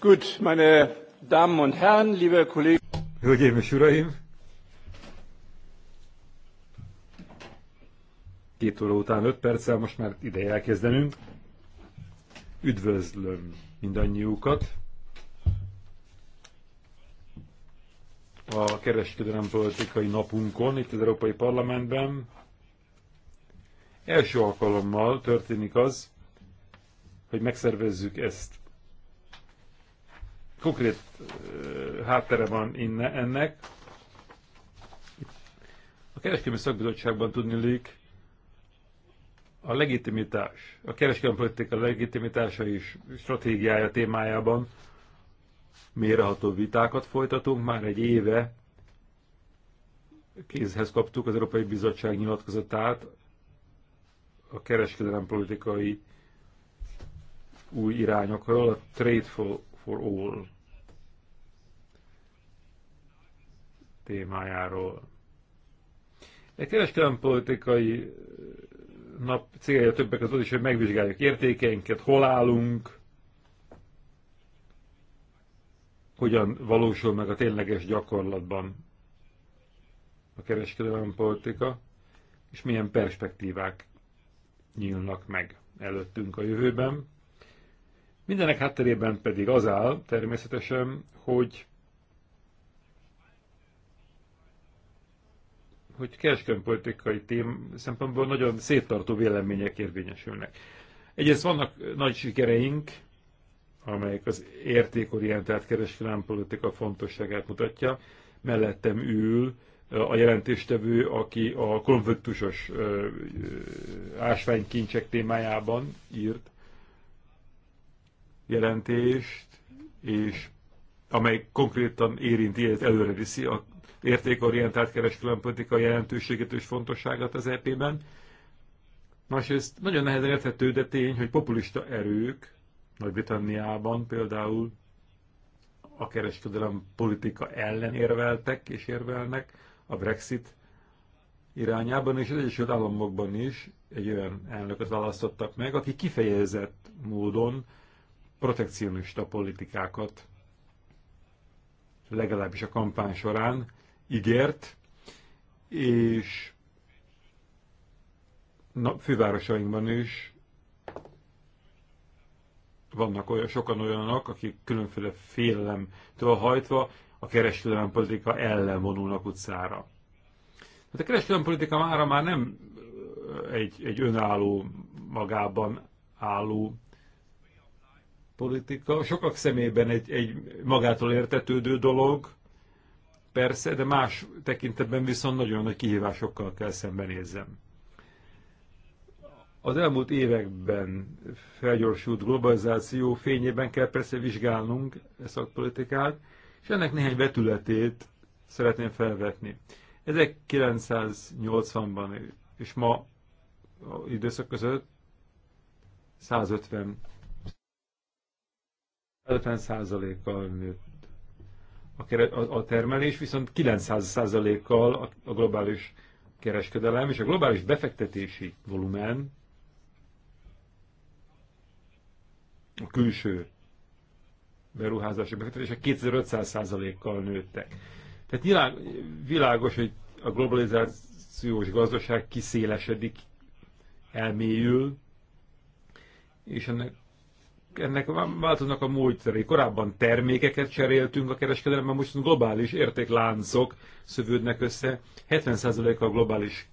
Gut, meine Damen und Herren, liebe Kollegen. Hölgyeim és Uraim! Két óra után öt perccel most már ideje elkezdenünk. Üdvözlöm mindannyiukat! A kereskedelem politikai napunkon, itt az Európai Parlamentben. Első alkalommal történik az, hogy megszervezzük ezt konkrét háttere van inne, ennek. A kereskedelmi szakbizottságban tudni lék a legitimitás, a kereskedelmi politika legitimitása és stratégiája témájában méreható vitákat folytatunk. Már egy éve kézhez kaptuk az Európai Bizottság nyilatkozatát a kereskedelem politikai új irányokról, a Trade for for All témájáról. Egy kereskedelmi politikai eh, nap célja többek között is, hogy megvizsgáljuk értékeinket, hol állunk, hogyan valósul meg a tényleges gyakorlatban a kereskedelmi politika, és milyen perspektívák nyílnak meg előttünk a jövőben. Mindenek hátterében pedig az áll természetesen, hogy hogy kereskedelmi tém szempontból nagyon széttartó vélemények érvényesülnek. Egyrészt vannak nagy sikereink, amelyek az értékorientált kereskedelmi politika fontosságát mutatja. Mellettem ül a jelentéstevő, aki a konfliktusos ásványkincsek témájában írt jelentést, és amely konkrétan érinti, előre viszi a értékorientált kereskedelempolitika jelentőségét és fontosságát az EP-ben. Másrészt nagyon nehezen érthető, de tény, hogy populista erők Nagy-Britanniában például a kereskedelem politika ellen érveltek és érvelnek a Brexit irányában, és az Egyesült Államokban is egy olyan elnököt választottak meg, aki kifejezett módon protekcionista politikákat legalábbis a kampány során ígért, és na, fővárosainkban is vannak olyan, sokan olyanok, akik különféle félelemtől hajtva a kereskedelmi politika ellen vonulnak utcára. Hát a kereskedelmi politika mára már nem egy, egy önálló, magában álló politika sokak szemében egy, egy magától értetődő dolog, persze, de más tekintetben viszont nagyon nagy kihívásokkal kell szembenézzem. Az elmúlt években felgyorsult globalizáció fényében kell persze vizsgálnunk ezt a politikát, és ennek néhány vetületét szeretném felvetni. 1980-ban és ma időszak között 150 50%-kal nőtt. A, a termelés viszont 900%-kal a globális kereskedelem és a globális befektetési volumen a külső beruházási befektetések 2500%-kal nőttek. Tehát nyilván, világos, hogy a globalizációs gazdaság kiszélesedik, elmélyül, és ennek ennek változnak a módszerei. Korábban termékeket cseréltünk a kereskedelemben, most globális értékláncok szövődnek össze. 70%-a a globális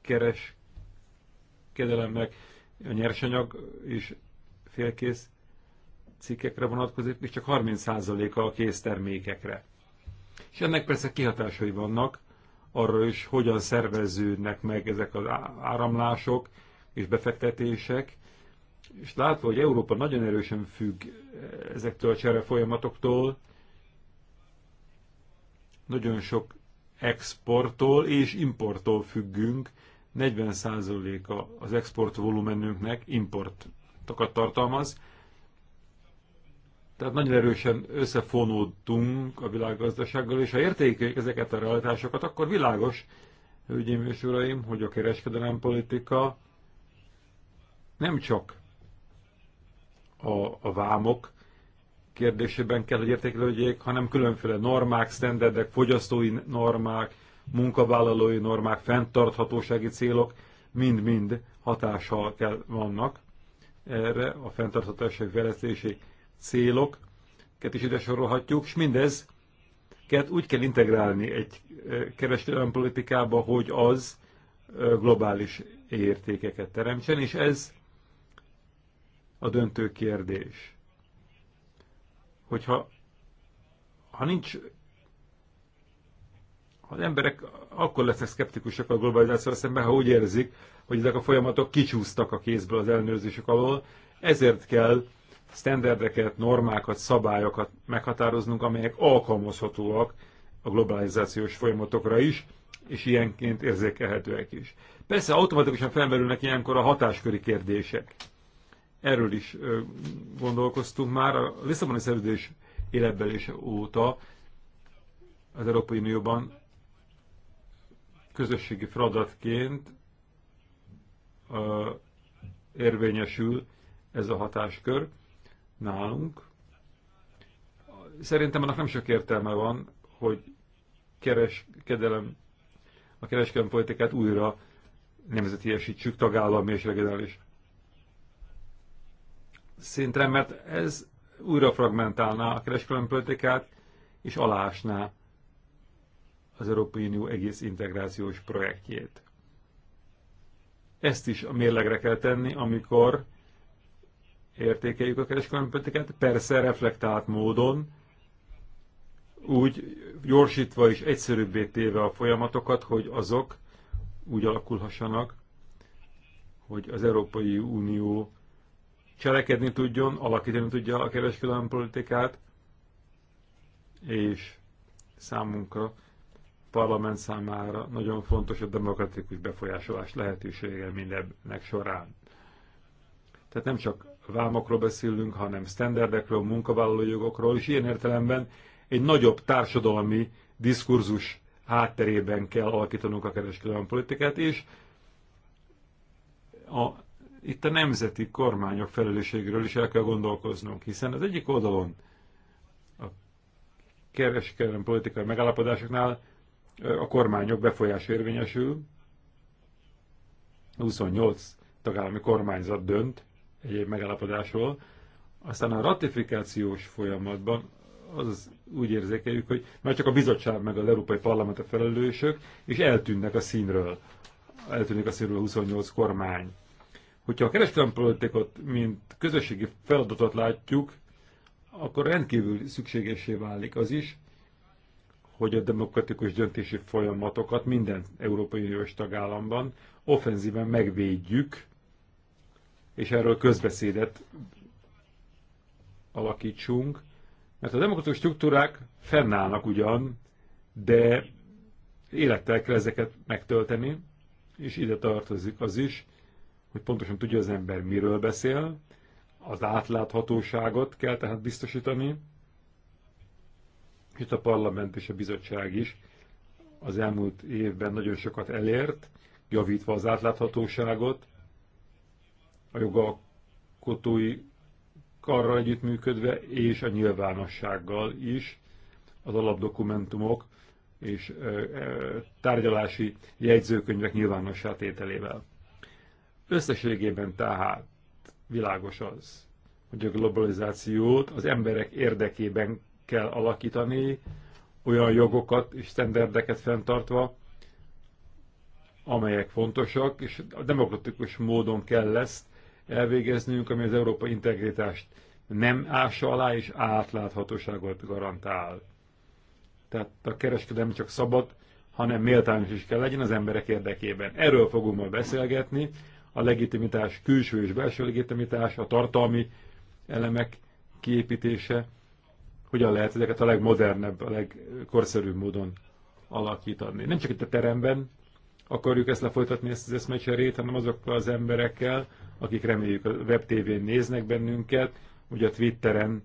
kereskedelemnek a nyersanyag és félkész cikkekre vonatkozik, és csak 30%-a a késztermékekre. És ennek persze kihatásai vannak arra is, hogyan szerveződnek meg ezek az áramlások és befektetések, és látva, hogy Európa nagyon erősen függ eh, ezektől a csere folyamatoktól, nagyon sok exporttól és importtól függünk, 40%-a az export volumenünknek importokat tartalmaz, tehát nagyon erősen összefonódtunk a világgazdasággal, és ha értékeljük ezeket a realitásokat, akkor világos, hölgyeim és uraim, hogy a kereskedelem politika nem csak a, a vámok kérdésében kell, hogy értékelődjék, hanem különféle normák, standardek, fogyasztói normák, munkavállalói normák, fenntarthatósági célok, mind-mind hatással kell vannak erre a fenntarthatóság fejlesztési célok, ket is ide sorolhatjuk, és mindez kell úgy kell integrálni egy e, kereskedelmi politikába, hogy az e, globális értékeket teremtsen, és ez a döntő kérdés. Hogyha ha nincs az emberek akkor lesznek szkeptikusak a globalizációra, szemben, ha úgy érzik, hogy ezek a folyamatok kicsúsztak a kézből az ellenőrzések alól, ezért kell sztenderdeket, normákat, szabályokat meghatároznunk, amelyek alkalmazhatóak a globalizációs folyamatokra is, és ilyenként érzékelhetőek is. Persze automatikusan felmerülnek ilyenkor a hatásköri kérdések. Erről is gondolkoztunk már. A Lisszaboni szerződés életbelése óta az Európai Unióban közösségi feladatként érvényesül ez a hatáskör nálunk. Szerintem annak nem sok értelme van, hogy kereskedelem, a kereskedelem politikát újra nemzetiesítsük tagállami és regionális szintre, mert ez újra fragmentálná a kereskedelmi politikát, és alásná az Európai Unió egész integrációs projektjét. Ezt is a mérlegre kell tenni, amikor értékeljük a kereskedelmi politikát, persze reflektált módon, úgy gyorsítva és egyszerűbbé téve a folyamatokat, hogy azok úgy alakulhassanak, hogy az Európai Unió cselekedni tudjon, alakítani tudja a kereskedelmi politikát, és számunkra, parlament számára nagyon fontos a demokratikus befolyásolás lehetősége mindennek során. Tehát nem csak vámokról beszélünk, hanem sztenderdekről, munkavállalói jogokról, és ilyen értelemben egy nagyobb társadalmi diskurzus hátterében kell alakítanunk a kereskedelmi politikát, és a itt a nemzeti kormányok felelősségről is el kell gondolkoznunk, hiszen az egyik oldalon a kereskedelmi politikai megállapodásoknál a kormányok befolyás érvényesül, 28 tagállami kormányzat dönt egyéb megállapodásról, aztán a ratifikációs folyamatban az úgy érzékeljük, hogy már csak a bizottság meg az Európai Parlament a felelősök, és eltűnnek a színről. Eltűnik a színről 28 kormány. Hogyha a keresztény politikot, mint közösségi feladatot látjuk, akkor rendkívül szükségesé válik az is, hogy a demokratikus döntési folyamatokat minden Európai Uniós tagállamban offenzíven megvédjük, és erről közbeszédet alakítsunk, mert a demokratikus struktúrák fennállnak ugyan, de élettel kell ezeket megtölteni, és ide tartozik az is, hogy pontosan tudja az ember, miről beszél, az átláthatóságot kell tehát biztosítani, itt a parlament és a bizottság is az elmúlt évben nagyon sokat elért, javítva az átláthatóságot, a jogalkotói karral együttműködve, és a nyilvánossággal is az alapdokumentumok és tárgyalási jegyzőkönyvek nyilvánossá tételével. Összességében tehát világos az, hogy a globalizációt az emberek érdekében kell alakítani, olyan jogokat és sztenderdeket fenntartva, amelyek fontosak, és a demokratikus módon kell ezt elvégeznünk, ami az Európa integritást nem ássa alá, és átláthatóságot garantál. Tehát a kereskedelem csak szabad, hanem méltányos is kell legyen az emberek érdekében. Erről fogunk ma beszélgetni, a legitimitás, külső és belső legitimitás, a tartalmi elemek kiépítése, hogyan lehet ezeket a legmodernebb, a legkorszerűbb módon alakítani. Nem csak itt a teremben akarjuk ezt lefolytatni, ezt az eszmecserét, hanem azokkal az emberekkel, akik reméljük a webtévén néznek bennünket, ugye a Twitteren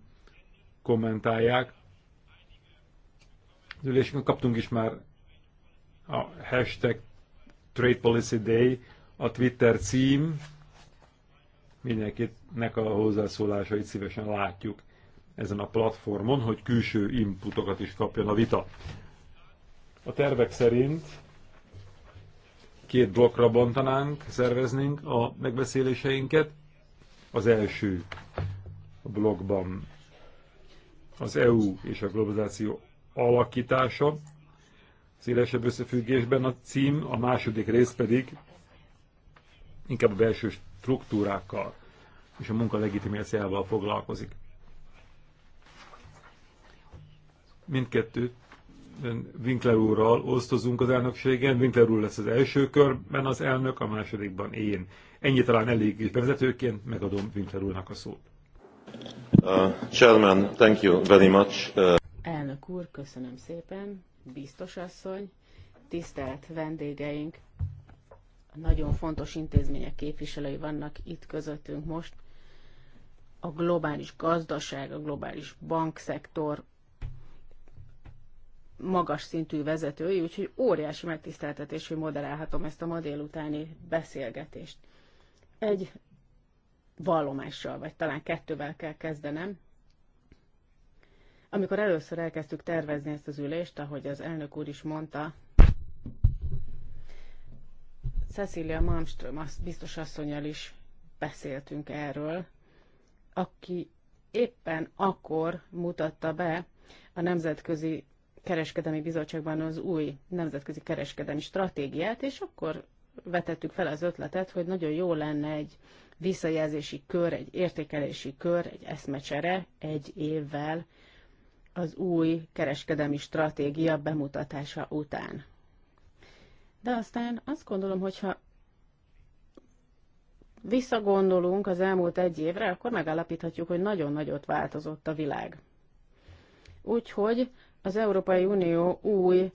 kommentálják. Az ülésünkön kaptunk is már a hashtag Trade Policy Day a Twitter cím, mindenkinek a hozzászólásait szívesen látjuk ezen a platformon, hogy külső inputokat is kapjon a vita. A tervek szerint két blokkra bontanánk, szerveznénk a megbeszéléseinket. Az első blokkban az EU és a globalizáció alakítása, szélesebb összefüggésben a cím, a második rész pedig inkább a belső struktúrákkal és a munka legitimációjával foglalkozik. Mindkettőt Winkler úrral osztozunk az elnökségen. Winkler úr lesz az első körben az elnök, a másodikban én. Ennyi talán elég is bevezetőként, megadom Winkler úrnak a szót. Uh, chairman, thank you very much. Uh... Elnök úr, köszönöm szépen, biztos asszony, tisztelt vendégeink, nagyon fontos intézmények képviselői vannak itt közöttünk most. A globális gazdaság, a globális bankszektor magas szintű vezetői, úgyhogy óriási megtiszteltetés, hogy moderálhatom ezt a ma délutáni beszélgetést. Egy vallomással, vagy talán kettővel kell kezdenem. Amikor először elkezdtük tervezni ezt az ülést, ahogy az elnök úr is mondta, Cecilia Malmström, azt biztos asszonyjal is beszéltünk erről, aki éppen akkor mutatta be a Nemzetközi Kereskedelmi Bizottságban az új nemzetközi kereskedelmi stratégiát, és akkor vetettük fel az ötletet, hogy nagyon jó lenne egy visszajelzési kör, egy értékelési kör, egy eszmecsere egy évvel az új kereskedelmi stratégia bemutatása után. De aztán azt gondolom, hogyha visszagondolunk az elmúlt egy évre, akkor megállapíthatjuk, hogy nagyon nagyot változott a világ. Úgyhogy az Európai Unió új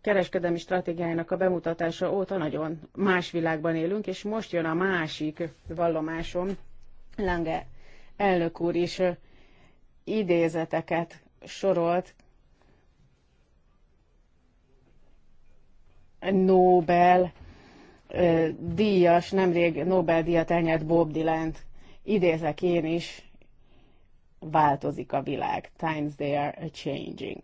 kereskedelmi stratégiájának a bemutatása óta nagyon más világban élünk, és most jön a másik vallomásom, Lange elnök úr is idézeteket sorolt Nobel díjas, nemrég Nobel-díjat elnyert Bob Dylan-t. Idézek én is, változik a világ. Times they are a changing.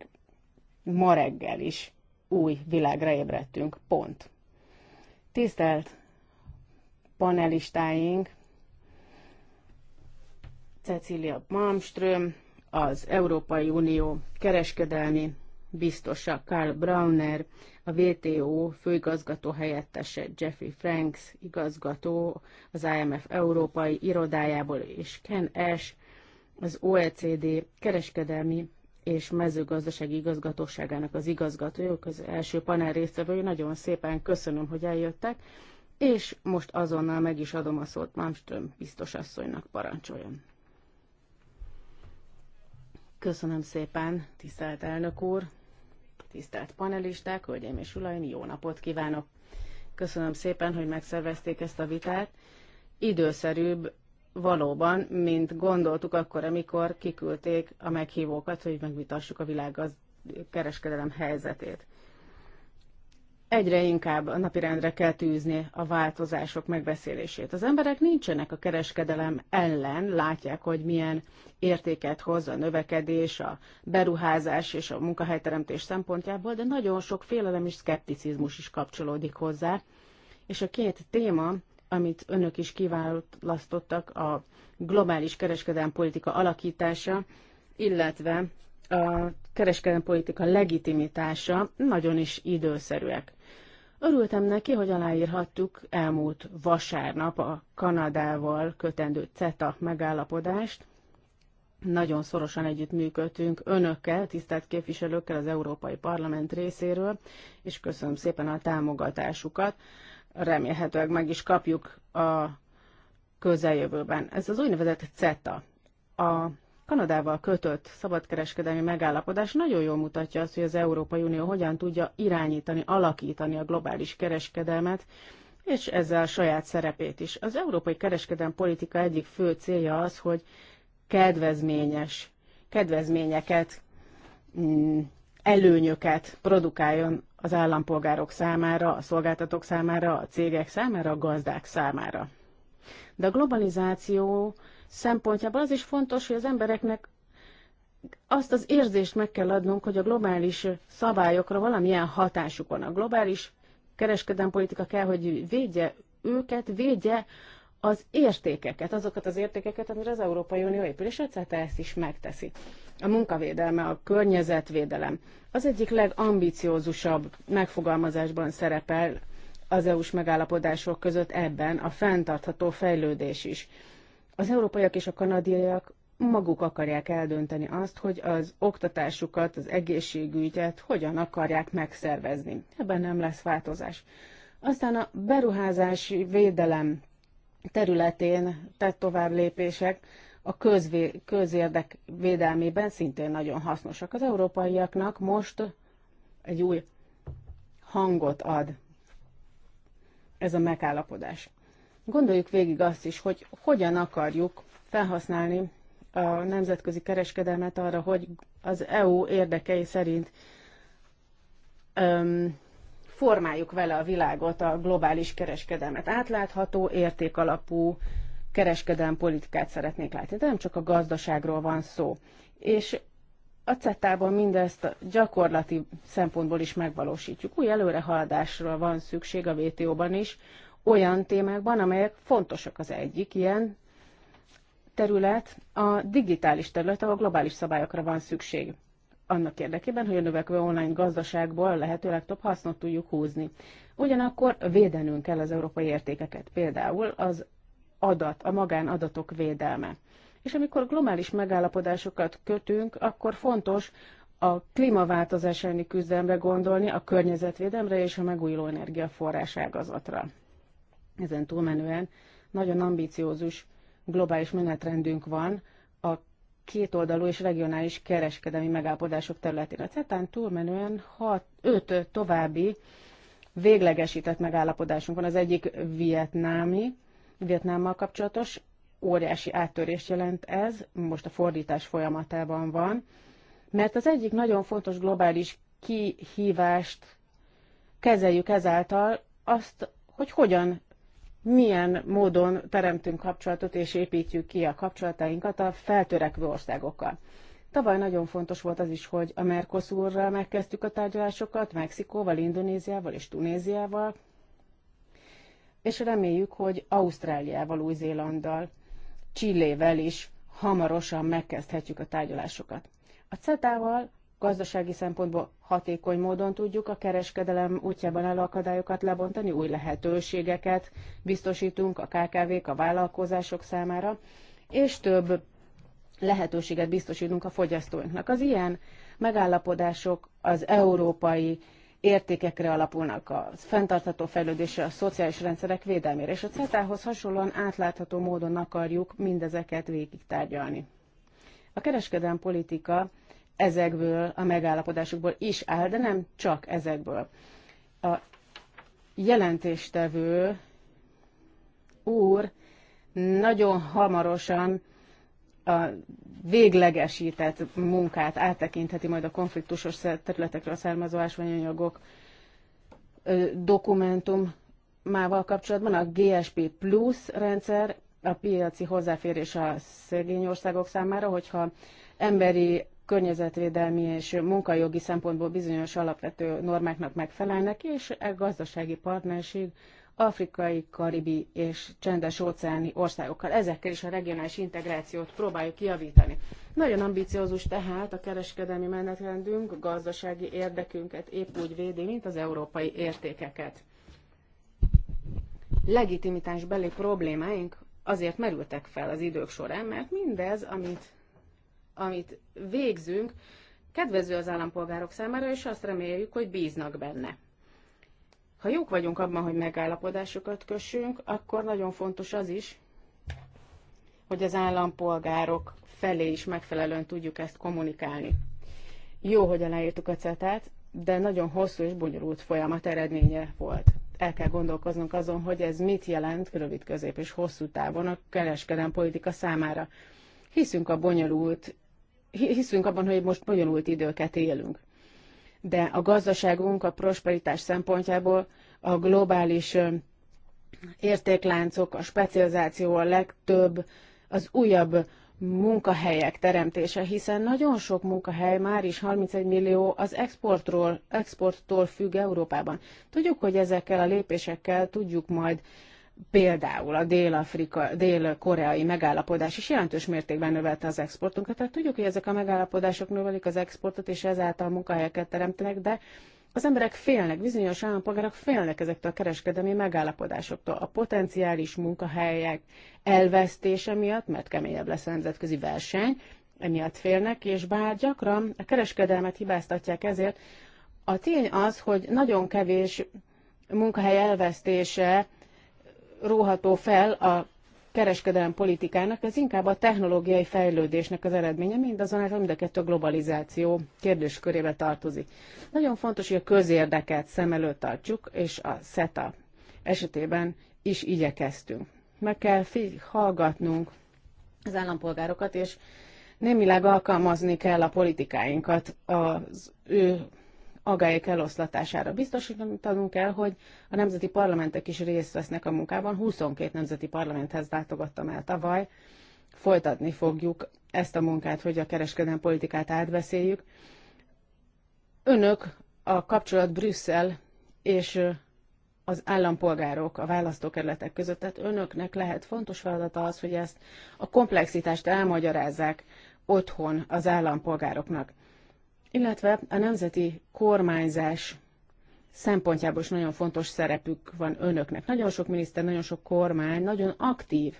Ma reggel is új világra ébredtünk, pont. Tisztelt panelistáink, Cecilia Malmström, az Európai Unió kereskedelmi biztosa Karl Brauner, a WTO főigazgató helyettese Jeffrey Franks igazgató az IMF európai irodájából, és Ken Ash, az OECD kereskedelmi és mezőgazdasági igazgatóságának az igazgatójuk, az első panel résztvevői. Nagyon szépen köszönöm, hogy eljöttek, és most azonnal meg is adom a szót Malmström biztos asszonynak parancsoljon. Köszönöm szépen, tisztelt elnök úr, Tisztelt panelisták, hölgyeim és uraim, jó napot kívánok! Köszönöm szépen, hogy megszervezték ezt a vitát. Időszerűbb valóban, mint gondoltuk akkor, amikor kiküldték a meghívókat, hogy megvitassuk a világ kereskedelem helyzetét egyre inkább a napirendre kell tűzni a változások megbeszélését. Az emberek nincsenek a kereskedelem ellen, látják, hogy milyen értéket hoz a növekedés, a beruházás és a munkahelyteremtés szempontjából, de nagyon sok félelem és szkepticizmus is kapcsolódik hozzá. És a két téma, amit önök is kiválasztottak, a globális kereskedelmi politika alakítása, illetve a kereskedelmi politika legitimitása nagyon is időszerűek. Örültem neki, hogy aláírhattuk elmúlt vasárnap a Kanadával kötendő CETA megállapodást. Nagyon szorosan együttműködtünk önökkel, tisztelt képviselőkkel az Európai Parlament részéről, és köszönöm szépen a támogatásukat. Remélhetőleg meg is kapjuk a közeljövőben. Ez az úgynevezett CETA. A Kanadával kötött szabadkereskedelmi megállapodás nagyon jól mutatja azt, hogy az Európai Unió hogyan tudja irányítani, alakítani a globális kereskedelmet, és ezzel a saját szerepét is. Az európai kereskedelmi politika egyik fő célja az, hogy kedvezményes, kedvezményeket, mm, előnyöket produkáljon az állampolgárok számára, a szolgáltatók számára, a cégek számára, a gazdák számára. De a globalizáció szempontjából az is fontos, hogy az embereknek azt az érzést meg kell adnunk, hogy a globális szabályokra valamilyen hatásuk van. A globális kereskedelmpolitika kell, hogy védje őket, védje az értékeket, azokat az értékeket, amire az Európai Unió épül, és a CETA ezt is megteszi. A munkavédelme, a környezetvédelem az egyik legambiciózusabb megfogalmazásban szerepel az EU-s megállapodások között ebben a fenntartható fejlődés is. Az európaiak és a kanadiaiak maguk akarják eldönteni azt, hogy az oktatásukat, az egészségügyet hogyan akarják megszervezni. Ebben nem lesz változás. Aztán a beruházási védelem területén tett tovább lépések a közvé, közérdek védelmében szintén nagyon hasznosak. Az európaiaknak most egy új hangot ad ez a megállapodás. Gondoljuk végig azt is, hogy hogyan akarjuk felhasználni a nemzetközi kereskedelmet arra, hogy az EU érdekei szerint öm, formáljuk vele a világot, a globális kereskedelmet. Átlátható, értékalapú kereskedelmi politikát szeretnék látni, de nem csak a gazdaságról van szó. És a CETA-ban mindezt a gyakorlati szempontból is megvalósítjuk. Új előrehaladásra van szükség a WTO-ban is, olyan témákban, amelyek fontosak az egyik ilyen terület, a digitális terület, ahol globális szabályokra van szükség annak érdekében, hogy a növekvő online gazdaságból lehetőleg több hasznot tudjuk húzni. Ugyanakkor védenünk kell az európai értékeket, például az adat, a magánadatok védelme. És amikor globális megállapodásokat kötünk, akkor fontos a klímaváltozás elleni küzdelemre gondolni, a környezetvédelemre és a megújuló energiaforrás ágazatra. Ezen túlmenően nagyon ambíciózus globális menetrendünk van a kétoldalú és regionális kereskedelmi megállapodások területén. A CETÁN túlmenően 5 további véglegesített megállapodásunk van. Az egyik vietnámi, Vietnámmal kapcsolatos, óriási áttörést jelent ez, most a fordítás folyamatában van, mert az egyik nagyon fontos globális kihívást kezeljük ezáltal azt, hogy hogyan milyen módon teremtünk kapcsolatot és építjük ki a kapcsolatainkat a feltörekvő országokkal. Tavaly nagyon fontos volt az is, hogy a Mercosurral megkezdtük a tárgyalásokat, Mexikóval, Indonéziával és Tunéziával, és reméljük, hogy Ausztráliával, Új-Zélanddal, Csillével is hamarosan megkezdhetjük a tárgyalásokat. A CETA-val gazdasági szempontból hatékony módon tudjuk a kereskedelem útjában álló akadályokat lebontani, új lehetőségeket biztosítunk a KKV-k, a vállalkozások számára, és több lehetőséget biztosítunk a fogyasztóinknak. Az ilyen megállapodások az európai értékekre alapulnak, a fenntartható fejlődésre, a szociális rendszerek védelmére, és a CETA-hoz hasonlóan átlátható módon akarjuk mindezeket végigtárgyalni. A kereskedelmi politika ezekből a megállapodásokból is áll, de nem csak ezekből. A jelentéstevő úr nagyon hamarosan a véglegesített munkát áttekintheti majd a konfliktusos területekről származó ásványanyagok dokumentumával kapcsolatban. A GSP Plus rendszer a piaci hozzáférés a szegény országok számára, hogyha emberi környezetvédelmi és munkajogi szempontból bizonyos alapvető normáknak megfelelnek, és a e gazdasági partnerség afrikai, karibi és csendes óceáni országokkal. Ezekkel is a regionális integrációt próbáljuk kiavítani. Nagyon ambiciózus tehát a kereskedelmi menetrendünk, a gazdasági érdekünket épp úgy védi, mint az európai értékeket. beli problémáink azért merültek fel az idők során, mert mindez, amit amit végzünk, kedvező az állampolgárok számára, és azt reméljük, hogy bíznak benne. Ha jók vagyunk abban, hogy megállapodásokat kössünk, akkor nagyon fontos az is, hogy az állampolgárok felé is megfelelően tudjuk ezt kommunikálni. Jó, hogy aláírtuk a cetát, de nagyon hosszú és bonyolult folyamat eredménye volt. El kell gondolkoznunk azon, hogy ez mit jelent rövid, közép és hosszú távon a kereskedelmi politika számára. Hiszünk a bonyolult hiszünk abban, hogy most bonyolult időket élünk. De a gazdaságunk a prosperitás szempontjából a globális értékláncok, a specializáció a legtöbb, az újabb munkahelyek teremtése, hiszen nagyon sok munkahely, már is 31 millió az exportról, exporttól függ Európában. Tudjuk, hogy ezekkel a lépésekkel tudjuk majd Például a dél-afrika, dél-koreai megállapodás is jelentős mértékben növelte az exportunkat. Tehát tudjuk, hogy ezek a megállapodások növelik az exportot, és ezáltal munkahelyeket teremtenek, de az emberek félnek, bizonyos állampolgárok félnek ezektől a kereskedelmi megállapodásoktól. A potenciális munkahelyek elvesztése miatt, mert keményebb lesz a nemzetközi verseny, emiatt félnek, és bár gyakran a kereskedelmet hibáztatják ezért, a tény az, hogy nagyon kevés munkahely elvesztése róható fel a kereskedelem politikának, ez inkább a technológiai fejlődésnek az eredménye, mindazonáltal mind a kettő a globalizáció kérdéskörébe tartozik. Nagyon fontos, hogy a közérdeket szem előtt tartjuk, és a SETA esetében is igyekeztünk. Meg kell hallgatnunk az állampolgárokat, és némileg alkalmazni kell a politikáinkat az ő agályok eloszlatására. Biztosítanunk kell, hogy a nemzeti parlamentek is részt vesznek a munkában. 22 nemzeti parlamenthez látogattam el tavaly. Folytatni fogjuk ezt a munkát, hogy a kereskedelmi politikát átbeszéljük. Önök a kapcsolat Brüsszel és az állampolgárok, a választókerületek között, tehát önöknek lehet fontos feladata az, hogy ezt a komplexitást elmagyarázzák otthon az állampolgároknak illetve a nemzeti kormányzás szempontjából is nagyon fontos szerepük van önöknek. Nagyon sok miniszter, nagyon sok kormány nagyon aktív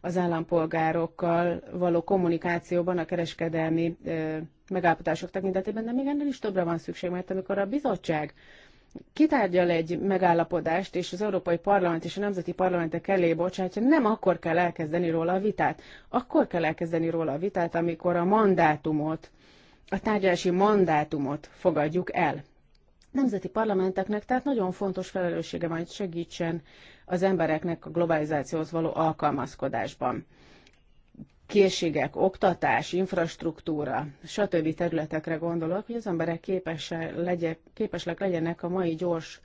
az állampolgárokkal való kommunikációban a kereskedelmi ö, megállapodások tekintetében, de még ennél is többre van szükség, mert amikor a bizottság kitárgyal egy megállapodást, és az Európai Parlament és a Nemzeti Parlamentek elé bocsátja, nem akkor kell elkezdeni róla a vitát. Akkor kell elkezdeni róla a vitát, amikor a mandátumot a tárgyalási mandátumot fogadjuk el. Nemzeti parlamenteknek tehát nagyon fontos felelőssége van, hogy segítsen az embereknek a globalizációhoz való alkalmazkodásban. Készségek, oktatás, infrastruktúra, stb. területekre gondolok, hogy az emberek képesek legyenek a mai gyors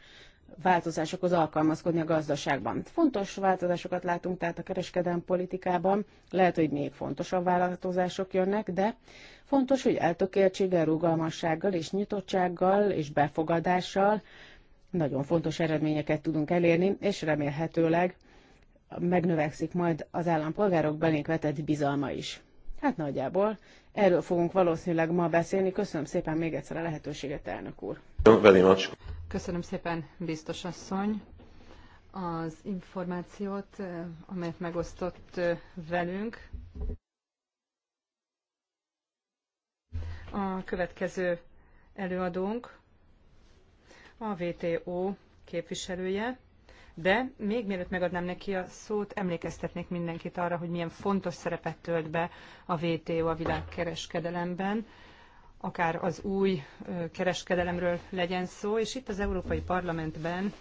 változásokhoz alkalmazkodni a gazdaságban. Fontos változásokat látunk tehát a kereskedelmi politikában, lehet, hogy még fontosabb változások jönnek, de fontos, hogy eltökéltséggel, rugalmassággal és nyitottsággal és befogadással nagyon fontos eredményeket tudunk elérni, és remélhetőleg megnövekszik majd az állampolgárok belénk vetett bizalma is. Hát nagyjából Erről fogunk valószínűleg ma beszélni. Köszönöm szépen még egyszer a lehetőséget, elnök úr. Köszönöm szépen, biztos asszony, az információt, eh, amelyet megosztott eh, velünk. A következő előadónk a VTO képviselője, de még mielőtt megadnám neki a szót, emlékeztetnék mindenkit arra, hogy milyen fontos szerepet tölt be a WTO a világkereskedelemben, akár az új kereskedelemről legyen szó, és itt az Európai Parlamentben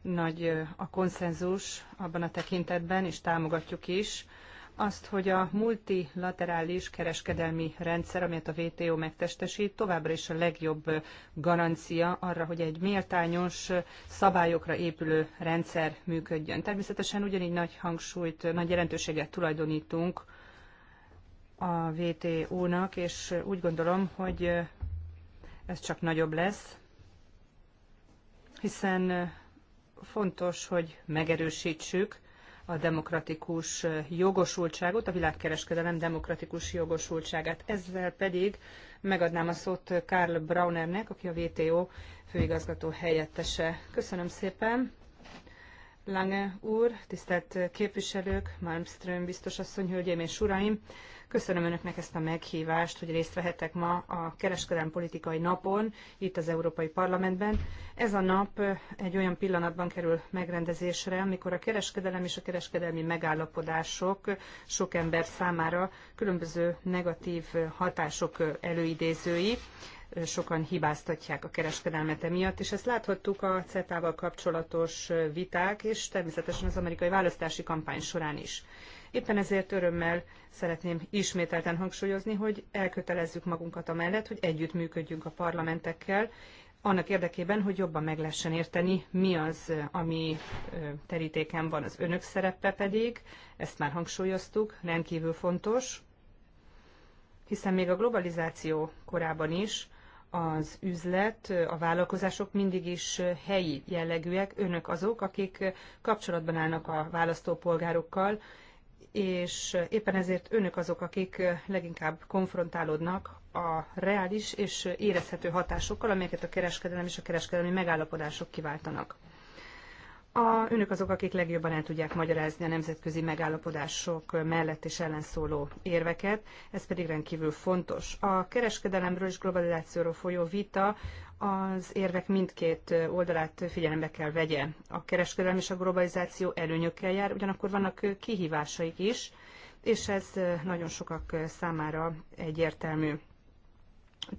nagy a konszenzus abban a tekintetben, és támogatjuk is, azt, hogy a multilaterális kereskedelmi rendszer, amelyet a WTO megtestesít, továbbra is a legjobb garancia arra, hogy egy méltányos szabályokra épülő rendszer működjön. Természetesen ugyanígy nagy hangsúlyt, nagy jelentőséget tulajdonítunk a WTO-nak, és úgy gondolom, hogy ez csak nagyobb lesz, hiszen fontos, hogy megerősítsük a demokratikus jogosultságot, a világkereskedelem demokratikus jogosultságát. Ezzel pedig megadnám a szót Karl Braunernek, aki a WTO főigazgató helyettese. Köszönöm szépen! Lange úr, tisztelt képviselők, Malmström biztos asszony, hölgyeim és uraim! Köszönöm Önöknek ezt a meghívást, hogy részt vehetek ma a kereskedelmi politikai napon itt az Európai Parlamentben. Ez a nap egy olyan pillanatban kerül megrendezésre, amikor a kereskedelem és a kereskedelmi megállapodások sok ember számára különböző negatív hatások előidézői sokan hibáztatják a kereskedelmet emiatt, és ezt láthattuk a CETA-val kapcsolatos viták, és természetesen az amerikai választási kampány során is. Éppen ezért örömmel szeretném ismételten hangsúlyozni, hogy elkötelezzük magunkat amellett, hogy együttműködjünk a parlamentekkel, annak érdekében, hogy jobban meg lehessen érteni, mi az, ami terítéken van az önök szerepe pedig, ezt már hangsúlyoztuk, rendkívül fontos, hiszen még a globalizáció korában is az üzlet, a vállalkozások mindig is helyi jellegűek, önök azok, akik kapcsolatban állnak a választópolgárokkal, és éppen ezért önök azok, akik leginkább konfrontálódnak a reális és érezhető hatásokkal, amelyeket a kereskedelem és a kereskedelmi megállapodások kiváltanak. A, önök azok, akik legjobban el tudják magyarázni a nemzetközi megállapodások mellett és ellenszóló érveket, ez pedig rendkívül fontos. A kereskedelemről és globalizációról folyó vita az érvek mindkét oldalát figyelembe kell vegye. A kereskedelem és a globalizáció előnyökkel jár, ugyanakkor vannak kihívásaik is, és ez nagyon sokak számára egyértelmű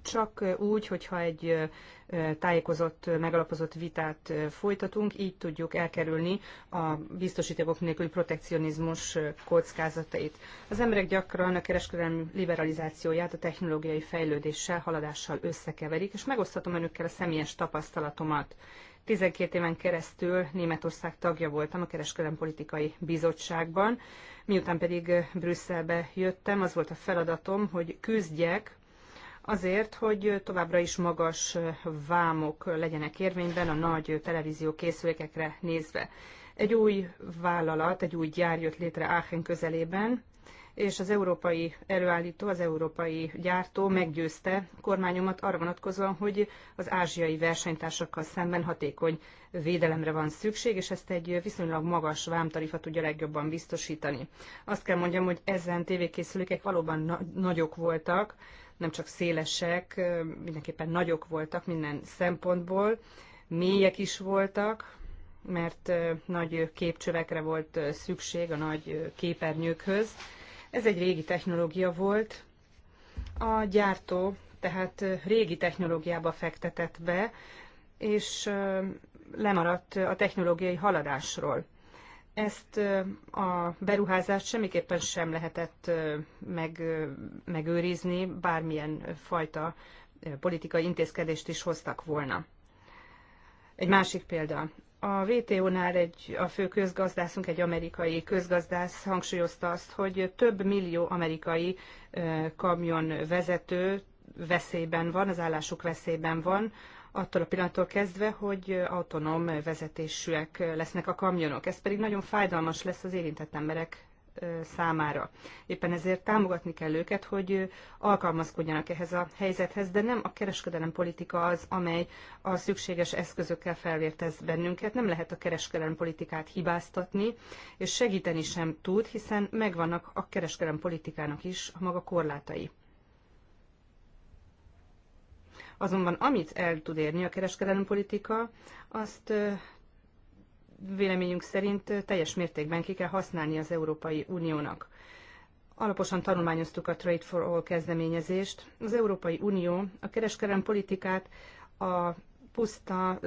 csak úgy, hogyha egy tájékozott, megalapozott vitát folytatunk, így tudjuk elkerülni a biztosítékok nélküli protekcionizmus kockázatait. Az emberek gyakran a kereskedelmi liberalizációját a technológiai fejlődéssel, haladással összekeverik, és megosztatom önökkel a személyes tapasztalatomat. 12 éven keresztül Németország tagja voltam a Kereskedelmi Politikai Bizottságban, miután pedig Brüsszelbe jöttem, az volt a feladatom, hogy küzdjek azért, hogy továbbra is magas vámok legyenek érvényben a nagy televízió készülékekre nézve. Egy új vállalat, egy új gyár jött létre Aachen közelében, és az európai előállító, az európai gyártó meggyőzte kormányomat arra vonatkozóan, hogy az ázsiai versenytársakkal szemben hatékony védelemre van szükség, és ezt egy viszonylag magas vámtarifa tudja legjobban biztosítani. Azt kell mondjam, hogy ezen tévékészülékek valóban na- nagyok voltak, nem csak szélesek, mindenképpen nagyok voltak minden szempontból, mélyek is voltak, mert nagy képcsövekre volt szükség a nagy képernyőkhöz. Ez egy régi technológia volt. A gyártó tehát régi technológiába fektetett be, és lemaradt a technológiai haladásról ezt a beruházást semmiképpen sem lehetett meg, megőrizni, bármilyen fajta politikai intézkedést is hoztak volna. Egy másik példa. A WTO-nál egy, a fő közgazdászunk, egy amerikai közgazdász hangsúlyozta azt, hogy több millió amerikai kamionvezető veszélyben van, az állásuk veszélyben van, attól a pillanattól kezdve, hogy autonóm vezetésűek lesznek a kamionok. Ez pedig nagyon fájdalmas lesz az érintett emberek számára. Éppen ezért támogatni kell őket, hogy alkalmazkodjanak ehhez a helyzethez, de nem a kereskedelem politika az, amely a szükséges eszközökkel felvértez bennünket. Nem lehet a kereskedelem politikát hibáztatni, és segíteni sem tud, hiszen megvannak a kereskedelem politikának is a maga korlátai. Azonban amit el tud érni a kereskedelmi politika, azt véleményünk szerint teljes mértékben ki kell használni az Európai Uniónak. Alaposan tanulmányoztuk a Trade for All kezdeményezést. Az Európai Unió a kereskedelmi politikát a puszta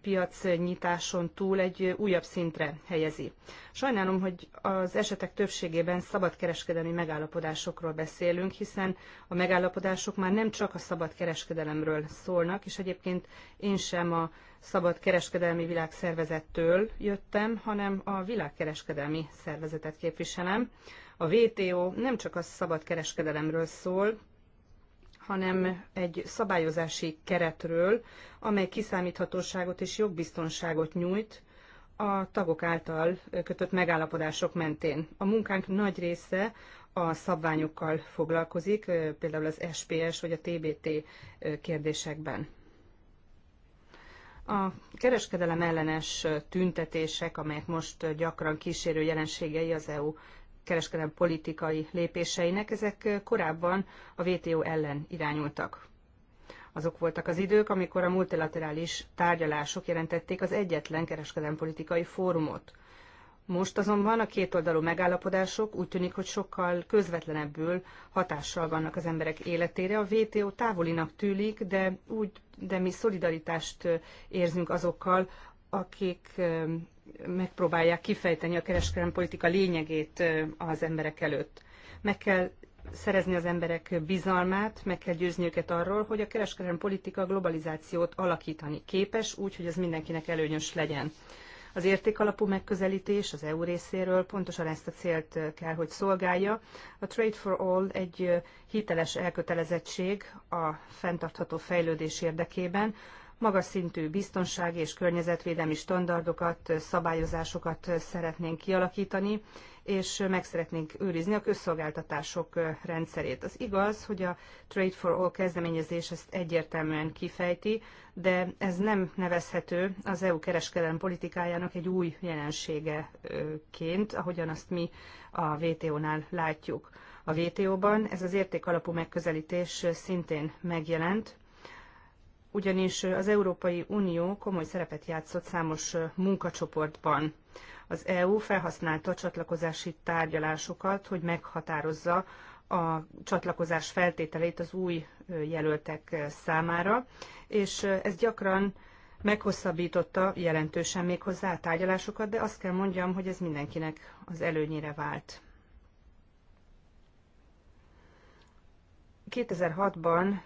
piacnyitáson túl egy újabb szintre helyezi. Sajnálom, hogy az esetek többségében szabadkereskedelmi megállapodásokról beszélünk, hiszen a megállapodások már nem csak a szabadkereskedelemről szólnak, és egyébként én sem a szabadkereskedelmi világszervezettől jöttem, hanem a világkereskedelmi szervezetet képviselem. A WTO nem csak a szabadkereskedelemről szól, hanem egy szabályozási keretről, amely kiszámíthatóságot és jogbiztonságot nyújt a tagok által kötött megállapodások mentén. A munkánk nagy része a szabványokkal foglalkozik, például az SPS vagy a TBT kérdésekben. A kereskedelem ellenes tüntetések, amelyek most gyakran kísérő jelenségei az EU kereskedelmi politikai lépéseinek, ezek korábban a WTO ellen irányultak. Azok voltak az idők, amikor a multilaterális tárgyalások jelentették az egyetlen kereskedelmi politikai fórumot. Most azonban a kétoldalú megállapodások úgy tűnik, hogy sokkal közvetlenebbül hatással vannak az emberek életére. A WTO távolinak tűlik, de úgy, de mi szolidaritást érzünk azokkal, akik megpróbálják kifejteni a kereskedelmi politika lényegét az emberek előtt. Meg kell szerezni az emberek bizalmát, meg kell győzni őket arról, hogy a kereskedelmi politika globalizációt alakítani képes, úgy, hogy ez mindenkinek előnyös legyen. Az értékalapú megközelítés az EU részéről pontosan ezt a célt kell, hogy szolgálja. A Trade for All egy hiteles elkötelezettség a fenntartható fejlődés érdekében, magas szintű biztonsági és környezetvédelmi standardokat, szabályozásokat szeretnénk kialakítani, és meg szeretnénk őrizni a közszolgáltatások rendszerét. Az igaz, hogy a Trade for All kezdeményezés ezt egyértelműen kifejti, de ez nem nevezhető az EU kereskedelmi politikájának egy új jelenségeként, ahogyan azt mi a WTO-nál látjuk. A WTO-ban ez az értékalapú megközelítés szintén megjelent, ugyanis az Európai Unió komoly szerepet játszott számos munkacsoportban. Az EU felhasználta a csatlakozási tárgyalásokat, hogy meghatározza a csatlakozás feltételeit az új jelöltek számára, és ez gyakran meghosszabbította jelentősen méghozzá a tárgyalásokat, de azt kell mondjam, hogy ez mindenkinek az előnyére vált. 2006-ban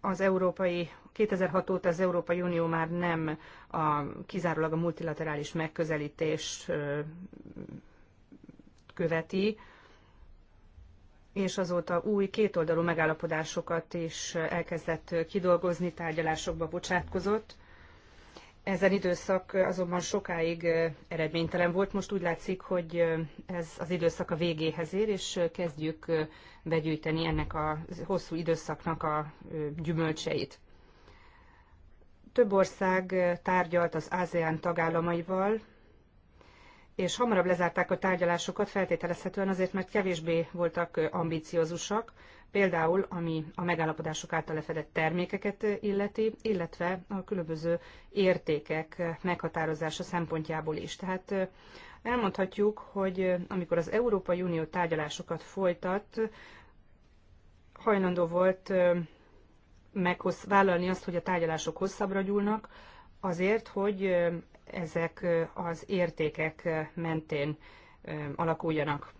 az európai 2006 óta az Európai Unió már nem a, kizárólag a multilaterális megközelítés követi, és azóta új kétoldalú megállapodásokat is elkezdett kidolgozni, tárgyalásokba bocsátkozott. Ezen időszak azonban sokáig eredménytelen volt. Most úgy látszik, hogy ez az időszak a végéhez ér, és kezdjük begyűjteni ennek a hosszú időszaknak a gyümölcseit. Több ország tárgyalt az ASEAN tagállamaival, és hamarabb lezárták a tárgyalásokat feltételezhetően azért, mert kevésbé voltak ambiciózusak, például ami a megállapodások által lefedett termékeket illeti, illetve a különböző értékek meghatározása szempontjából is. Tehát elmondhatjuk, hogy amikor az Európai Unió tárgyalásokat folytat, hajlandó volt meghoz, vállalni azt, hogy a tárgyalások hosszabbra gyúlnak, azért, hogy ezek az értékek mentén alakuljanak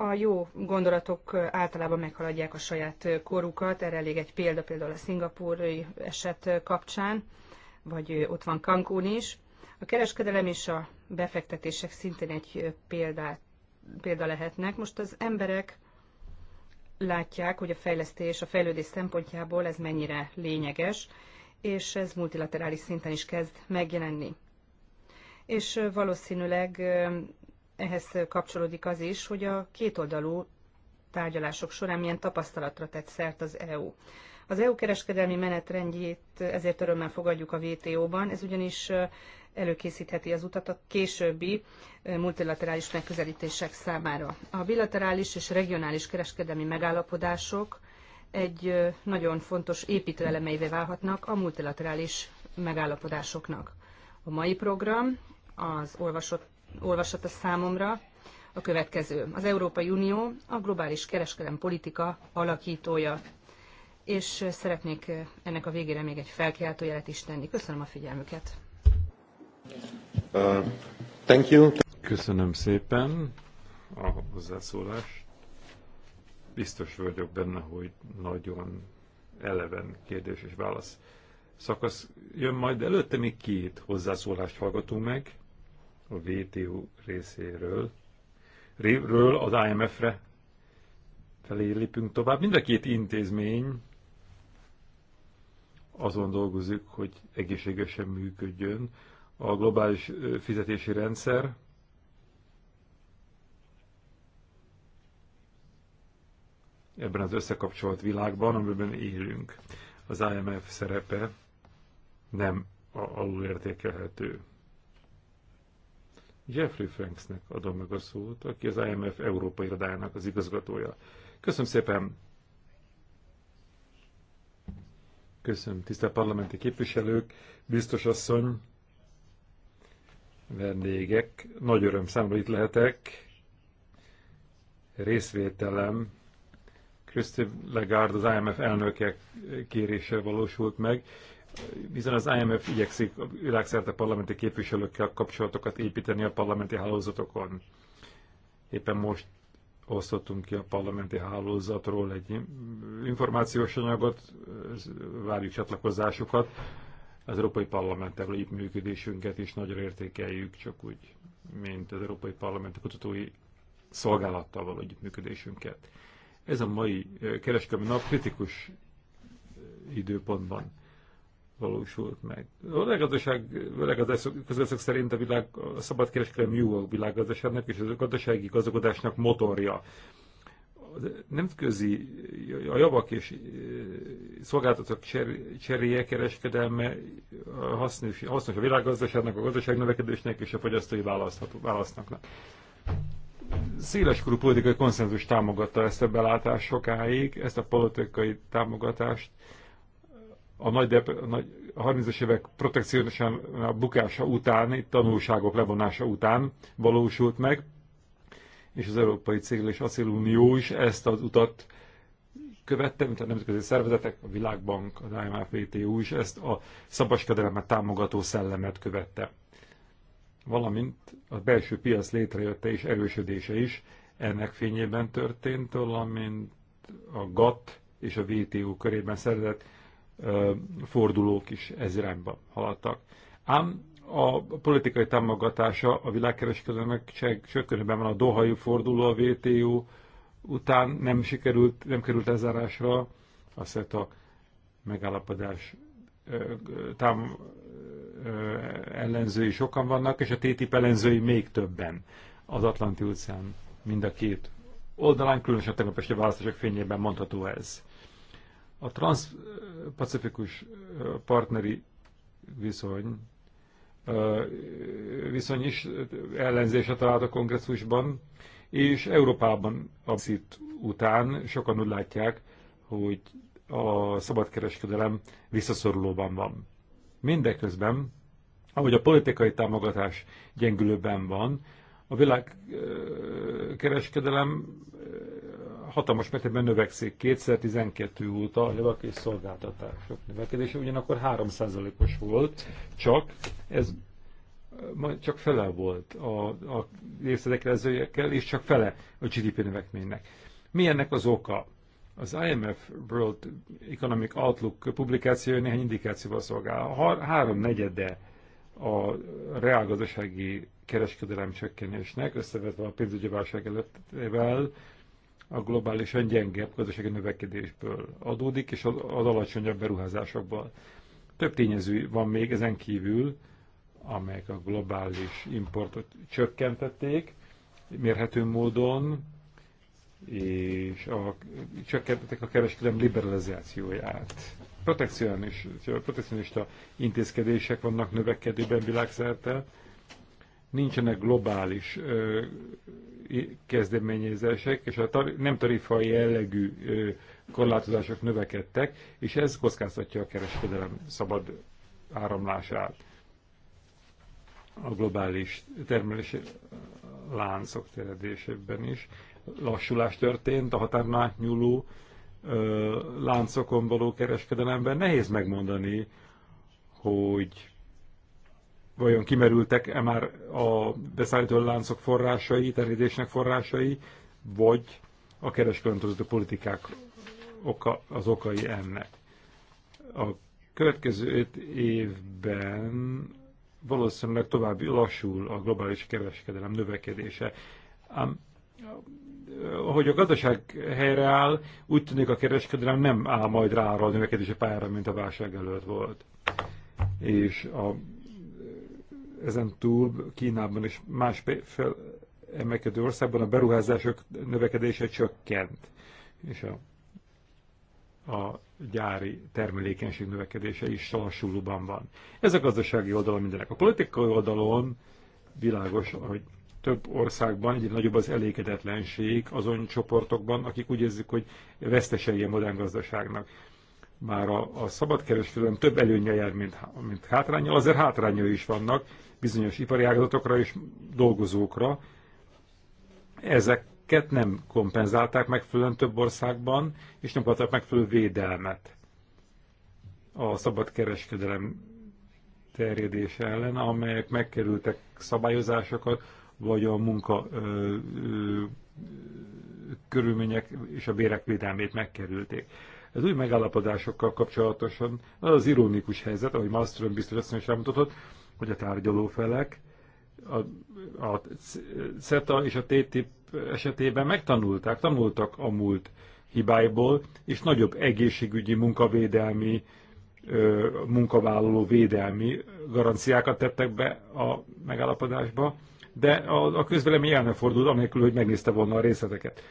a jó gondolatok általában meghaladják a saját korukat, erre elég egy példa például a szingapúri eset kapcsán, vagy ott van Cancún is. A kereskedelem és a befektetések szintén egy példát, példa lehetnek. Most az emberek látják, hogy a fejlesztés, a fejlődés szempontjából ez mennyire lényeges, és ez multilaterális szinten is kezd megjelenni. És valószínűleg ehhez kapcsolódik az is, hogy a kétoldalú tárgyalások során milyen tapasztalatra tett szert az EU. Az EU kereskedelmi menetrendjét ezért örömmel fogadjuk a WTO-ban, ez ugyanis előkészítheti az utat a későbbi multilaterális megközelítések számára. A bilaterális és regionális kereskedelmi megállapodások egy nagyon fontos építőelemeivé válhatnak a multilaterális megállapodásoknak. A mai program az olvasott olvasata számomra a következő. Az Európai Unió a globális kereskedelem politika alakítója. És szeretnék ennek a végére még egy felkiáltó jelet is tenni. Köszönöm a figyelmüket. Uh, thank you. Köszönöm szépen a hozzászólást. Biztos vagyok benne, hogy nagyon eleven kérdés és válasz szakasz jön majd, előtte még két hozzászólást hallgatunk meg a WTO részéről, ről az IMF-re felé lépünk tovább. Mind a két intézmény azon dolgozik, hogy egészségesen működjön a globális fizetési rendszer, ebben az összekapcsolt világban, amiben élünk. Az IMF szerepe nem alulértékelhető. Jeffrey Franksnek adom meg a szót, aki az IMF Európai Irodájának az igazgatója. Köszönöm szépen! Köszönöm, tisztelt parlamenti képviselők, biztos asszony, vendégek. Nagy öröm számomra itt lehetek. Részvételem Christine Legard az IMF elnöke kérése valósult meg, bizony az IMF igyekszik a világszerte parlamenti képviselőkkel kapcsolatokat építeni a parlamenti hálózatokon. Éppen most osztottunk ki a parlamenti hálózatról egy információs anyagot, várjuk csatlakozásukat. Az Európai Parlamenttel működésünket is nagyra értékeljük, csak úgy, mint az Európai Parlament kutatói szolgálattal való együttműködésünket. Ez a mai eh, kereskedelmi nap kritikus eh, időpontban valósult meg. A világgazdaság, közösszök szerint a, világ, a szabadkereskedelmi jó a világgazdaságnak és a gazdasági gazdagodásnak motorja. A nemzetközi a javak és e, szolgáltatók cseréje kereskedelme hasznos, hasznos a világgazdaságnak, a gazdaság növekedésnek és a fogyasztói választnak. korú politikai konszenzus támogatta ezt a belátás sokáig, ezt a politikai támogatást a, nagy, a, nagy, a 30-as évek protekcionisán bukása után, tanulságok levonása után valósult meg, és az Európai Cégl és Acélunió is ezt az utat követte, mint a nemzetközi szervezetek, a Világbank, az IMF, VTU is ezt a szabadkedelmet támogató szellemet követte. Valamint a belső piac létrejötte és erősödése is ennek fényében történt, valamint a GATT és a VTU körében szervezett fordulók is ez irányba haladtak. Ám a politikai támogatása a világkereskedelmek csökkönőben van a Dohai forduló, a WTO után nem sikerült, nem került lezárásra, a megállapodás tám, ellenzői sokan vannak, és a TTIP ellenzői még többen az Atlanti óceán mind a két oldalán, különösen a tegnap este választások fényében mondható ez. A transpacifikus partneri viszony viszony is ellenzése talált a kongresszusban, és Európában a szit után sokan úgy látják, hogy a szabadkereskedelem visszaszorulóban van. Mindeközben, ahogy a politikai támogatás gyengülőben van, a világkereskedelem hatalmas mértékben növekszik 2012 óta a javak és szolgáltatások növekedése, ugyanakkor 3%-os volt, csak ez majd csak fele volt a, a részletekrezőjekkel, és csak fele a GDP növekménynek. Mi ennek az oka? Az IMF World Economic Outlook publikáció néhány indikációval szolgál. Har- három negyede a reálgazdasági kereskedelem csökkenésnek, összevetve a pénzügyi válság előttével, a globálisan gyengebb gazdasági növekedésből adódik, és az alacsonyabb beruházásokból. Több tényező van még ezen kívül, amelyek a globális importot csökkentették mérhető módon, és a, csökkentették a kereskedelem liberalizációját. Protekcionista, protekcionista intézkedések vannak növekedőben világszerte, nincsenek globális ö, kezdeményezések és a tar nem tarifai jellegű korlátozások növekedtek, és ez kockáztatja a kereskedelem szabad áramlását a globális termelési láncok teredésében is. Lassulás történt a határon átnyúló láncokon való kereskedelemben. Nehéz megmondani, hogy vajon kimerültek-e már a beszállító láncok forrásai, terjedésnek forrásai, vagy a kereskedelmi politikák oka, az okai ennek. A következő öt évben valószínűleg további lassul a globális kereskedelem növekedése. Ám ahogy a gazdaság helyreáll, úgy tűnik a kereskedelem nem áll majd rá arra a növekedési pályára, mint a válság előtt volt. És a ezen túl Kínában és más felemelkedő országban a beruházások növekedése csökkent, és a, a gyári termelékenység növekedése is sorsulóban van. Ez a gazdasági oldalon mindenek. A politikai oldalon világos, hogy több országban egyre nagyobb az elégedetlenség azon csoportokban, akik úgy érzik, hogy vesztesei a modern gazdaságnak. Már a, a szabadkereskedelem több előnye jár, mint, mint hátránya, azért hátrányai is vannak, bizonyos ipari ágazatokra és dolgozókra. Ezeket nem kompenzálták megfelelően több országban, és nem kaptak megfelelő védelmet a szabadkereskedelem terjedése ellen, amelyek megkerültek szabályozásokat, vagy a munka ö, ö, körülmények és a bérek védelmét megkerülték. Az új megállapodásokkal kapcsolatosan az, az ironikus helyzet, ahogy Malmström biztos azt is elmutatott, hogy a tárgyalófelek a, a CETA és a TTIP esetében megtanulták, tanultak a múlt hibáiból, és nagyobb egészségügyi, munkavédelmi, munkavállaló védelmi garanciákat tettek be a megállapodásba, de a, a közvélemény el nem fordult, anélkül, hogy megnézte volna a részleteket.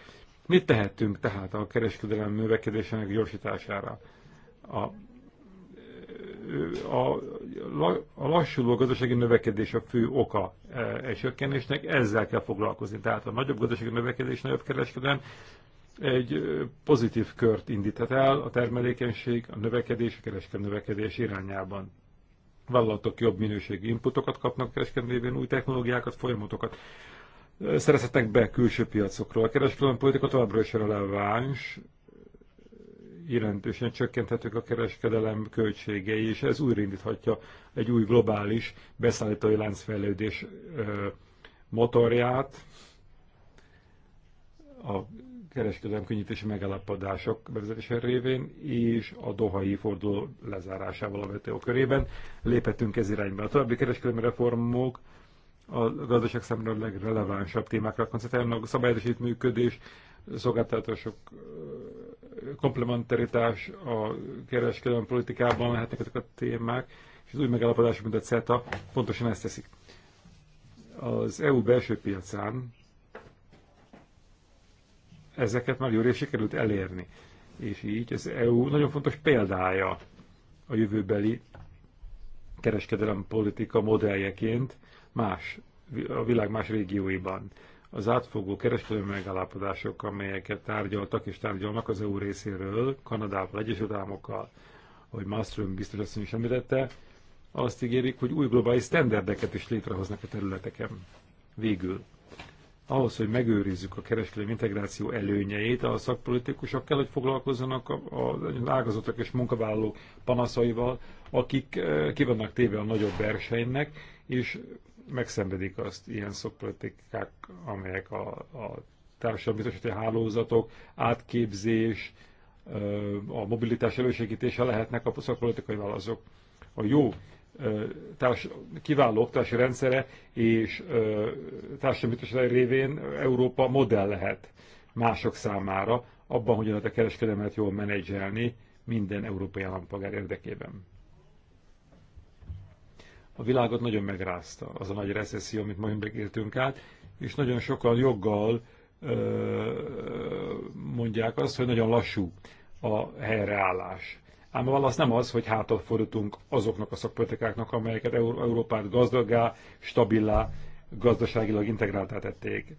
Mit tehetünk tehát a kereskedelem növekedésének gyorsítására? A a, a lassuló gazdasági növekedés a fő oka e csökkenésnek, ezzel kell foglalkozni. Tehát a nagyobb gazdasági növekedés, nagyobb kereskedelem egy pozitív kört indíthat el a termelékenység, a növekedés, a kereskedelmi növekedés irányában. Vállalatok jobb minőségi inputokat kapnak kereskedelmében, új technológiákat, folyamatokat szerezhetnek be külső piacokról. A kereskedelmi politika továbbra is releváns, jelentősen csökkenthetők a kereskedelem költségei, és ez újraindíthatja egy új globális beszállítói láncfejlődés motorját. A kereskedelem könnyítési megállapodások bevezetése révén és a dohai forduló lezárásával a WTO körében léphetünk ez irányba. A további kereskedelmi reformok a gazdaság számára a legrelevánsabb témákra koncentrálnak, a szabályozási működés, szolgáltatások komplementaritás a kereskedelmi politikában lehetnek ezek a témák, és az új megállapodások, mint a CETA, pontosan ezt teszik. Az EU belső piacán ezeket már jól sikerült elérni. És így az EU nagyon fontos példája a jövőbeli kereskedelem politika modelljeként más, a világ más régióiban az átfogó kereskedelmi megállapodások, amelyeket tárgyaltak és tárgyalnak az EU részéről, Kanadával, Egyesült Államokkal, ahogy Malmström biztos azt is említette, azt ígérik, hogy új globális sztenderdeket is létrehoznak a területeken. Végül. Ahhoz, hogy megőrizzük a kereskedelmi integráció előnyeit, a szakpolitikusok kell, hogy foglalkozzanak az ágazatok és munkavállalók panaszaival, akik eh, ki vannak téve a nagyobb versenynek, és megszenvedik azt ilyen szokpolitikák, amelyek a, a társadalmi hálózatok, átképzés, a mobilitás elősegítése lehetnek a szakpolitikai válaszok. A jó társ, kiváló oktatási rendszere és társadalmi révén Európa modell lehet mások számára abban, hogy a kereskedelmet jól menedzselni minden európai állampolgár érdekében a világot nagyon megrázta az a nagy recesszió, amit ma megéltünk át, és nagyon sokan joggal ö, mondják azt, hogy nagyon lassú a helyreállás. Ám a válasz nem az, hogy hátat fordítunk azoknak a szakpolitikáknak, amelyeket Európát gazdagá, stabilá, gazdaságilag integráltá tették.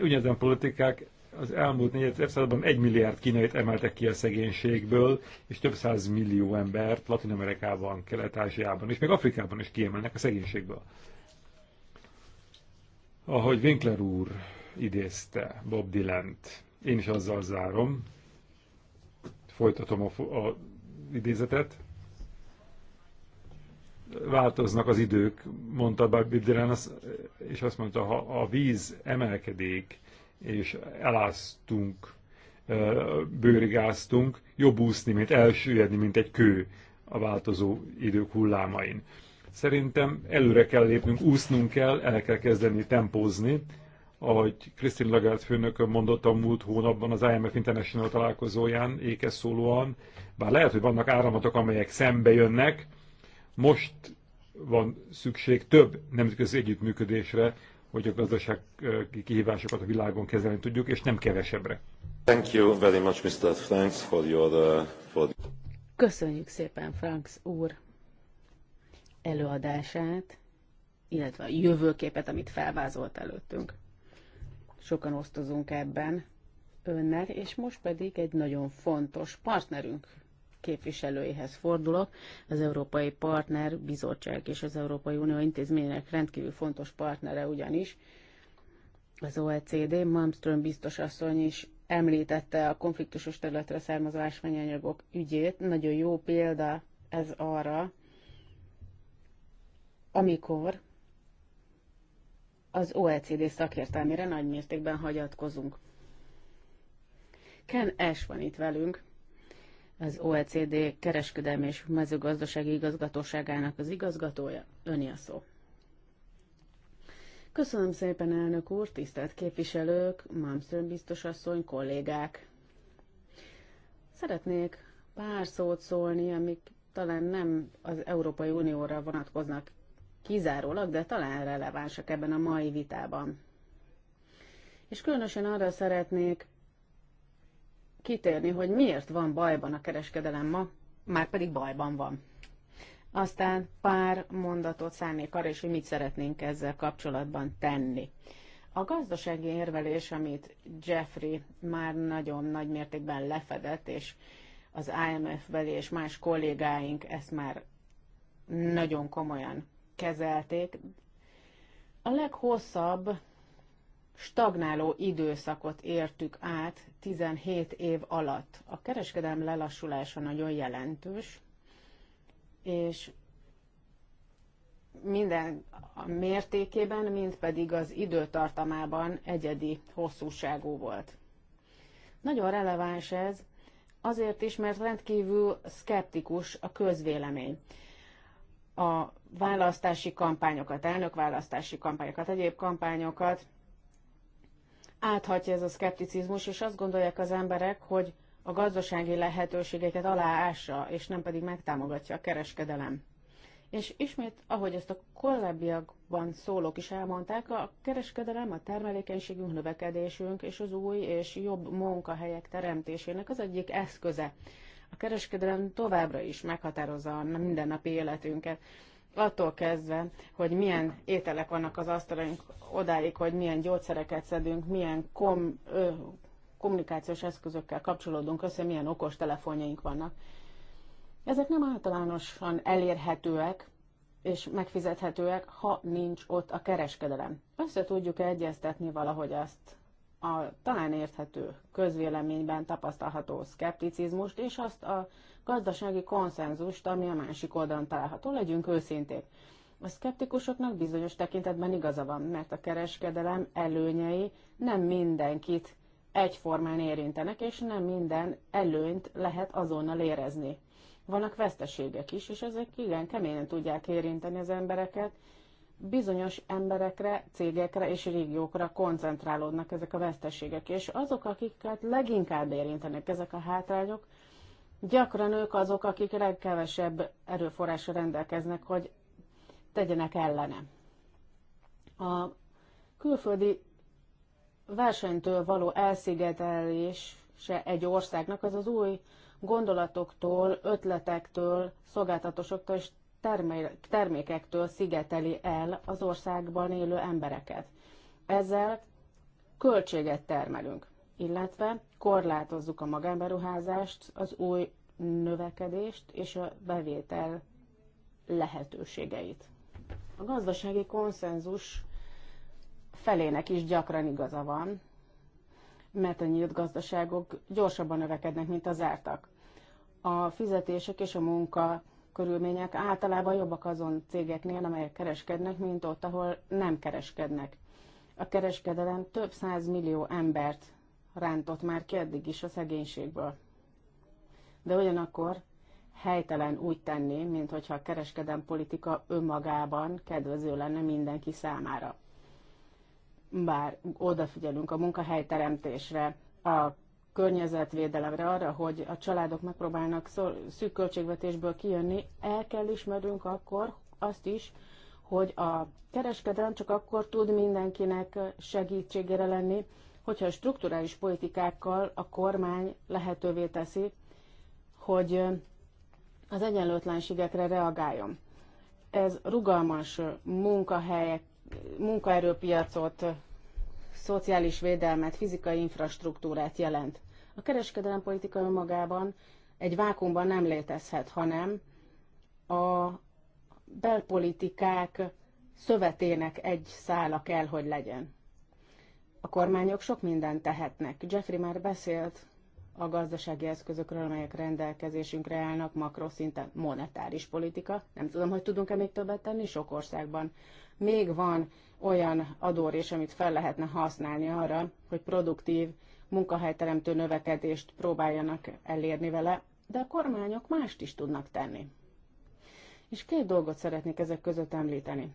Ugyanezen politikák az elmúlt négy évszázadban egy milliárd kínait emeltek ki a szegénységből, és több száz millió embert Latin Amerikában, Kelet-Ázsiában, és még Afrikában is kiemelnek a szegénységből. Ahogy Winkler úr idézte Bob Dylan-t, én is azzal zárom, folytatom a, a idézetet, változnak az idők, mondta Bob Dylan, és azt mondta, ha a víz emelkedik, és eláztunk, bőrigáztunk, jobb úszni, mint elsüllyedni, mint egy kő a változó idők hullámain. Szerintem előre kell lépnünk, úsznunk kell, el kell kezdeni tempózni, ahogy Christine Lagarde főnök mondott a múlt hónapban az IMF International találkozóján, ékes szólóan, bár lehet, hogy vannak áramatok, amelyek szembe jönnek, most van szükség több nemzetközi együttműködésre hogy a gazdaság kihívásokat a világon kezelni tudjuk, és nem kevesebbre. Thank you very much, Mr. Franks, for your... Uh, for... Köszönjük szépen, Franks úr, előadását, illetve a jövőképet, amit felvázolt előttünk. Sokan osztozunk ebben önnel, és most pedig egy nagyon fontos partnerünk képviselőihez fordulok. Az Európai Partner Bizottság és az Európai Unió intézmények rendkívül fontos partnere ugyanis. Az OECD, Malmström biztos asszony is említette a konfliktusos területre származó ásványanyagok ügyét. Nagyon jó példa ez arra, amikor az OECD szakértelmére nagy mértékben hagyatkozunk. Ken Ash van itt velünk, az OECD kereskedelmi és mezőgazdasági igazgatóságának az igazgatója. Öni a szó. Köszönöm szépen, elnök úr, tisztelt képviselők, Malmström biztosasszony, kollégák. Szeretnék pár szót szólni, amik talán nem az Európai Unióra vonatkoznak kizárólag, de talán relevánsak ebben a mai vitában. És különösen arra szeretnék kitérni, hogy miért van bajban a kereskedelem ma, már pedig bajban van. Aztán pár mondatot szánnék arra és hogy mit szeretnénk ezzel kapcsolatban tenni. A gazdasági érvelés, amit Jeffrey már nagyon nagy mértékben lefedett, és az IMF-beli és más kollégáink ezt már nagyon komolyan kezelték. A leghosszabb stagnáló időszakot értük át 17 év alatt. A kereskedelmi lelassulása nagyon jelentős, és minden a mértékében, mint pedig az időtartamában egyedi hosszúságú volt. Nagyon releváns ez, azért is, mert rendkívül szkeptikus a közvélemény. A választási kampányokat, elnökválasztási kampányokat, egyéb kampányokat áthatja ez a szkepticizmus, és azt gondolják az emberek, hogy a gazdasági lehetőségeket aláássa, és nem pedig megtámogatja a kereskedelem. És ismét, ahogy ezt a korábbiakban szólók is elmondták, a kereskedelem, a termelékenységünk, növekedésünk és az új és jobb munkahelyek teremtésének az egyik eszköze. A kereskedelem továbbra is meghatározza a mindennapi életünket attól kezdve, hogy milyen ételek vannak az asztalunk, odáig, hogy milyen gyógyszereket szedünk, milyen kom, ö, kommunikációs eszközökkel kapcsolódunk össze, milyen okos telefonjaink vannak. Ezek nem általánosan elérhetőek és megfizethetőek, ha nincs ott a kereskedelem. Össze tudjuk egyeztetni valahogy azt a talán érthető közvéleményben tapasztalható szkepticizmust és azt a gazdasági konszenzust, ami a másik oldalon található. Legyünk őszinték. A szkeptikusoknak bizonyos tekintetben igaza van, mert a kereskedelem előnyei nem mindenkit egyformán érintenek, és nem minden előnyt lehet azonnal érezni. Vannak veszteségek is, és ezek igen keményen tudják érinteni az embereket, bizonyos emberekre, cégekre és régiókra koncentrálódnak ezek a veszteségek, és azok, akiket leginkább érintenek ezek a hátrányok, gyakran ők azok, akik legkevesebb erőforrásra rendelkeznek, hogy tegyenek ellene. A külföldi versenytől való elszigetelés se egy országnak, az az új gondolatoktól, ötletektől, szolgáltatósoktól és termékektől szigeteli el az országban élő embereket. Ezzel költséget termelünk, illetve korlátozzuk a magánberuházást, az új növekedést és a bevétel lehetőségeit. A gazdasági konszenzus felének is gyakran igaza van, mert a nyílt gazdaságok gyorsabban növekednek, mint az ártak. A fizetések és a munka körülmények általában jobbak azon cégeknél, amelyek kereskednek, mint ott, ahol nem kereskednek. A kereskedelem több száz millió embert rántott már ki eddig is a szegénységből. De ugyanakkor helytelen úgy tenni, mint hogyha a kereskedelmi politika önmagában kedvező lenne mindenki számára. Bár odafigyelünk a munkahelyteremtésre, a környezetvédelemre, arra, hogy a családok megpróbálnak szor, szűk költségvetésből kijönni, el kell ismernünk akkor azt is, hogy a kereskedelem csak akkor tud mindenkinek segítségére lenni, hogyha a strukturális politikákkal a kormány lehetővé teszi, hogy az egyenlőtlenségekre reagáljon. Ez rugalmas munkahelyek, munkaerőpiacot, szociális védelmet, fizikai infrastruktúrát jelent. A kereskedelem politika önmagában egy vákumban nem létezhet, hanem a belpolitikák szövetének egy szála kell, hogy legyen. A kormányok sok mindent tehetnek. Jeffrey már beszélt a gazdasági eszközökről, amelyek rendelkezésünkre állnak, makroszinten monetáris politika. Nem tudom, hogy tudunk-e még többet tenni sok országban. Még van olyan adórés, amit fel lehetne használni arra, hogy produktív munkahelyteremtő növekedést próbáljanak elérni vele, de a kormányok mást is tudnak tenni. És két dolgot szeretnék ezek között említeni.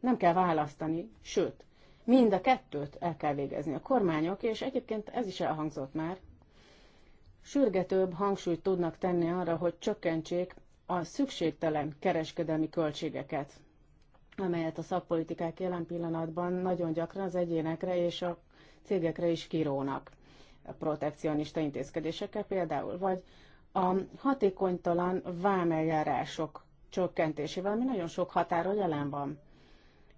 Nem kell választani, sőt, mind a kettőt el kell végezni. A kormányok, és egyébként ez is elhangzott már, sürgetőbb hangsúlyt tudnak tenni arra, hogy csökkentsék a szükségtelen kereskedelmi költségeket, amelyet a szakpolitikák jelen pillanatban nagyon gyakran az egyénekre és a cégekre is kirónak protekcionista intézkedésekkel például, vagy a hatékonytalan vámeljárások csökkentésével, ami nagyon sok határa jelen van.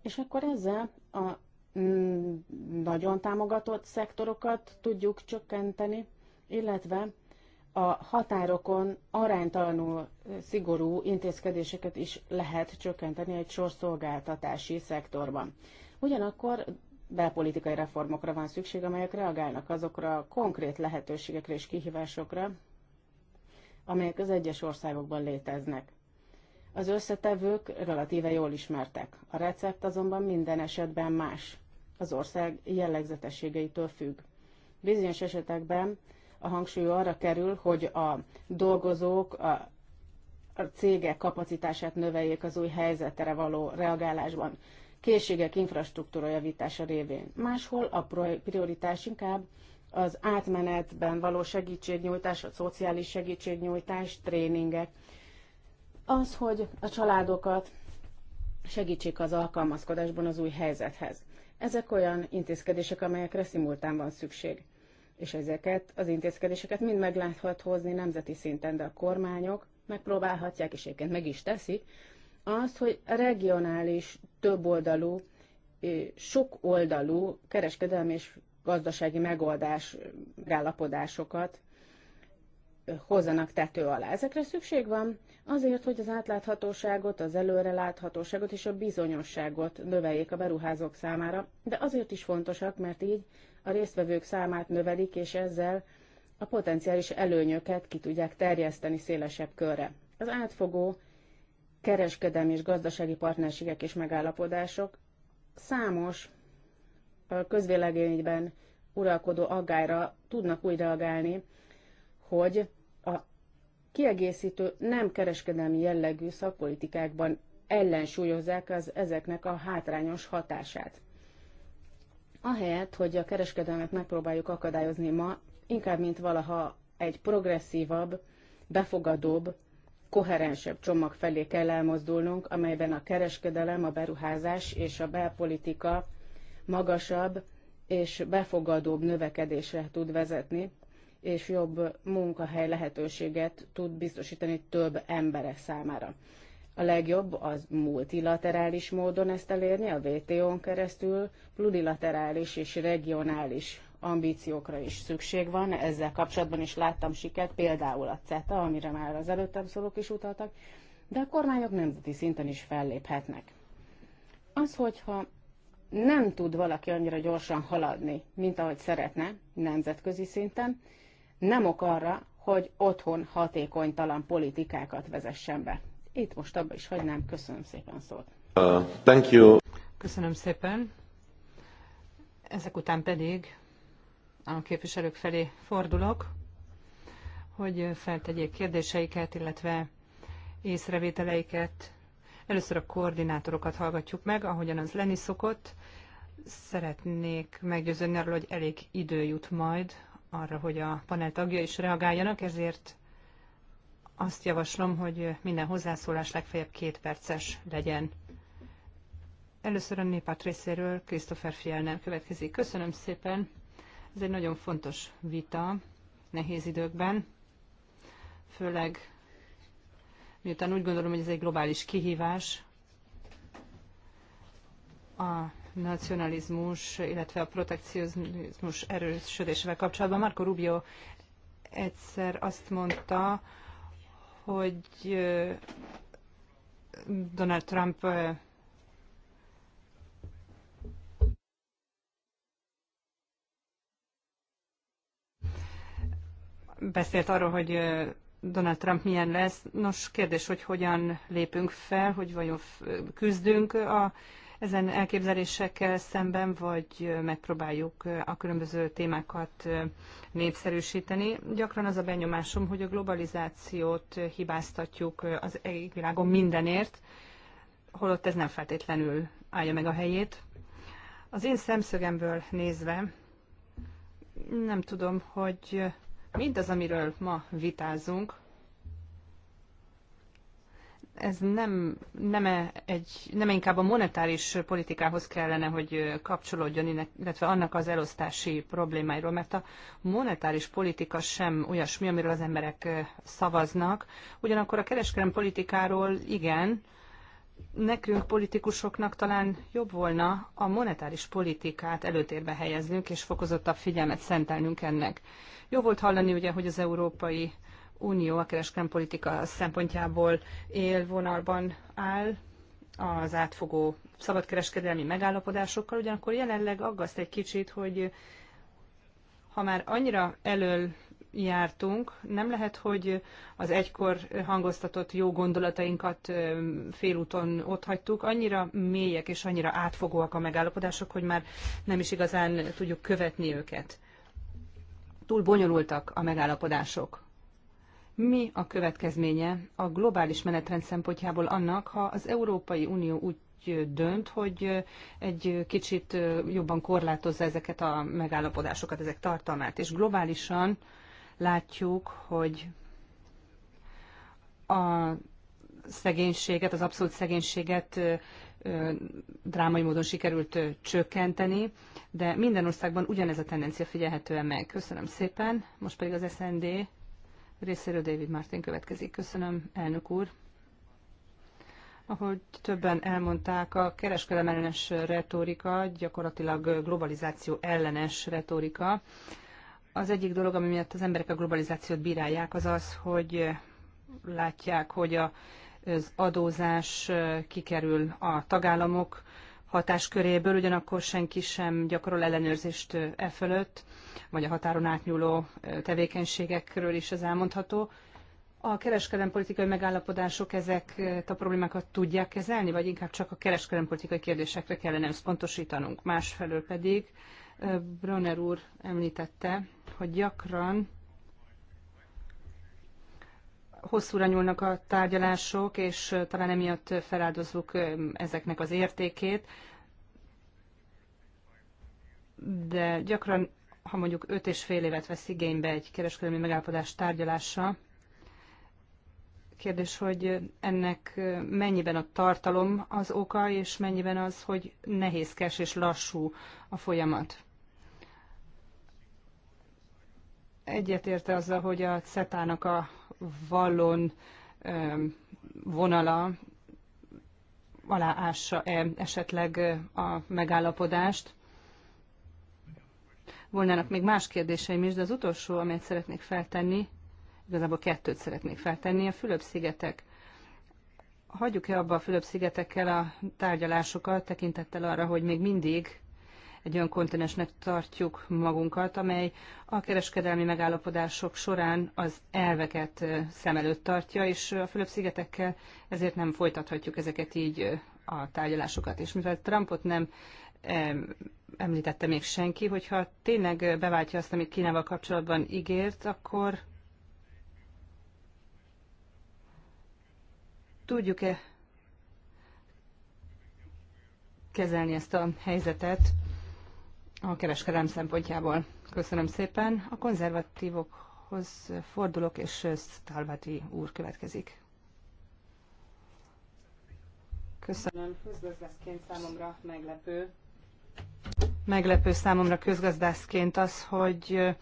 És akkor ezzel a mm, nagyon támogatott szektorokat tudjuk csökkenteni, illetve a határokon aránytalanul szigorú intézkedéseket is lehet csökkenteni egy sorszolgáltatási szektorban. Ugyanakkor belpolitikai reformokra van szükség, amelyek reagálnak azokra a konkrét lehetőségekre és kihívásokra, amelyek az egyes országokban léteznek. Az összetevők relatíve jól ismertek. A recept azonban minden esetben más. Az ország jellegzetességeitől függ. Bizonyos esetekben a hangsúly arra kerül, hogy a dolgozók, a a cégek kapacitását növeljék az új helyzetre való reagálásban készségek infrastruktúra javítása révén. Máshol a prioritás inkább az átmenetben való segítségnyújtás, a szociális segítségnyújtás, tréningek. Az, hogy a családokat segítsék az alkalmazkodásban az új helyzethez. Ezek olyan intézkedések, amelyekre szimultán van szükség. És ezeket az intézkedéseket mind meg lehet hozni nemzeti szinten, de a kormányok megpróbálhatják, és egyébként meg is teszik, az, hogy regionális, többoldalú, sokoldalú kereskedelmi és gazdasági megoldás állapodásokat hozzanak tető alá. Ezekre szükség van azért, hogy az átláthatóságot, az előreláthatóságot és a bizonyosságot növeljék a beruházók számára, de azért is fontosak, mert így a résztvevők számát növelik, és ezzel a potenciális előnyöket ki tudják terjeszteni szélesebb körre. Az átfogó kereskedelmi és gazdasági partnerségek és megállapodások számos közvéleményben uralkodó aggályra tudnak úgy reagálni, hogy a kiegészítő nem kereskedelmi jellegű szakpolitikákban ellensúlyozzák az ezeknek a hátrányos hatását. Ahelyett, hogy a kereskedelmet megpróbáljuk akadályozni ma, inkább mint valaha egy progresszívabb, befogadóbb koherensebb csomag felé kell elmozdulnunk, amelyben a kereskedelem, a beruházás és a belpolitika magasabb és befogadóbb növekedésre tud vezetni, és jobb munkahely lehetőséget tud biztosítani több emberek számára. A legjobb az multilaterális módon ezt elérni, a WTO-n keresztül, plurilaterális és regionális ambíciókra is szükség van, ezzel kapcsolatban is láttam sikert, például a CETA, amire már az előttem szólók is utaltak, de a kormányok nemzeti szinten is felléphetnek. Az, hogyha nem tud valaki annyira gyorsan haladni, mint ahogy szeretne nemzetközi szinten, nem ok arra, hogy otthon hatékonytalan politikákat vezessen be. Itt most abba is hagynám. Köszönöm szépen a szót. Uh, thank you. Köszönöm szépen. Ezek után pedig a képviselők felé fordulok, hogy feltegyék kérdéseiket, illetve észrevételeiket. Először a koordinátorokat hallgatjuk meg, ahogyan az lenni szokott. Szeretnék meggyőződni arról, hogy elég idő jut majd arra, hogy a panel tagja is reagáljanak, ezért azt javaslom, hogy minden hozzászólás legfeljebb két perces legyen. Először a Népát részéről Christopher Fielner következik. Köszönöm szépen! Ez egy nagyon fontos vita nehéz időkben, főleg miután úgy gondolom, hogy ez egy globális kihívás, a nacionalizmus, illetve a protekcionizmus erősödésével kapcsolatban. Marco Rubio egyszer azt mondta, hogy Donald Trump beszélt arról, hogy Donald Trump milyen lesz. Nos, kérdés, hogy hogyan lépünk fel, hogy vajon küzdünk a, ezen elképzelésekkel szemben, vagy megpróbáljuk a különböző témákat népszerűsíteni. Gyakran az a benyomásom, hogy a globalizációt hibáztatjuk az egész világon mindenért, holott ez nem feltétlenül állja meg a helyét. Az én szemszögemből nézve nem tudom, hogy mindaz, amiről ma vitázunk, ez nem, nem, -e egy, nem e inkább a monetáris politikához kellene, hogy kapcsolódjon, illetve annak az elosztási problémáiról, mert a monetáris politika sem olyasmi, amiről az emberek szavaznak. Ugyanakkor a kereskedelmi politikáról igen, nekünk politikusoknak talán jobb volna a monetáris politikát előtérbe helyeznünk, és fokozottabb figyelmet szentelnünk ennek. Jó volt hallani ugye, hogy az Európai Unió a kereskedelmi politika szempontjából élvonalban áll az átfogó szabadkereskedelmi megállapodásokkal, ugyanakkor jelenleg aggaszt egy kicsit, hogy ha már annyira elől jártunk. Nem lehet, hogy az egykor hangoztatott jó gondolatainkat félúton otthagytuk. Annyira mélyek és annyira átfogóak a megállapodások, hogy már nem is igazán tudjuk követni őket. Túl bonyolultak a megállapodások. Mi a következménye a globális menetrend szempontjából annak, ha az Európai Unió úgy dönt, hogy egy kicsit jobban korlátozza ezeket a megállapodásokat, ezek tartalmát, és globálisan látjuk, hogy a szegénységet, az abszolút szegénységet drámai módon sikerült csökkenteni, de minden országban ugyanez a tendencia figyelhetően meg. Köszönöm szépen. Most pedig az SND részéről David Martin következik. Köszönöm, elnök úr. Ahogy többen elmondták, a kereskedelem ellenes retorika gyakorlatilag globalizáció ellenes retorika az egyik dolog, ami miatt az emberek a globalizációt bírálják, az az, hogy látják, hogy a, az adózás kikerül a tagállamok hatásköréből, ugyanakkor senki sem gyakorol ellenőrzést e fölött, vagy a határon átnyúló tevékenységekről is ez elmondható. A kereskedelempolitikai megállapodások ezek a problémákat tudják kezelni, vagy inkább csak a kereskedelempolitikai kérdésekre kellene összpontosítanunk. Másfelől pedig Bronner úr említette hogy gyakran hosszúra nyúlnak a tárgyalások, és talán emiatt feláldozzuk ezeknek az értékét, de gyakran, ha mondjuk öt és fél évet vesz igénybe egy kereskedelmi megállapodás tárgyalása, kérdés, hogy ennek mennyiben a tartalom az oka, és mennyiben az, hogy nehézkes és lassú a folyamat. egyetérte azzal, hogy a CETA-nak a vallon vonala aláássa-e esetleg a megállapodást. Volnának még más kérdéseim is, de az utolsó, amelyet szeretnék feltenni, igazából kettőt szeretnék feltenni, a Fülöp-szigetek. Hagyjuk-e abba a Fülöp-szigetekkel a tárgyalásokat, tekintettel arra, hogy még mindig egy olyan kontinensnek tartjuk magunkat, amely a kereskedelmi megállapodások során az elveket szem előtt tartja, és a Fülöp-szigetekkel ezért nem folytathatjuk ezeket így a tárgyalásokat. És mivel Trumpot nem említette még senki, hogyha tényleg beváltja azt, amit Kínával kapcsolatban ígért, akkor tudjuk-e kezelni ezt a helyzetet a kereskedelem szempontjából. Köszönöm szépen. A konzervatívokhoz fordulok, és Stalvati úr következik. Köszönöm. Közgazdászként számomra meglepő, meglepő számomra közgazdászként az, hogy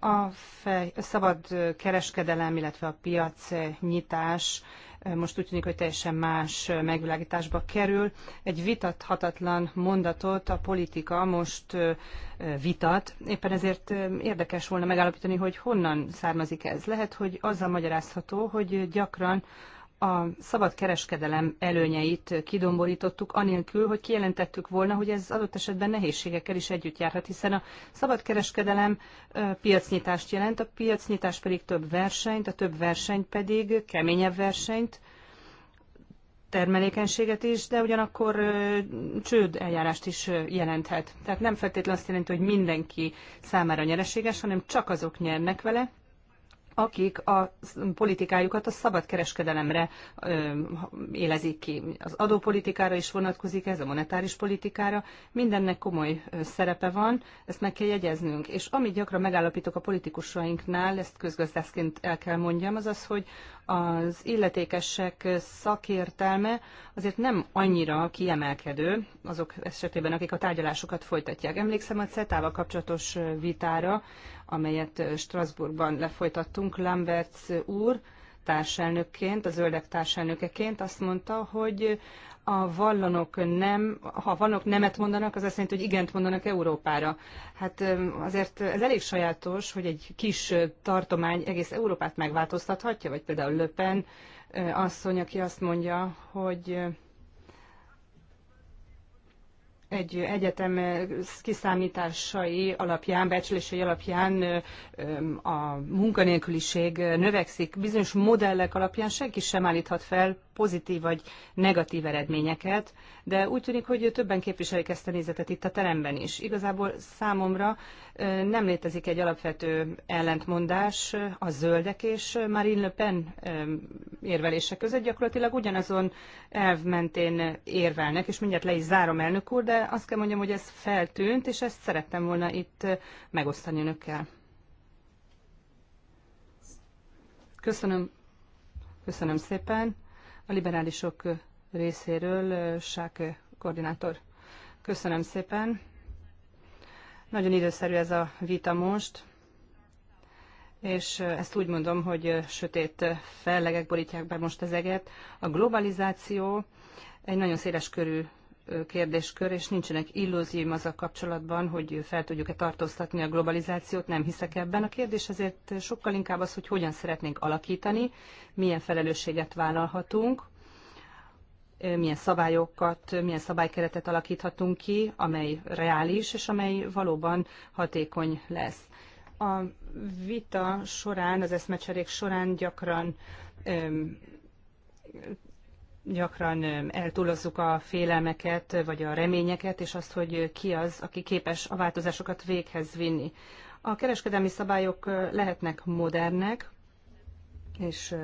a, fej, a szabad kereskedelem, illetve a piac nyitás most úgy tűnik, hogy teljesen más megvilágításba kerül. Egy vitathatatlan mondatot a politika most vitat. Éppen ezért érdekes volna megállapítani, hogy honnan származik ez. Lehet, hogy azzal magyarázható, hogy gyakran a szabad kereskedelem előnyeit kidomborítottuk, anélkül, hogy kijelentettük volna, hogy ez adott esetben nehézségekkel is együtt járhat, hiszen a szabad kereskedelem piacnyitást jelent, a piacnyitás pedig több versenyt, a több verseny pedig keményebb versenyt, termelékenységet is, de ugyanakkor csőd eljárást is jelenthet. Tehát nem feltétlenül azt jelenti, hogy mindenki számára nyereséges, hanem csak azok nyernek vele, akik a politikájukat a szabad kereskedelemre élezik ki. Az adópolitikára is vonatkozik ez, a monetáris politikára. Mindennek komoly szerepe van, ezt meg kell jegyeznünk. És amit gyakran megállapítok a politikusainknál, ezt közgazdászként el kell mondjam, az az, hogy az illetékesek szakértelme azért nem annyira kiemelkedő azok esetében, akik a tárgyalásokat folytatják. Emlékszem a CETA-val kapcsolatos vitára, amelyet Strasbourgban lefolytattunk, Lamberts úr társelnökként, a zöldek társelnökeként azt mondta, hogy a vallonok nem, ha vannak nemet mondanak, az azt jelenti, hogy igent mondanak Európára. Hát azért ez elég sajátos, hogy egy kis tartomány egész Európát megváltoztathatja, vagy például Löpen asszony, aki azt mondja, hogy egy egyetem kiszámításai alapján, becslései alapján a munkanélküliség növekszik. Bizonyos modellek alapján senki sem állíthat fel pozitív vagy negatív eredményeket, de úgy tűnik, hogy többen képviselik ezt a nézetet itt a teremben is. Igazából számomra nem létezik egy alapvető ellentmondás a zöldek és Marine Le Pen érvelése között. Gyakorlatilag ugyanazon elv mentén érvelnek, és mindjárt le is zárom elnök úr, de azt kell mondjam, hogy ez feltűnt, és ezt szerettem volna itt megosztani önökkel. Köszönöm. Köszönöm szépen a liberálisok részéről Sák koordinátor. Köszönöm szépen. Nagyon időszerű ez a vita most, és ezt úgy mondom, hogy sötét fellegek borítják be most az eget. A globalizáció egy nagyon széles körű kérdéskör, és nincsenek illúzióim azzal kapcsolatban, hogy fel tudjuk-e tartóztatni a globalizációt, nem hiszek ebben. A kérdés azért sokkal inkább az, hogy hogyan szeretnénk alakítani, milyen felelősséget vállalhatunk, milyen szabályokat, milyen szabálykeretet alakíthatunk ki, amely reális, és amely valóban hatékony lesz. A vita során, az eszmecserék során gyakran gyakran eltúlozzuk a félelmeket, vagy a reményeket, és azt, hogy ki az, aki képes a változásokat véghez vinni. A kereskedelmi szabályok lehetnek modernek, és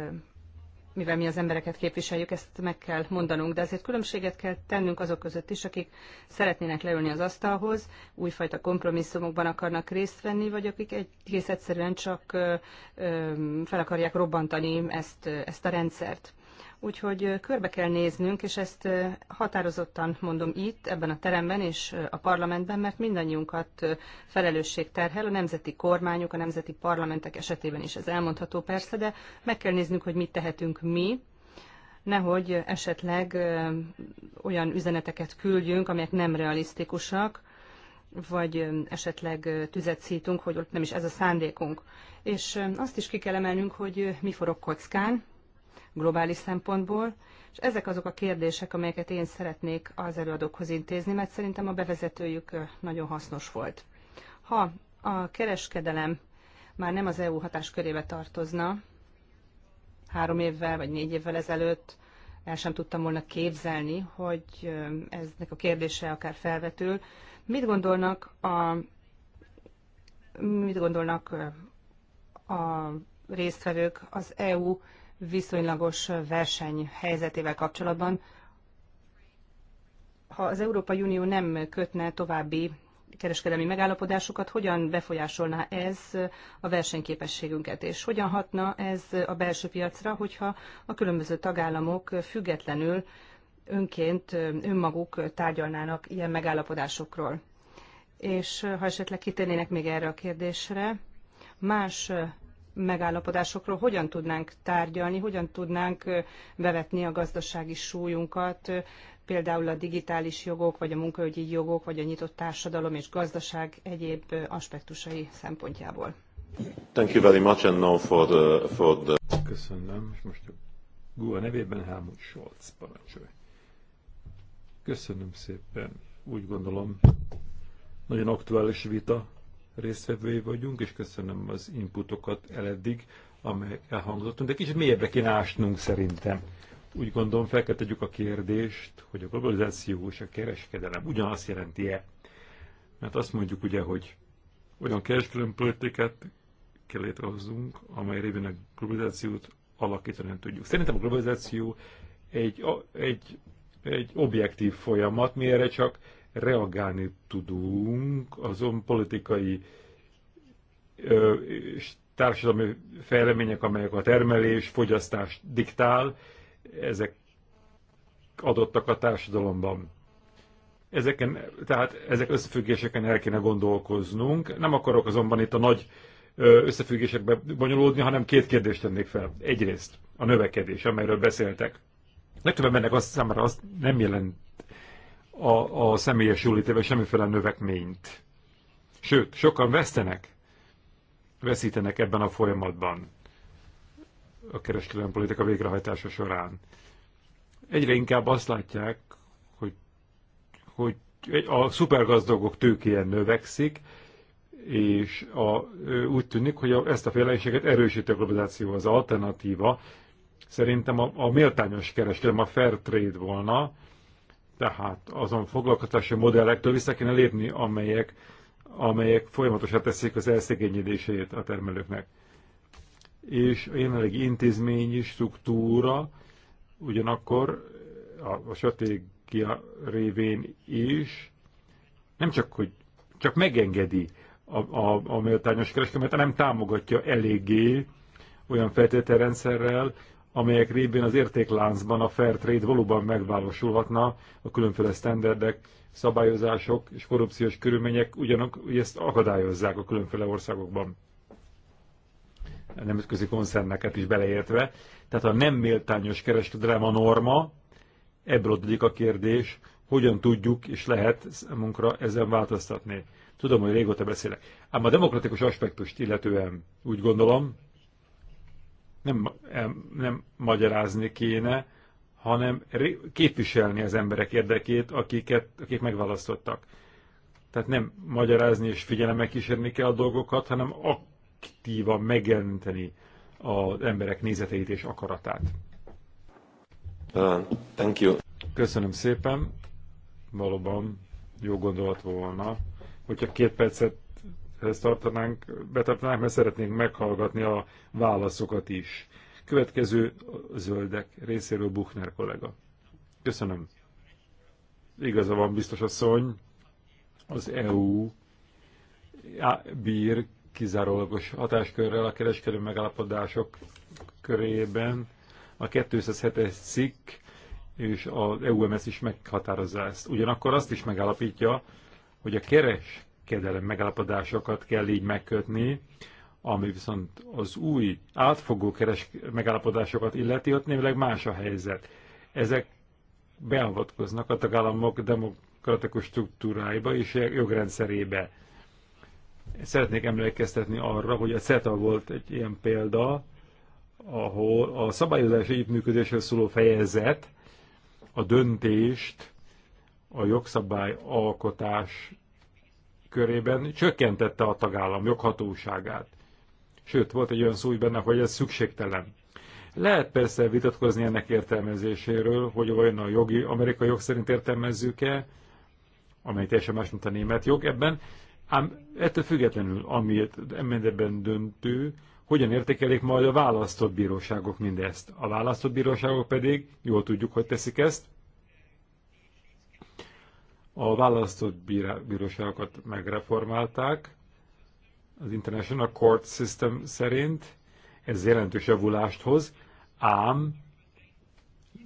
mivel mi az embereket képviseljük, ezt meg kell mondanunk, de azért különbséget kell tennünk azok között is, akik szeretnének leülni az asztalhoz, újfajta kompromisszumokban akarnak részt venni, vagy akik egész egyszerűen csak fel akarják robbantani ezt, ezt a rendszert. Úgyhogy körbe kell néznünk, és ezt határozottan mondom itt, ebben a teremben és a parlamentben, mert mindannyiunkat felelősség terhel, a nemzeti kormányok, a nemzeti parlamentek esetében is ez elmondható persze, de meg kell néznünk, hogy mit tehetünk mi, nehogy esetleg olyan üzeneteket küldjünk, amelyek nem realisztikusak, vagy esetleg tüzet szítunk, hogy ott nem is ez a szándékunk. És azt is ki kell emelnünk, hogy mi forog kockán, globális szempontból, és ezek azok a kérdések, amelyeket én szeretnék az előadókhoz intézni, mert szerintem a bevezetőjük nagyon hasznos volt. Ha a kereskedelem már nem az EU hatáskörébe tartozna, három évvel vagy négy évvel ezelőtt el sem tudtam volna képzelni, hogy eznek a kérdése akár felvetül. Mit gondolnak a, mit gondolnak a résztvevők az EU viszonylagos verseny helyzetével kapcsolatban, ha az Európai Unió nem kötne további kereskedelmi megállapodásokat, hogyan befolyásolná ez a versenyképességünket, és hogyan hatna ez a belső piacra, hogyha a különböző tagállamok függetlenül önként önmaguk tárgyalnának ilyen megállapodásokról. És ha esetleg kitérnének még erre a kérdésre, más megállapodásokról hogyan tudnánk tárgyalni, hogyan tudnánk bevetni a gazdasági súlyunkat, például a digitális jogok, vagy a munkaügyi jogok, vagy a nyitott társadalom és gazdaság egyéb aspektusai szempontjából. Thank you very much and now for the, for the... Köszönöm, és most a GUA nevében Helmut Scholz parancsolj. Köszönöm szépen. Úgy gondolom, nagyon aktuális vita résztvevői vagyunk, és köszönöm az inputokat eleddig, amely elhangzottunk, de kicsit mélyebbre kéne ásnunk szerintem. Úgy gondolom, fel kell tegyük a kérdést, hogy a globalizáció és a kereskedelem ugyanazt jelenti-e? Mert azt mondjuk ugye, hogy olyan kereskedelmi politikát kell létrehozzunk, amely révén a globalizációt alakítani nem tudjuk. Szerintem a globalizáció egy, egy, egy objektív folyamat, mi erre csak reagálni tudunk azon politikai ö, és társadalmi fejlemények, amelyek a termelés, fogyasztás diktál, ezek adottak a társadalomban. Ezeken, tehát ezek összefüggéseken el kéne gondolkoznunk. Nem akarok azonban itt a nagy összefüggésekbe bonyolódni, hanem két kérdést tennék fel. Egyrészt a növekedés, amelyről beszéltek. Legtöbben ennek azt számára azt nem jelent a, a személyes jólétébe semmiféle növekményt. Sőt, sokan vesztenek, veszítenek ebben a folyamatban a kereskedelmi politika végrehajtása során. Egyre inkább azt látják, hogy, hogy a szupergazdagok tőkéje növekszik, és a, úgy tűnik, hogy a, ezt a félelenséget erősíti a globalizáció az alternatíva. Szerintem a, a méltányos kereskedelem, a fair trade volna, tehát azon foglalkozási modellektől vissza kéne lépni, amelyek, amelyek folyamatosan teszik az elszegényedését a termelőknek. És a jelenlegi intézményi struktúra ugyanakkor a, a stratégia révén is nem csak, hogy csak megengedi a, a, a méltányos kereskedelmet, hanem támogatja eléggé olyan feltételrendszerrel, amelyek révén az értékláncban a fair trade valóban megvalósulhatna, a különféle standardek, szabályozások és korrupciós körülmények ugyanak ezt akadályozzák a különféle országokban. A nemzetközi koncerneket is beleértve. Tehát a nem méltányos kereskedelem a norma, ebből adódik a kérdés, hogyan tudjuk és lehet munkra ezen változtatni. Tudom, hogy régóta beszélek. Ám a demokratikus aspektust illetően úgy gondolom, nem, nem magyarázni kéne, hanem képviselni az emberek érdekét, akiket, akik megválasztottak. Tehát nem magyarázni és figyelemmel kísérni kell a dolgokat, hanem aktívan megjelenteni az emberek nézeteit és akaratát. Uh, thank you. Köszönöm szépen. Valóban jó gondolat volna, hogyha két percet ehhez tartanánk, betartanánk, mert szeretnénk meghallgatni a válaszokat is. Következő zöldek részéről Buchner kollega. Köszönöm. Igaza van, biztos szony, az EU bír kizárólagos hatáskörrel a kereskedő megállapodások körében. A 207-es cikk és az EUMS is meghatározza ezt. Ugyanakkor azt is megállapítja, hogy a keres kereskedelem megállapodásokat kell így megkötni, ami viszont az új átfogó keres megállapodásokat illeti, ott névleg más a helyzet. Ezek beavatkoznak a tagállamok demokratikus struktúráiba és jogrendszerébe. Szeretnék emlékeztetni arra, hogy a CETA volt egy ilyen példa, ahol a szabályozás együttműködésről szóló fejezet a döntést a jogszabály alkotás körében csökkentette a tagállam joghatóságát. Sőt, volt egy olyan szó hogy benne, hogy ez szükségtelen. Lehet persze vitatkozni ennek értelmezéséről, hogy vajon a jogi, amerikai jog szerint értelmezzük-e, amely teljesen más, mint a német jog ebben, ám ettől függetlenül, ami ebben döntő, hogyan értékelik majd a választott bíróságok mindezt. A választott bíróságok pedig, jól tudjuk, hogy teszik ezt, a választott bíróságokat megreformálták az International Court System szerint, ez jelentős javulást hoz, ám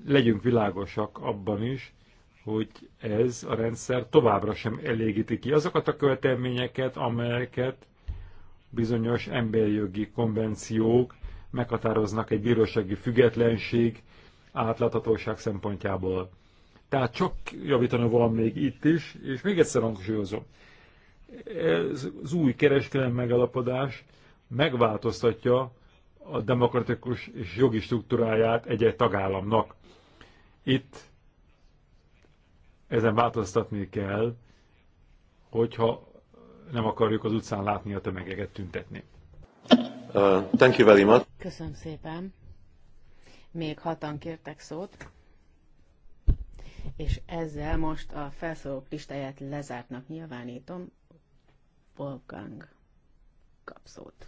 legyünk világosak abban is, hogy ez a rendszer továbbra sem elégíti ki azokat a követelményeket, amelyeket bizonyos emberi jogi konvenciók meghatároznak egy bírósági függetlenség átláthatóság szempontjából. Tehát csak javítani van még itt is, és még egyszer hangsúlyozom. Ez az új kereskedelmi megalapodás megváltoztatja a demokratikus és jogi struktúráját egy-egy tagállamnak. Itt ezen változtatni kell, hogyha nem akarjuk az utcán látni a tömegeket tüntetni. Uh, thank you very much. Köszönöm szépen. Még hatan kértek szót és ezzel most a felszólók listáját lezártnak nyilvánítom. Wolfgang kapszót.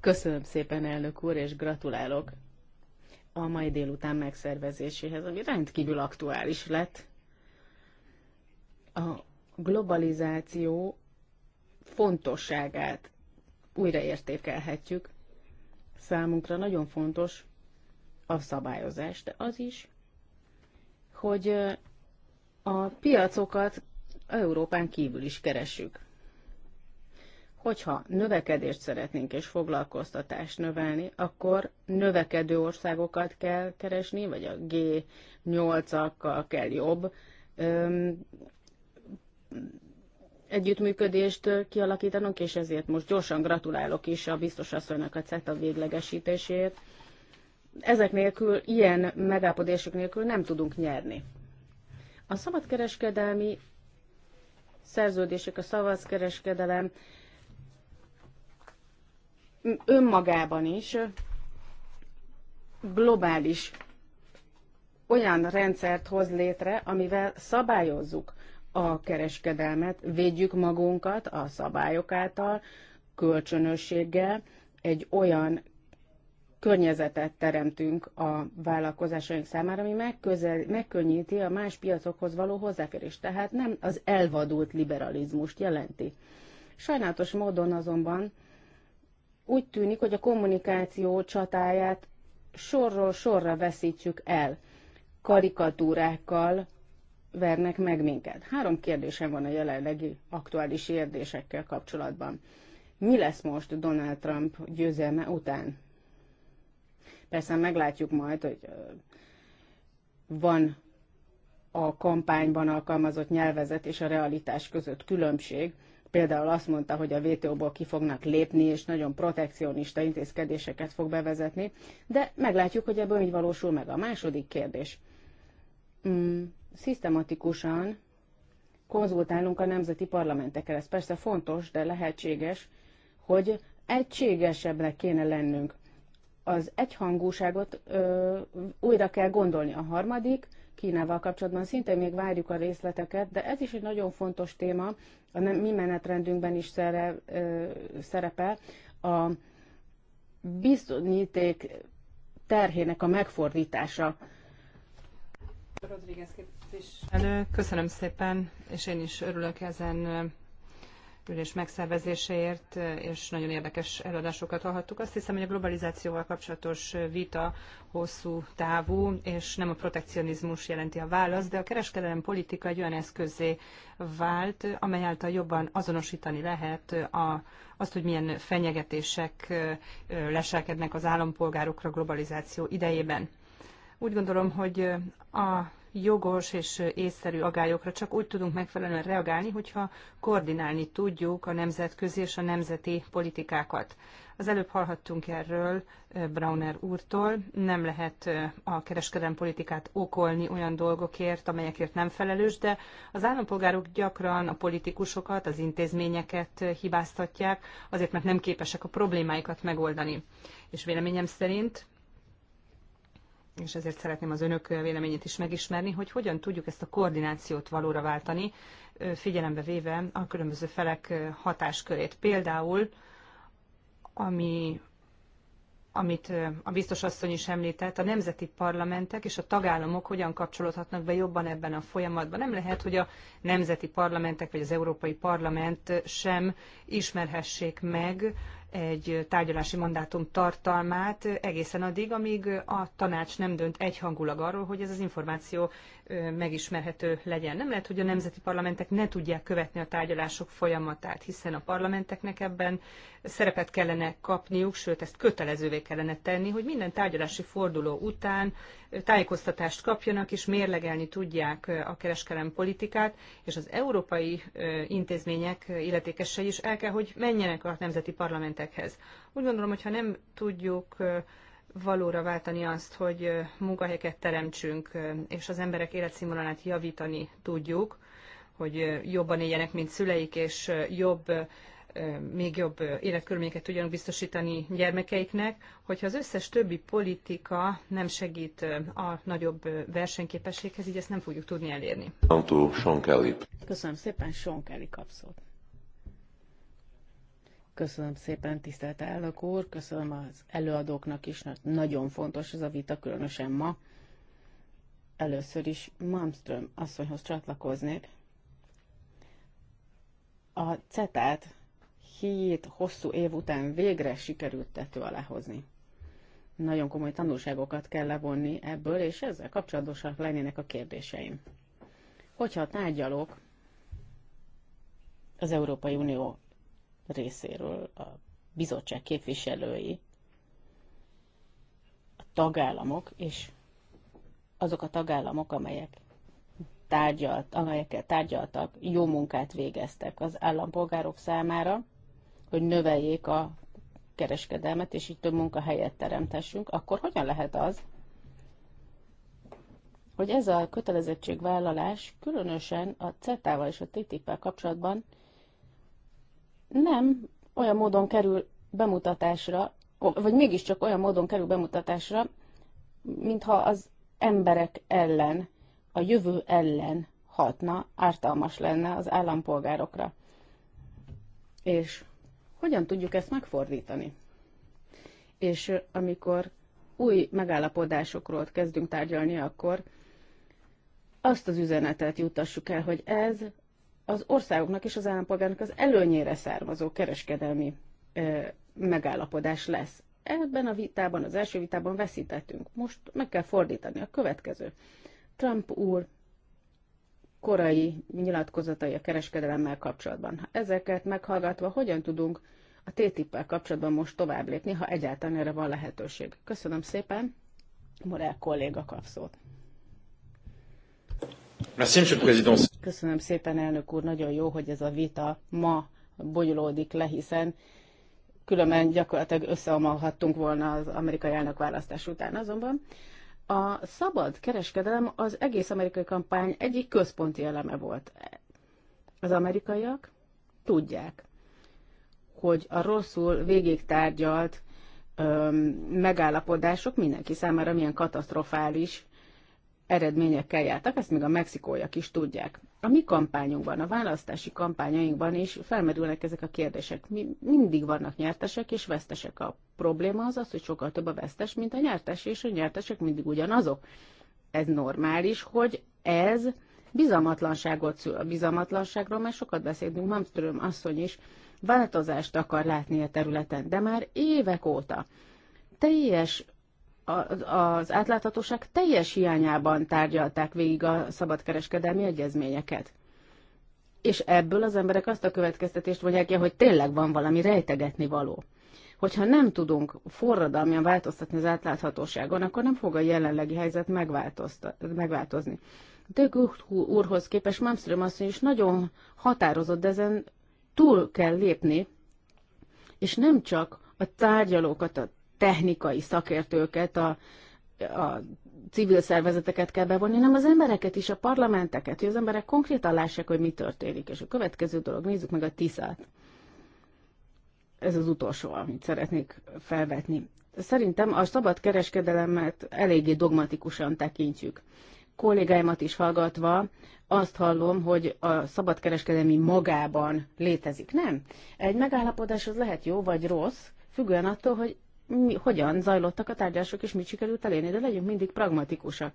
Köszönöm szépen, elnök úr, és gratulálok a mai délután megszervezéséhez, ami rendkívül aktuális lett. A globalizáció fontosságát újraértékelhetjük. Számunkra nagyon fontos, a szabályozás, de az is, hogy a piacokat Európán kívül is keresünk. Hogyha növekedést szeretnénk és foglalkoztatást növelni, akkor növekedő országokat kell keresni, vagy a G8-akkal kell jobb öm, együttműködést kialakítanunk, és ezért most gyorsan gratulálok is a biztos asszonynak a CETA véglegesítéséért ezek nélkül, ilyen megállapodások nélkül nem tudunk nyerni. A szabadkereskedelmi szerződések, a szabadkereskedelem önmagában is globális olyan rendszert hoz létre, amivel szabályozzuk a kereskedelmet, védjük magunkat a szabályok által, kölcsönösséggel, egy olyan környezetet teremtünk a vállalkozásaink számára, ami megközel, megkönnyíti a más piacokhoz való hozzáférést, tehát nem az elvadult liberalizmust jelenti. Sajnálatos módon azonban úgy tűnik, hogy a kommunikáció csatáját sorról sorra veszítjük el. Karikatúrákkal vernek meg minket. Három kérdésem van a jelenlegi aktuális érdésekkel kapcsolatban. Mi lesz most Donald Trump győzelme után? Persze meglátjuk majd, hogy van a kampányban alkalmazott nyelvezet és a realitás között különbség. Például azt mondta, hogy a WTO-ból ki fognak lépni, és nagyon protekcionista intézkedéseket fog bevezetni, de meglátjuk, hogy ebből így valósul meg. A második kérdés. Mm, szisztematikusan konzultálunk a nemzeti parlamentekkel. Ez persze fontos, de lehetséges, hogy egységesebbnek kéne lennünk az egyhangúságot ö, újra kell gondolni. A harmadik, Kínával kapcsolatban szintén még várjuk a részleteket, de ez is egy nagyon fontos téma, a mi menetrendünkben is szere, ö, szerepel, a bizonyíték terhének a megfordítása. Rodríguez köszönöm szépen, és én is örülök ezen ülés megszervezéseért, és nagyon érdekes előadásokat hallhattuk. Azt hiszem, hogy a globalizációval kapcsolatos vita hosszú távú, és nem a protekcionizmus jelenti a választ, de a kereskedelem politika egy olyan eszközé vált, amely által jobban azonosítani lehet a, azt, hogy milyen fenyegetések leselkednek az állampolgárokra globalizáció idejében. Úgy gondolom, hogy a jogos és észszerű agályokra csak úgy tudunk megfelelően reagálni, hogyha koordinálni tudjuk a nemzetközi és a nemzeti politikákat. Az előbb hallhattunk erről eh, Brauner úrtól, nem lehet eh, a kereskedelmi politikát okolni olyan dolgokért, amelyekért nem felelős, de az állampolgárok gyakran a politikusokat, az intézményeket eh, hibáztatják, azért, mert nem képesek a problémáikat megoldani. És véleményem szerint és ezért szeretném az önök véleményét is megismerni, hogy hogyan tudjuk ezt a koordinációt valóra váltani, figyelembe véve a különböző felek hatáskörét. Például, ami, amit a biztos asszony is említett, a nemzeti parlamentek és a tagállamok hogyan kapcsolódhatnak be jobban ebben a folyamatban. Nem lehet, hogy a nemzeti parlamentek vagy az Európai Parlament sem ismerhessék meg egy tárgyalási mandátum tartalmát egészen addig, amíg a tanács nem dönt egyhangulag arról, hogy ez az információ megismerhető legyen. Nem lehet, hogy a nemzeti parlamentek ne tudják követni a tárgyalások folyamatát, hiszen a parlamenteknek ebben szerepet kellene kapniuk, sőt ezt kötelezővé kellene tenni, hogy minden tárgyalási forduló után tájékoztatást kapjanak és mérlegelni tudják a kereskedelmi politikát, és az európai intézmények illetékesei is el kell, hogy menjenek a nemzeti parlamentekhez. Úgy gondolom, hogyha ha nem tudjuk valóra váltani azt, hogy munkahelyeket teremtsünk, és az emberek életszínvonalát javítani tudjuk, hogy jobban éljenek, mint szüleik, és jobb, még jobb életkörülményeket tudjanak biztosítani gyermekeiknek, hogyha az összes többi politika nem segít a nagyobb versenyképességhez, így ezt nem fogjuk tudni elérni. Köszönöm szépen, Sean Kelly kapszót. Köszönöm szépen, tisztelt elnök úr, köszönöm az előadóknak is, mert nagyon fontos ez a vita, különösen ma. Először is Malmström asszonyhoz csatlakoznék. A CETÁT hét hosszú év után végre sikerült tető alá hozni. Nagyon komoly tanulságokat kell levonni ebből, és ezzel kapcsolatosak lennének a kérdéseim. Hogyha a tárgyalók az Európai Unió részéről a bizottság képviselői, a tagállamok és azok a tagállamok, amelyek tárgyalt, amelyekkel tárgyaltak, jó munkát végeztek az állampolgárok számára, hogy növeljék a kereskedelmet, és így több munkahelyet teremtessünk, akkor hogyan lehet az, hogy ez a kötelezettségvállalás különösen a CETA-val és a TTIP-vel kapcsolatban nem olyan módon kerül bemutatásra, vagy mégiscsak olyan módon kerül bemutatásra, mintha az emberek ellen, a jövő ellen hatna, ártalmas lenne az állampolgárokra. És hogyan tudjuk ezt megfordítani? És amikor új megállapodásokról kezdünk tárgyalni, akkor azt az üzenetet jutassuk el, hogy ez az országoknak és az állampolgárnak az előnyére származó kereskedelmi megállapodás lesz. Ebben a vitában, az első vitában veszítettünk. Most meg kell fordítani a következő. Trump úr korai nyilatkozatai a kereskedelemmel kapcsolatban. Ha ezeket meghallgatva, hogyan tudunk a ttip kapcsolatban most tovább lépni, ha egyáltalán erre van lehetőség? Köszönöm szépen, Morel kolléga kapszót. Köszönöm szépen, elnök úr. Nagyon jó, hogy ez a vita ma bonyolódik le, hiszen különben gyakorlatilag összeomalhattunk volna az amerikai elnökválasztás után. Azonban a szabad kereskedelem az egész amerikai kampány egyik központi eleme volt. Az amerikaiak tudják, hogy a rosszul végig tárgyalt megállapodások mindenki számára milyen katasztrofális eredményekkel jártak, ezt még a mexikóiak is tudják. A mi kampányunkban, a választási kampányainkban is felmerülnek ezek a kérdések. Mi, mindig vannak nyertesek és vesztesek. A probléma az az, hogy sokkal több a vesztes, mint a nyertes, és a nyertesek mindig ugyanazok. Ez normális, hogy ez bizalmatlanságot szül. A bizalmatlanságról már sokat beszélünk, Malmström asszony is változást akar látni a területen, de már évek óta teljes az átláthatóság teljes hiányában tárgyalták végig a szabadkereskedelmi egyezményeket. És ebből az emberek azt a következtetést vonják ki, hogy tényleg van valami rejtegetni való. Hogyha nem tudunk forradalmian változtatni az átláthatóságon, akkor nem fog a jelenlegi helyzet megváltozni. De Gucht úrhoz képest Malmström asszony is nagyon határozott, de ezen túl kell lépni, és nem csak a tárgyalókat, a technikai szakértőket, a, a civil szervezeteket kell bevonni, hanem az embereket is, a parlamenteket, hogy az emberek konkrétan lássák, hogy mi történik. És a következő dolog, nézzük meg a tiszát. Ez az utolsó, amit szeretnék felvetni. Szerintem a szabad kereskedelemet eléggé dogmatikusan tekintjük. Kollégáimat is hallgatva azt hallom, hogy a kereskedelmi magában létezik. Nem. Egy megállapodás az lehet jó vagy rossz, függően attól, hogy mi, hogyan zajlottak a tárgyalások, és mit sikerült elérni, de legyünk mindig pragmatikusak.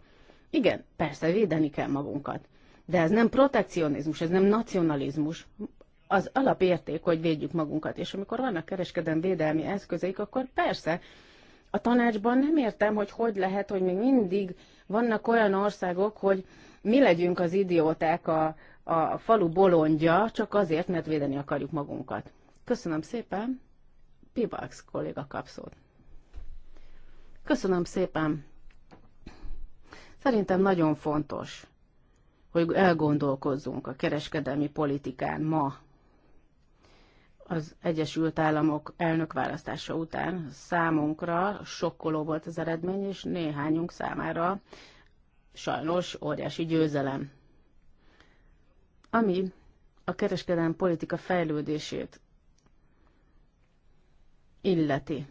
Igen, persze védeni kell magunkat, de ez nem protekcionizmus, ez nem nacionalizmus. Az alapérték, hogy védjük magunkat, és amikor vannak kereskedem védelmi eszközeik, akkor persze a tanácsban nem értem, hogy hogy lehet, hogy még mindig vannak olyan országok, hogy mi legyünk az idióták a, a falu bolondja, csak azért, mert védeni akarjuk magunkat. Köszönöm szépen! Pibax kolléga kap szót. Köszönöm szépen. Szerintem nagyon fontos, hogy elgondolkozzunk a kereskedelmi politikán ma, az Egyesült Államok elnökválasztása után számunkra sokkoló volt az eredmény, és néhányunk számára sajnos óriási győzelem. Ami a kereskedelmi politika fejlődését illeti.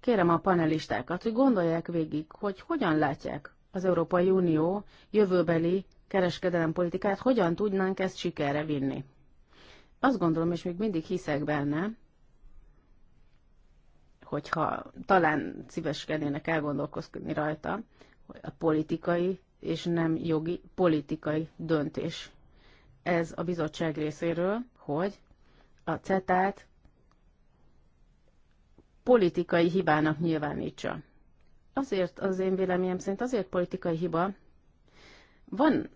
Kérem a panelistákat, hogy gondolják végig, hogy hogyan látják az Európai Unió jövőbeli kereskedelempolitikát, hogyan tudnánk ezt sikerre vinni. Azt gondolom, és még mindig hiszek benne, hogyha talán szíveskednének elgondolkozni rajta, hogy a politikai és nem jogi politikai döntés. Ez a bizottság részéről, hogy a CETÁT politikai hibának nyilvánítsa. Azért az én véleményem szerint azért politikai hiba, van,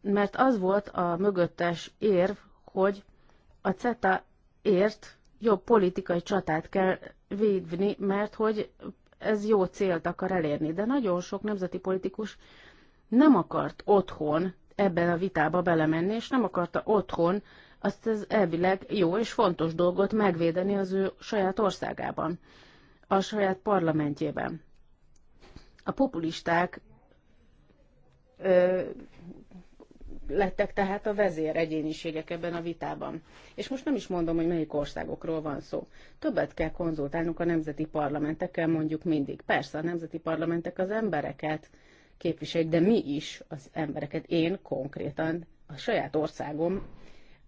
mert az volt a mögöttes érv, hogy a CETA ért jobb politikai csatát kell vívni, mert hogy ez jó célt akar elérni. De nagyon sok nemzeti politikus nem akart otthon ebben a vitába belemenni, és nem akarta otthon azt az elvileg jó és fontos dolgot megvédeni az ő saját országában, a saját parlamentjében. A populisták ö, lettek tehát a vezér egyéniségek ebben a vitában. És most nem is mondom, hogy melyik országokról van szó. Többet kell konzultálnunk a nemzeti parlamentekkel, mondjuk mindig. Persze a nemzeti parlamentek az embereket képviselik, de mi is az embereket. Én konkrétan a saját országom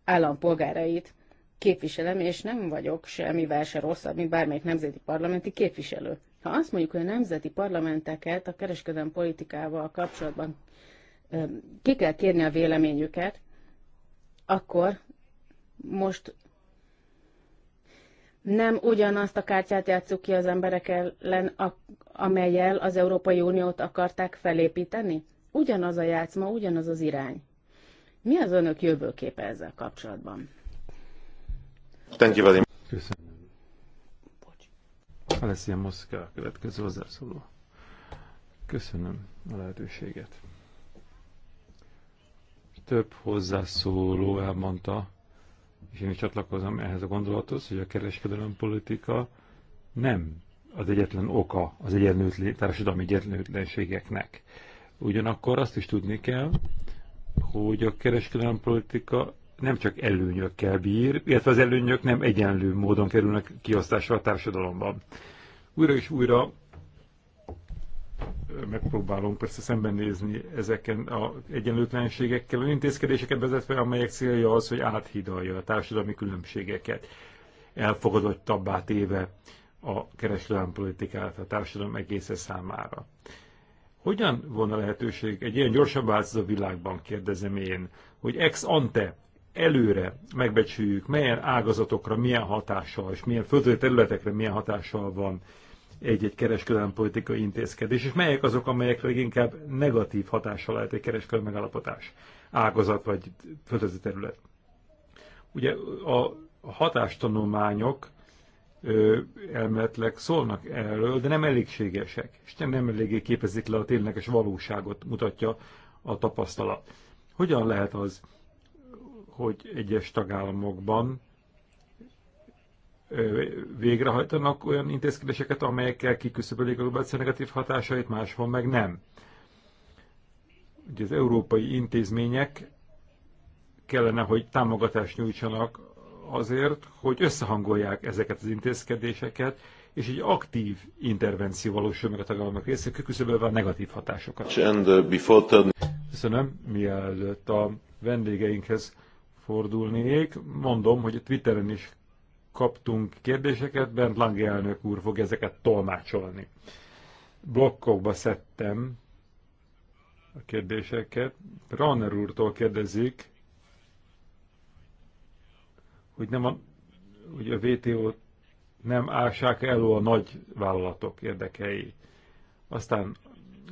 állampolgárait képviselem, és nem vagyok semmivel se rosszabb, mint bármelyik nemzeti parlamenti képviselő. Ha azt mondjuk, hogy a nemzeti parlamenteket a kereskedelmi politikával kapcsolatban ki kell kérni a véleményüket, akkor most nem ugyanazt a kártyát játszuk ki az emberek ellen, amelyel az Európai Uniót akarták felépíteni? Ugyanaz a játszma, ugyanaz az irány. Mi az önök jövőképe ezzel kapcsolatban? Thank you very much. Köszönöm. Alessia Moszka, következő hozzászóló. Köszönöm a lehetőséget. Több hozzászóló elmondta, és én is csatlakozom ehhez a gondolathoz, hogy a kereskedelem politika nem az egyetlen oka az egyenlőtlen, társadalmi egyenlőtlenségeknek. Ugyanakkor azt is tudni kell, hogy a kereskedelmi politika nem csak előnyökkel bír, illetve az előnyök nem egyenlő módon kerülnek kiosztásra a társadalomban. Újra és újra megpróbálunk persze szembenézni ezeken a egyenlőtlenségekkel, olyan intézkedéseket vezetve, amelyek célja az, hogy áthidalja a társadalmi különbségeket, elfogadottabbá téve a kereskedelmi politikát a társadalom egésze számára. Hogyan volna lehetőség egy ilyen gyorsabb változó világban, kérdezem én, hogy ex ante előre megbecsüljük, milyen ágazatokra, milyen hatással, és milyen földi területekre milyen hatással van egy-egy kereskedelmi politikai intézkedés, és melyek azok, amelyek leginkább negatív hatással lehet egy kereskedelmi megállapotás, ágazat vagy földi terület. Ugye a hatástanulmányok elméletleg szólnak erről, de nem elégségesek, és nem, nem eléggé képezik le a tényleges valóságot, mutatja a tapasztalat. Hogyan lehet az, hogy egyes tagállamokban végrehajtanak olyan intézkedéseket, amelyekkel kiküszöbölik a globális negatív hatásait, máshol meg nem. Ugye az európai intézmények kellene, hogy támogatást nyújtsanak azért, hogy összehangolják ezeket az intézkedéseket, és egy aktív intervenció valósul meg a tagállamok részéről, kiküszöbölve a negatív hatásokat. Uh, Köszönöm, mielőtt a vendégeinkhez fordulnék, mondom, hogy a Twitteren is kaptunk kérdéseket, Bent Lange elnök úr fog ezeket tolmácsolni. Blokkokba szedtem a kérdéseket. Ranner úrtól kérdezik, hogy, nem a, hogy a WTO nem ássák elő a nagy vállalatok érdekei. Aztán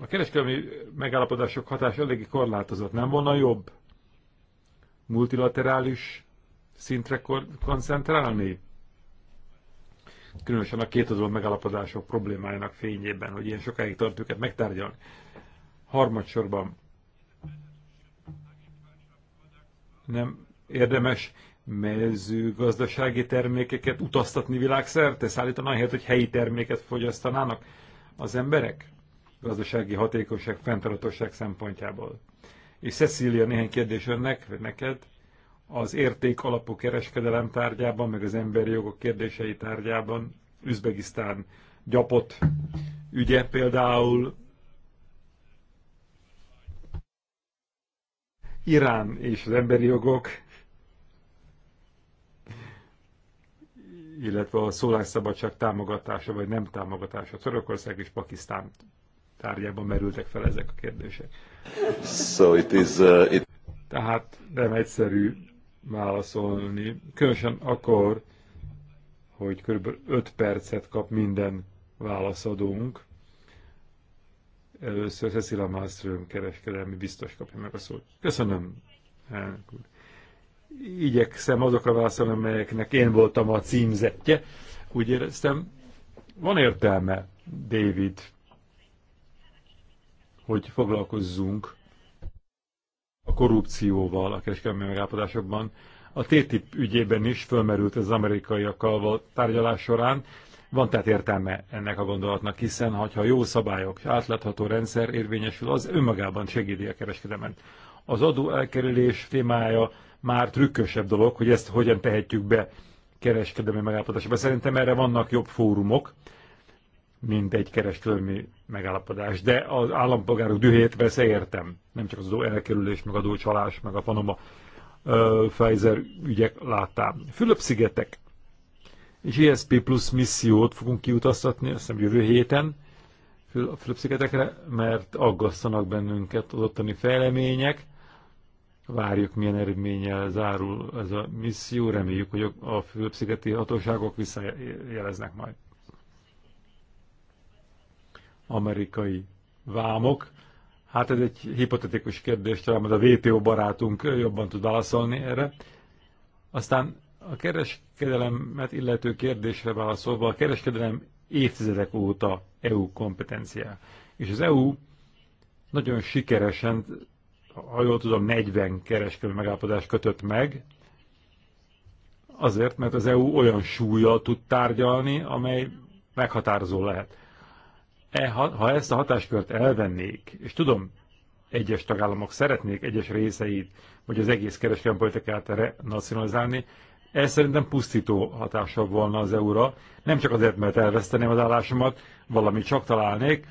a kereskedelmi megállapodások hatása eléggé korlátozott. Nem volna jobb multilaterális szintre koncentrálni? Különösen a két azon megállapodások problémájának fényében, hogy ilyen sokáig tart őket megtárgyalni. Harmadsorban nem érdemes mezőgazdasági termékeket utaztatni világszerte, szállítani, helyett, hogy helyi terméket fogyasztanának az emberek gazdasági hatékonyság, fenntarthatóság szempontjából. És Cecília, néhány kérdés önnek, vagy neked, az érték alapú kereskedelem tárgyában, meg az emberi jogok kérdései tárgyában, Üzbegisztán gyapot ügye például, Irán és az emberi jogok, illetve a szólásszabadság támogatása vagy nem támogatása. Törökország és Pakisztán tárgyában merültek fel ezek a kérdések. So it is, uh, it... Tehát nem egyszerű válaszolni, különösen akkor, hogy kb. 5 percet kap minden válaszadónk. Először Cecilia Malmström kereskedelmi biztos kapja meg a szót. Köszönöm, elnök úr igyekszem azokra válaszolni, amelyeknek én voltam a címzetje. Úgy éreztem, van értelme, David, hogy foglalkozzunk a korrupcióval a kereskedelmi megállapodásokban. A TTIP ügyében is fölmerült az amerikaiakkal tárgyalás során. Van tehát értelme ennek a gondolatnak, hiszen ha jó szabályok, átlátható rendszer érvényesül, az önmagában segíti a kereskedelmet. Az adó elkerülés témája már trükkösebb dolog, hogy ezt hogyan tehetjük be kereskedelmi megállapodásba. Szerintem erre vannak jobb fórumok, mint egy kereskedelmi megállapodás. De az állampolgárok dühét persze értem. Nem csak az adó elkerülés, meg csalás, meg a Panama ö, Pfizer ügyek látám. Fülöp-szigetek és ESP+ plusz missziót fogunk kiutaztatni, azt hiszem jövő héten a Fülöp-szigetekre, mert aggasztanak bennünket az ottani fejlemények várjuk, milyen eredménnyel zárul ez a misszió. Reméljük, hogy a fülöpszigeti hatóságok visszajeleznek majd. Amerikai vámok. Hát ez egy hipotetikus kérdés, talán a VTO barátunk jobban tud válaszolni erre. Aztán a kereskedelemet illető kérdésre válaszolva, a kereskedelem évtizedek óta EU kompetenciá. És az EU nagyon sikeresen ha jól tudom, 40 kereskedelmi megállapodást kötött meg, azért, mert az EU olyan súlyjal tud tárgyalni, amely meghatározó lehet. E, ha, ha ezt a hatáskört elvennék, és tudom, egyes tagállamok szeretnék egyes részeit, vagy az egész kereskedelmi politikát nacionalizálni, ez szerintem pusztító hatással volna az EU-ra, nem csak azért, mert elveszteném az állásomat, valamit csak találnék,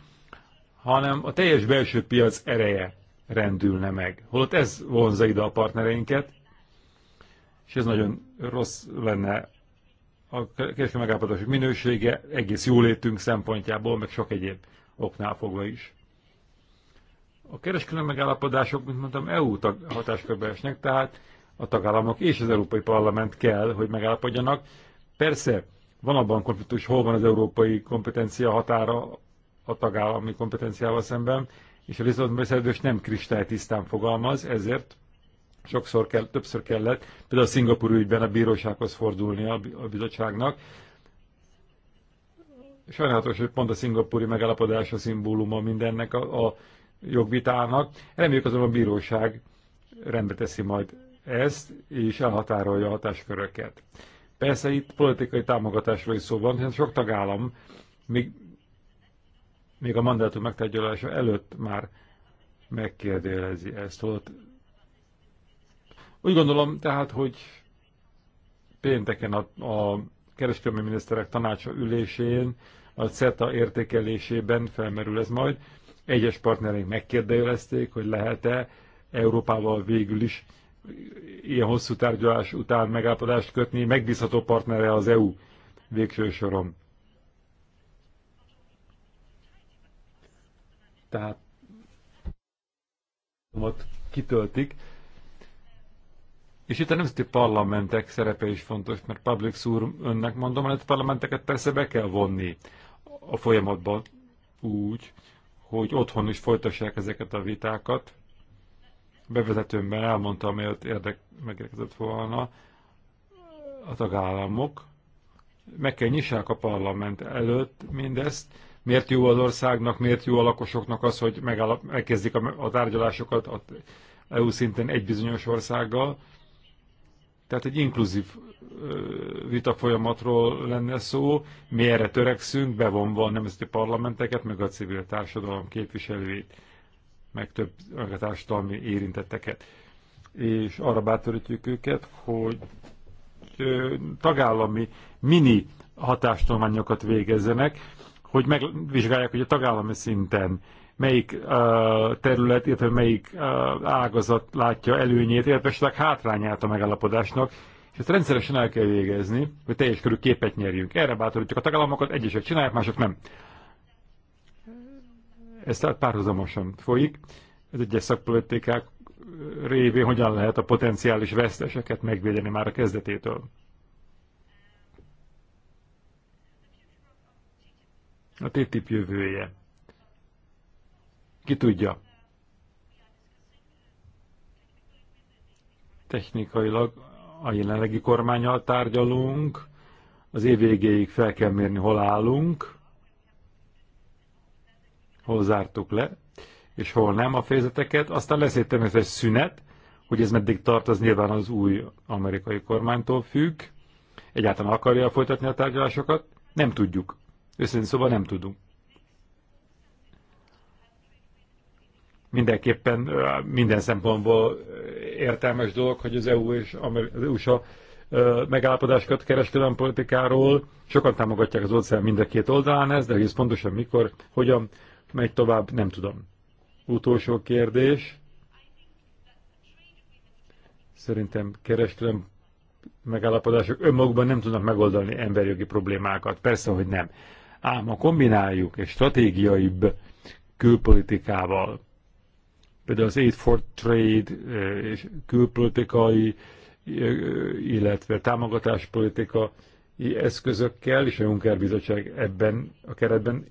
hanem a teljes belső piac ereje rendülne meg. Holott ez vonza ide a partnereinket, és ez nagyon rossz lenne a kereskedelmi megállapodások minősége, egész jólétünk szempontjából, meg sok egyéb oknál fogva is. A kereskedelmi megállapodások, mint mondtam, EU hatáskörbe esnek, tehát a tagállamok és az Európai Parlament kell, hogy megállapodjanak. Persze, van abban konfliktus, hol van az európai kompetencia határa a tagállami kompetenciával szemben, és a Lisszaboni szerződés nem kristálytisztán fogalmaz, ezért sokszor kell, többször kellett, például a Szingapur ügyben a bírósághoz fordulni a, a bizottságnak. Sajnálatos, hogy pont a szingapúri megállapodás a szimbóluma mindennek a, a jogvitának. Reméljük azonban a bíróság rendbe teszi majd ezt, és elhatárolja a hatásköröket. Persze itt politikai támogatásról is szó van, hiszen sok tagállam még még a mandátum megtárgyalása előtt már megkérdelezi ezt. Holott úgy gondolom tehát, hogy pénteken a, a kereskedelmi miniszterek tanácsa ülésén, a CETA értékelésében felmerül ez majd. Egyes partnereink megkérdezték, hogy lehet-e Európával végül is ilyen hosszú tárgyalás után megállapodást kötni, megbízható partnere az EU végső soron. tehát kitöltik. És itt a nemzeti parlamentek szerepe is fontos, mert Public Sur önnek mondom, hogy a parlamenteket persze be kell vonni a folyamatban úgy, hogy otthon is folytassák ezeket a vitákat. Bevezetőmben elmondtam, amelyet érdek megérkezett volna a tagállamok. Meg kell nyissák a parlament előtt mindezt, Miért jó az országnak, miért jó a lakosoknak az, hogy megállap, a, a tárgyalásokat a EU szinten egy bizonyos országgal. Tehát egy inkluzív vita folyamatról lenne szó, mi erre törekszünk, bevonva a nemzeti parlamenteket, meg a civil társadalom képviselőit, meg több meg a társadalmi érintetteket. És arra bátorítjuk őket, hogy tagállami mini hatástolmányokat végezzenek, hogy megvizsgálják, hogy a tagállami szinten melyik uh, terület, illetve melyik uh, ágazat látja előnyét, illetve esetleg hátrányát a megállapodásnak, és ezt rendszeresen el kell végezni, hogy teljes körű képet nyerjünk. Erre bátorítjuk a tagállamokat, egyesek csinálják, mások nem. Ez tehát párhuzamosan folyik. Ez egyes szakpolitikák révén hogyan lehet a potenciális veszteseket megvédeni már a kezdetétől. a TTIP jövője. Ki tudja? Technikailag a jelenlegi kormányal tárgyalunk, az év végéig fel kell mérni, hol állunk, hol zártuk le, és hol nem a fejezeteket. Aztán lesz egy természetes szünet, hogy ez meddig tart, az nyilván az új amerikai kormánytól függ. Egyáltalán akarja folytatni a tárgyalásokat? Nem tudjuk. Őszintén szóval nem tudunk. Mindenképpen minden szempontból értelmes dolog, hogy az EU és az e USA megállapodásokat kereskedelmi politikáról. Sokan támogatják az ország mind a két oldalán ez, de egész pontosan mikor, hogyan megy tovább, nem tudom. Utolsó kérdés. Szerintem kereskedelmi megállapodások önmagukban nem tudnak megoldani emberjogi problémákat. Persze, hogy nem. Ám ha kombináljuk egy stratégiaibb külpolitikával, például az Aid for Trade és külpolitikai, illetve támogatáspolitika eszközökkel, és a Juncker Bizottság ebben a keretben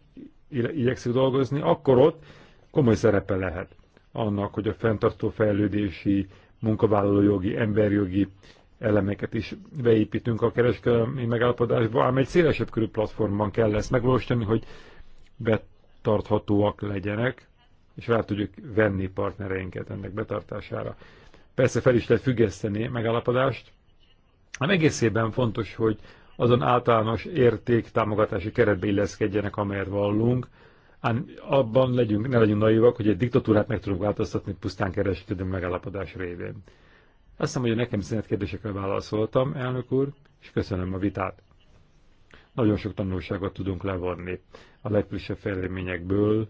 igyekszik dolgozni, akkor ott komoly szerepe lehet annak, hogy a fenntartó fejlődési, munkavállalójogi, emberjogi elemeket is beépítünk a kereskedelmi megállapodásba, ám egy szélesebb körű platformban kell ezt megvalósítani, hogy betarthatóak legyenek, és rá tudjuk venni partnereinket ennek betartására. Persze fel is lehet függeszteni megállapodást, A egészében fontos, hogy azon általános érték támogatási keretbe illeszkedjenek, amelyet vallunk, ám abban legyünk, ne legyünk naivak, hogy egy diktatúrát meg tudunk változtatni pusztán kereskedelmi megállapodás révén. Azt hiszem, hogy a nekem szünet kérdésekre válaszoltam, elnök úr, és köszönöm a vitát. Nagyon sok tanulságot tudunk levonni a legfrissebb fejleményekből,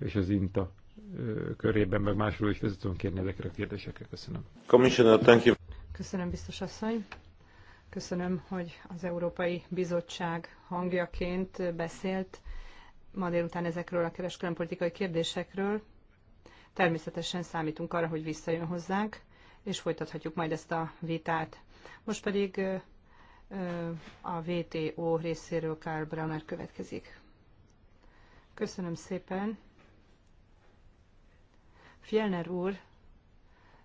és az INTA körében, meg másról is vezetőn kérni ezekre a kérdésekre. Köszönöm. Commissioner, thank you. Köszönöm, biztos asszony. Köszönöm, hogy az Európai Bizottság hangjaként beszélt ma délután ezekről a kereskedelmi politikai kérdésekről. Természetesen számítunk arra, hogy visszajön hozzánk és folytathatjuk majd ezt a vitát. Most pedig a VTO részéről Karl Brauner következik. Köszönöm szépen. Fjellner úr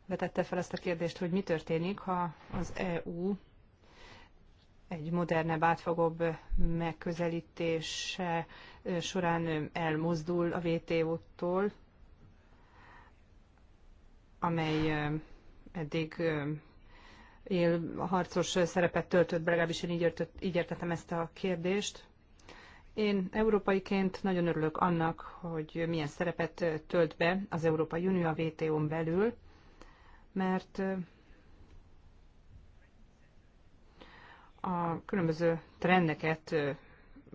vetette fel azt a kérdést, hogy mi történik, ha az EU egy modernebb, átfogóbb megközelítése során elmozdul a vto tól amely eddig él, a harcos szerepet töltött, legalábbis én így, értett, így értettem ezt a kérdést. Én európaiként nagyon örülök annak, hogy milyen szerepet tölt be az Európai Unió a WTO-n belül, mert a különböző trendeket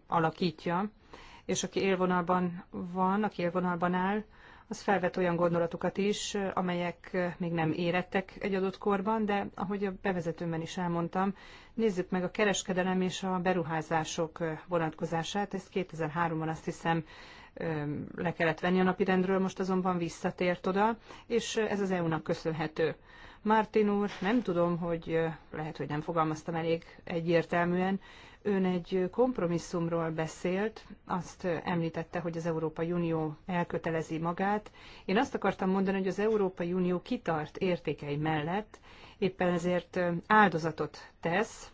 alakítja, és aki élvonalban van, aki élvonalban áll, az felvet olyan gondolatokat is, amelyek még nem érettek egy adott korban, de ahogy a bevezetőmben is elmondtam, nézzük meg a kereskedelem és a beruházások vonatkozását. Ezt 2003-ban azt hiszem le kellett venni a napirendről, most azonban visszatért oda, és ez az EU-nak köszönhető. Martin úr, nem tudom, hogy lehet, hogy nem fogalmaztam elég egyértelműen, Ön egy kompromisszumról beszélt, azt említette, hogy az Európai Unió elkötelezi magát. Én azt akartam mondani, hogy az Európai Unió kitart értékei mellett, éppen ezért áldozatot tesz,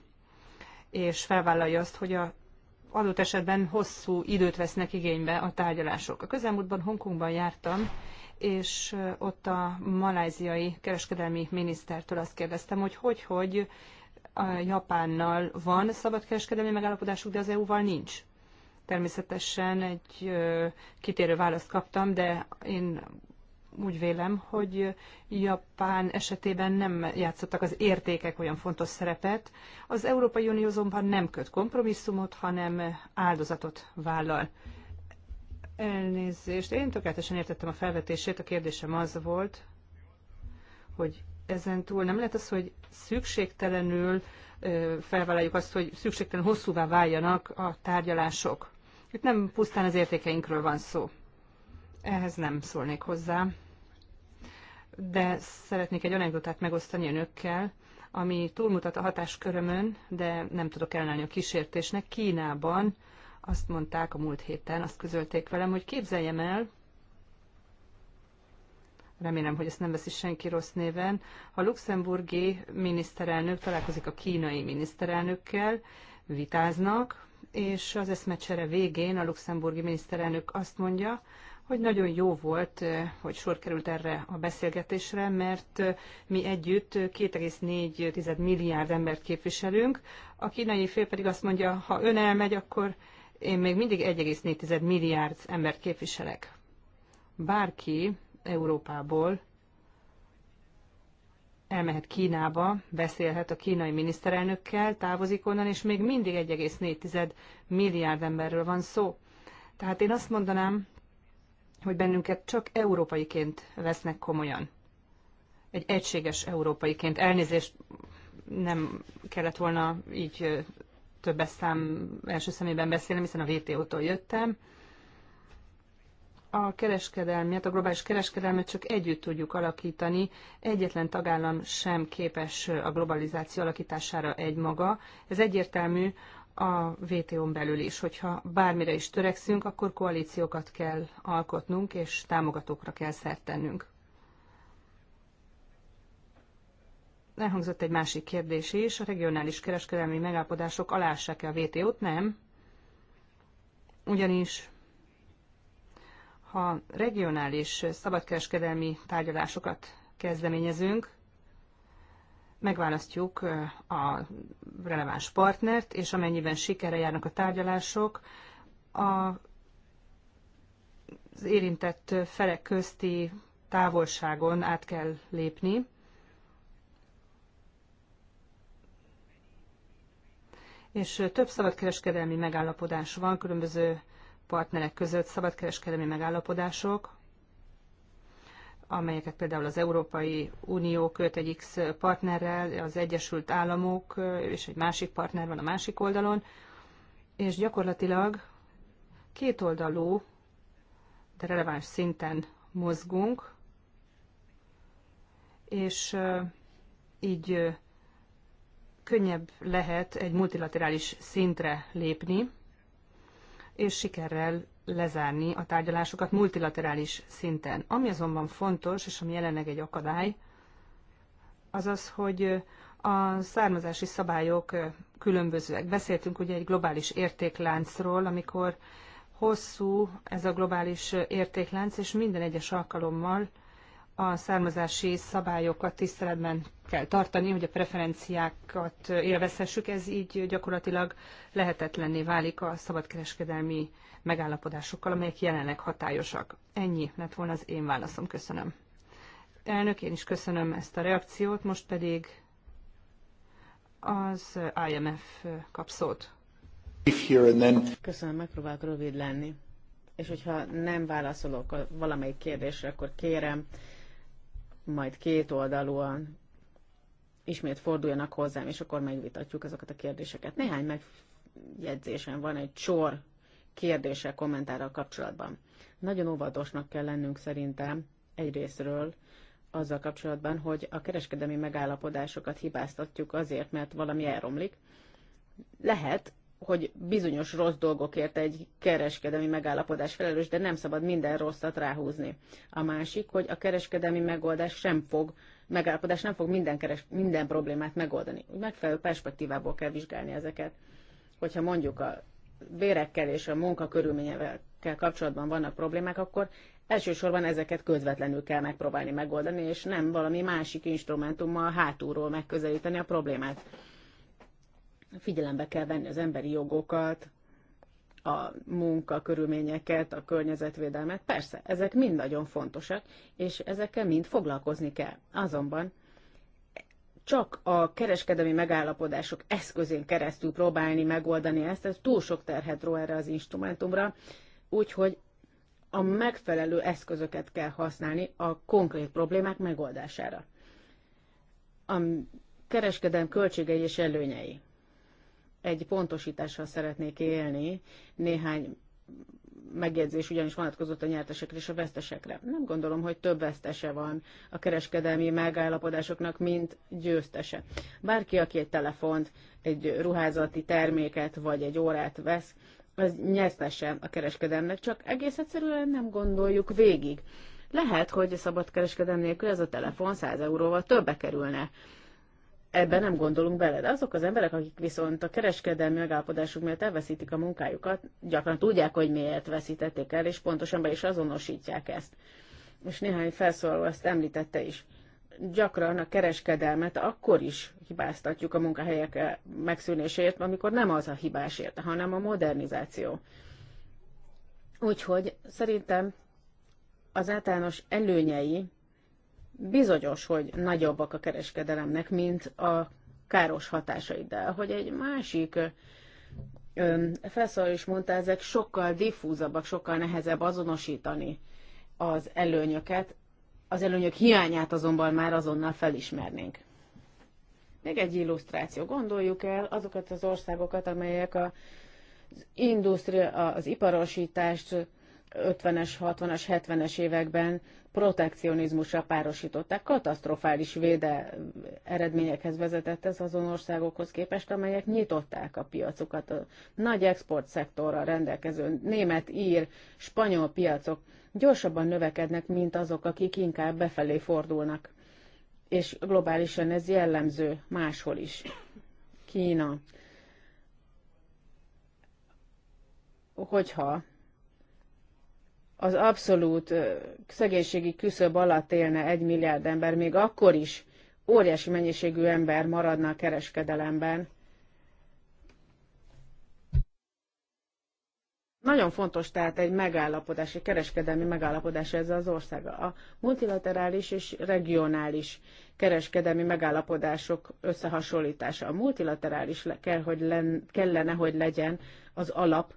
és felvállalja azt, hogy a adott esetben hosszú időt vesznek igénybe a tárgyalások. A közelmúltban Hongkongban jártam, és ott a maláziai kereskedelmi minisztertől azt kérdeztem, hogy hogy, hogy a Japánnal van szabadkereskedelmi megállapodásuk, de az EU-val nincs. Természetesen egy kitérő választ kaptam, de én úgy vélem, hogy Japán esetében nem játszottak az értékek olyan fontos szerepet. Az Európai Unió azonban nem köt kompromisszumot, hanem áldozatot vállal. Elnézést, én tökéletesen értettem a felvetését, a kérdésem az volt, hogy ezen túl nem lehet az, hogy szükségtelenül felvállaljuk azt, hogy szükségtelenül hosszúvá váljanak a tárgyalások. Itt nem pusztán az értékeinkről van szó. Ehhez nem szólnék hozzá. De szeretnék egy anekdotát megosztani önökkel, ami túlmutat a hatáskörömön, de nem tudok ellenállni a kísértésnek. Kínában azt mondták a múlt héten, azt közölték velem, hogy képzeljem el, remélem, hogy ezt nem veszi senki rossz néven, a luxemburgi miniszterelnök találkozik a kínai miniszterelnökkel, vitáznak, és az eszmecsere végén a luxemburgi miniszterelnök azt mondja, hogy nagyon jó volt, eh, hogy sor került erre a beszélgetésre, mert eh, mi együtt 2,4 milliárd embert képviselünk, a kínai fél pedig azt mondja, ha ön elmegy, akkor én még mindig 1,4 milliárd embert képviselek. Bárki, Európából elmehet Kínába, beszélhet a kínai miniszterelnökkel, távozik onnan, és még mindig 1,4 milliárd emberről van szó. Tehát én azt mondanám, hogy bennünket csak európaiként vesznek komolyan. Egy egységes európaiként. Elnézést, nem kellett volna így többes szám első szemében beszélni, hiszen a VTO-tól jöttem a kereskedelmet, a globális kereskedelmet csak együtt tudjuk alakítani. Egyetlen tagállam sem képes a globalizáció alakítására egymaga. Ez egyértelmű a WTO-n belül is, hogyha bármire is törekszünk, akkor koalíciókat kell alkotnunk, és támogatókra kell szert tennünk. Elhangzott egy másik kérdés is, a regionális kereskedelmi megállapodások alássák-e a WTO-t? Nem. Ugyanis ha regionális szabadkereskedelmi tárgyalásokat kezdeményezünk, megválasztjuk a releváns partnert, és amennyiben sikere járnak a tárgyalások, a az érintett felek közti távolságon át kell lépni. És több szabadkereskedelmi megállapodás van különböző partnerek között szabadkereskedelmi megállapodások, amelyeket például az Európai Unió köt egy X partnerrel, az Egyesült Államok és egy másik partner van a másik oldalon, és gyakorlatilag kétoldalú, de releváns szinten mozgunk, és így könnyebb lehet egy multilaterális szintre lépni, és sikerrel lezárni a tárgyalásokat multilaterális szinten. Ami azonban fontos, és ami jelenleg egy akadály, az az, hogy a származási szabályok különbözőek. Beszéltünk ugye egy globális értékláncról, amikor hosszú ez a globális értéklánc, és minden egyes alkalommal a származási szabályokat tiszteletben kell tartani, hogy a preferenciákat élvezhessük, ez így gyakorlatilag lehetetlenné válik a szabadkereskedelmi megállapodásokkal, amelyek jelenleg hatályosak. Ennyi lett volna az én válaszom. Köszönöm. Elnök, én is köszönöm ezt a reakciót, most pedig az IMF kap szót. Köszönöm, megpróbálok rövid lenni. És hogyha nem válaszolok valamelyik kérdésre, akkor kérem, majd két oldalúan ismét forduljanak hozzám, és akkor megvitatjuk azokat a kérdéseket. Néhány megjegyzésem van egy sor kérdése, kommentárral kapcsolatban. Nagyon óvatosnak kell lennünk szerintem egyrésztről azzal kapcsolatban, hogy a kereskedelmi megállapodásokat hibáztatjuk azért, mert valami elromlik. Lehet, hogy bizonyos rossz dolgokért egy kereskedelmi megállapodás felelős, de nem szabad minden rosszat ráhúzni. A másik, hogy a kereskedelmi megoldás sem fog megállapodás nem fog minden, keres, minden problémát megoldani. Megfelelő perspektívából kell vizsgálni ezeket. Hogyha mondjuk a bérekkel és a munka munkakörülményekkel kapcsolatban vannak problémák, akkor elsősorban ezeket közvetlenül kell megpróbálni megoldani, és nem valami másik instrumentummal hátulról megközelíteni a problémát. Figyelembe kell venni az emberi jogokat, a munkakörülményeket, a környezetvédelmet. Persze, ezek mind nagyon fontosak, és ezekkel mind foglalkozni kell. Azonban csak a kereskedelmi megállapodások eszközén keresztül próbálni megoldani ezt, ez túl sok terhet ró erre az instrumentumra, úgyhogy a megfelelő eszközöket kell használni a konkrét problémák megoldására. A kereskedelm költségei és előnyei egy pontosítással szeretnék élni, néhány megjegyzés ugyanis vonatkozott a nyertesekre és a vesztesekre. Nem gondolom, hogy több vesztese van a kereskedelmi megállapodásoknak, mint győztese. Bárki, aki egy telefont, egy ruházati terméket vagy egy órát vesz, az nyertese a kereskedelmnek, csak egész egyszerűen nem gondoljuk végig. Lehet, hogy a szabad kereskedelm nélkül ez a telefon 100 euróval többe kerülne ebben nem gondolunk bele. De azok az emberek, akik viszont a kereskedelmi megállapodásuk miatt elveszítik a munkájukat, gyakran tudják, hogy miért veszítették el, és pontosan be is azonosítják ezt. És néhány felszólaló ezt említette is. Gyakran a kereskedelmet akkor is hibáztatjuk a munkahelyek megszűnéséért, amikor nem az a hibás érte, hanem a modernizáció. Úgyhogy szerintem az általános előnyei bizonyos, hogy nagyobbak a kereskedelemnek, mint a káros hatásai. De hogy egy másik Feszor is mondta, ezek sokkal diffúzabbak, sokkal nehezebb azonosítani az előnyöket. Az előnyök hiányát azonban már azonnal felismernénk. Még egy illusztráció. Gondoljuk el azokat az országokat, amelyek a, az, industria, az iparosítást 50-es, 60-as, 70-es években protekcionizmusra párosították. Katasztrofális véde eh, eredményekhez vezetett ez azon országokhoz képest, amelyek nyitották a piacokat. A nagy exportszektorral rendelkező német, ír, spanyol piacok gyorsabban növekednek, mint azok, akik inkább befelé fordulnak. És globálisan ez jellemző máshol is. Kína. Hogyha az abszolút szegénységi küszöb alatt élne egy milliárd ember, még akkor is óriási mennyiségű ember maradna a kereskedelemben. Nagyon fontos tehát egy megállapodás, egy kereskedelmi megállapodás ez az ország A multilaterális és regionális kereskedelmi megállapodások összehasonlítása. A multilaterális kell, hogy len, kellene, hogy legyen az alap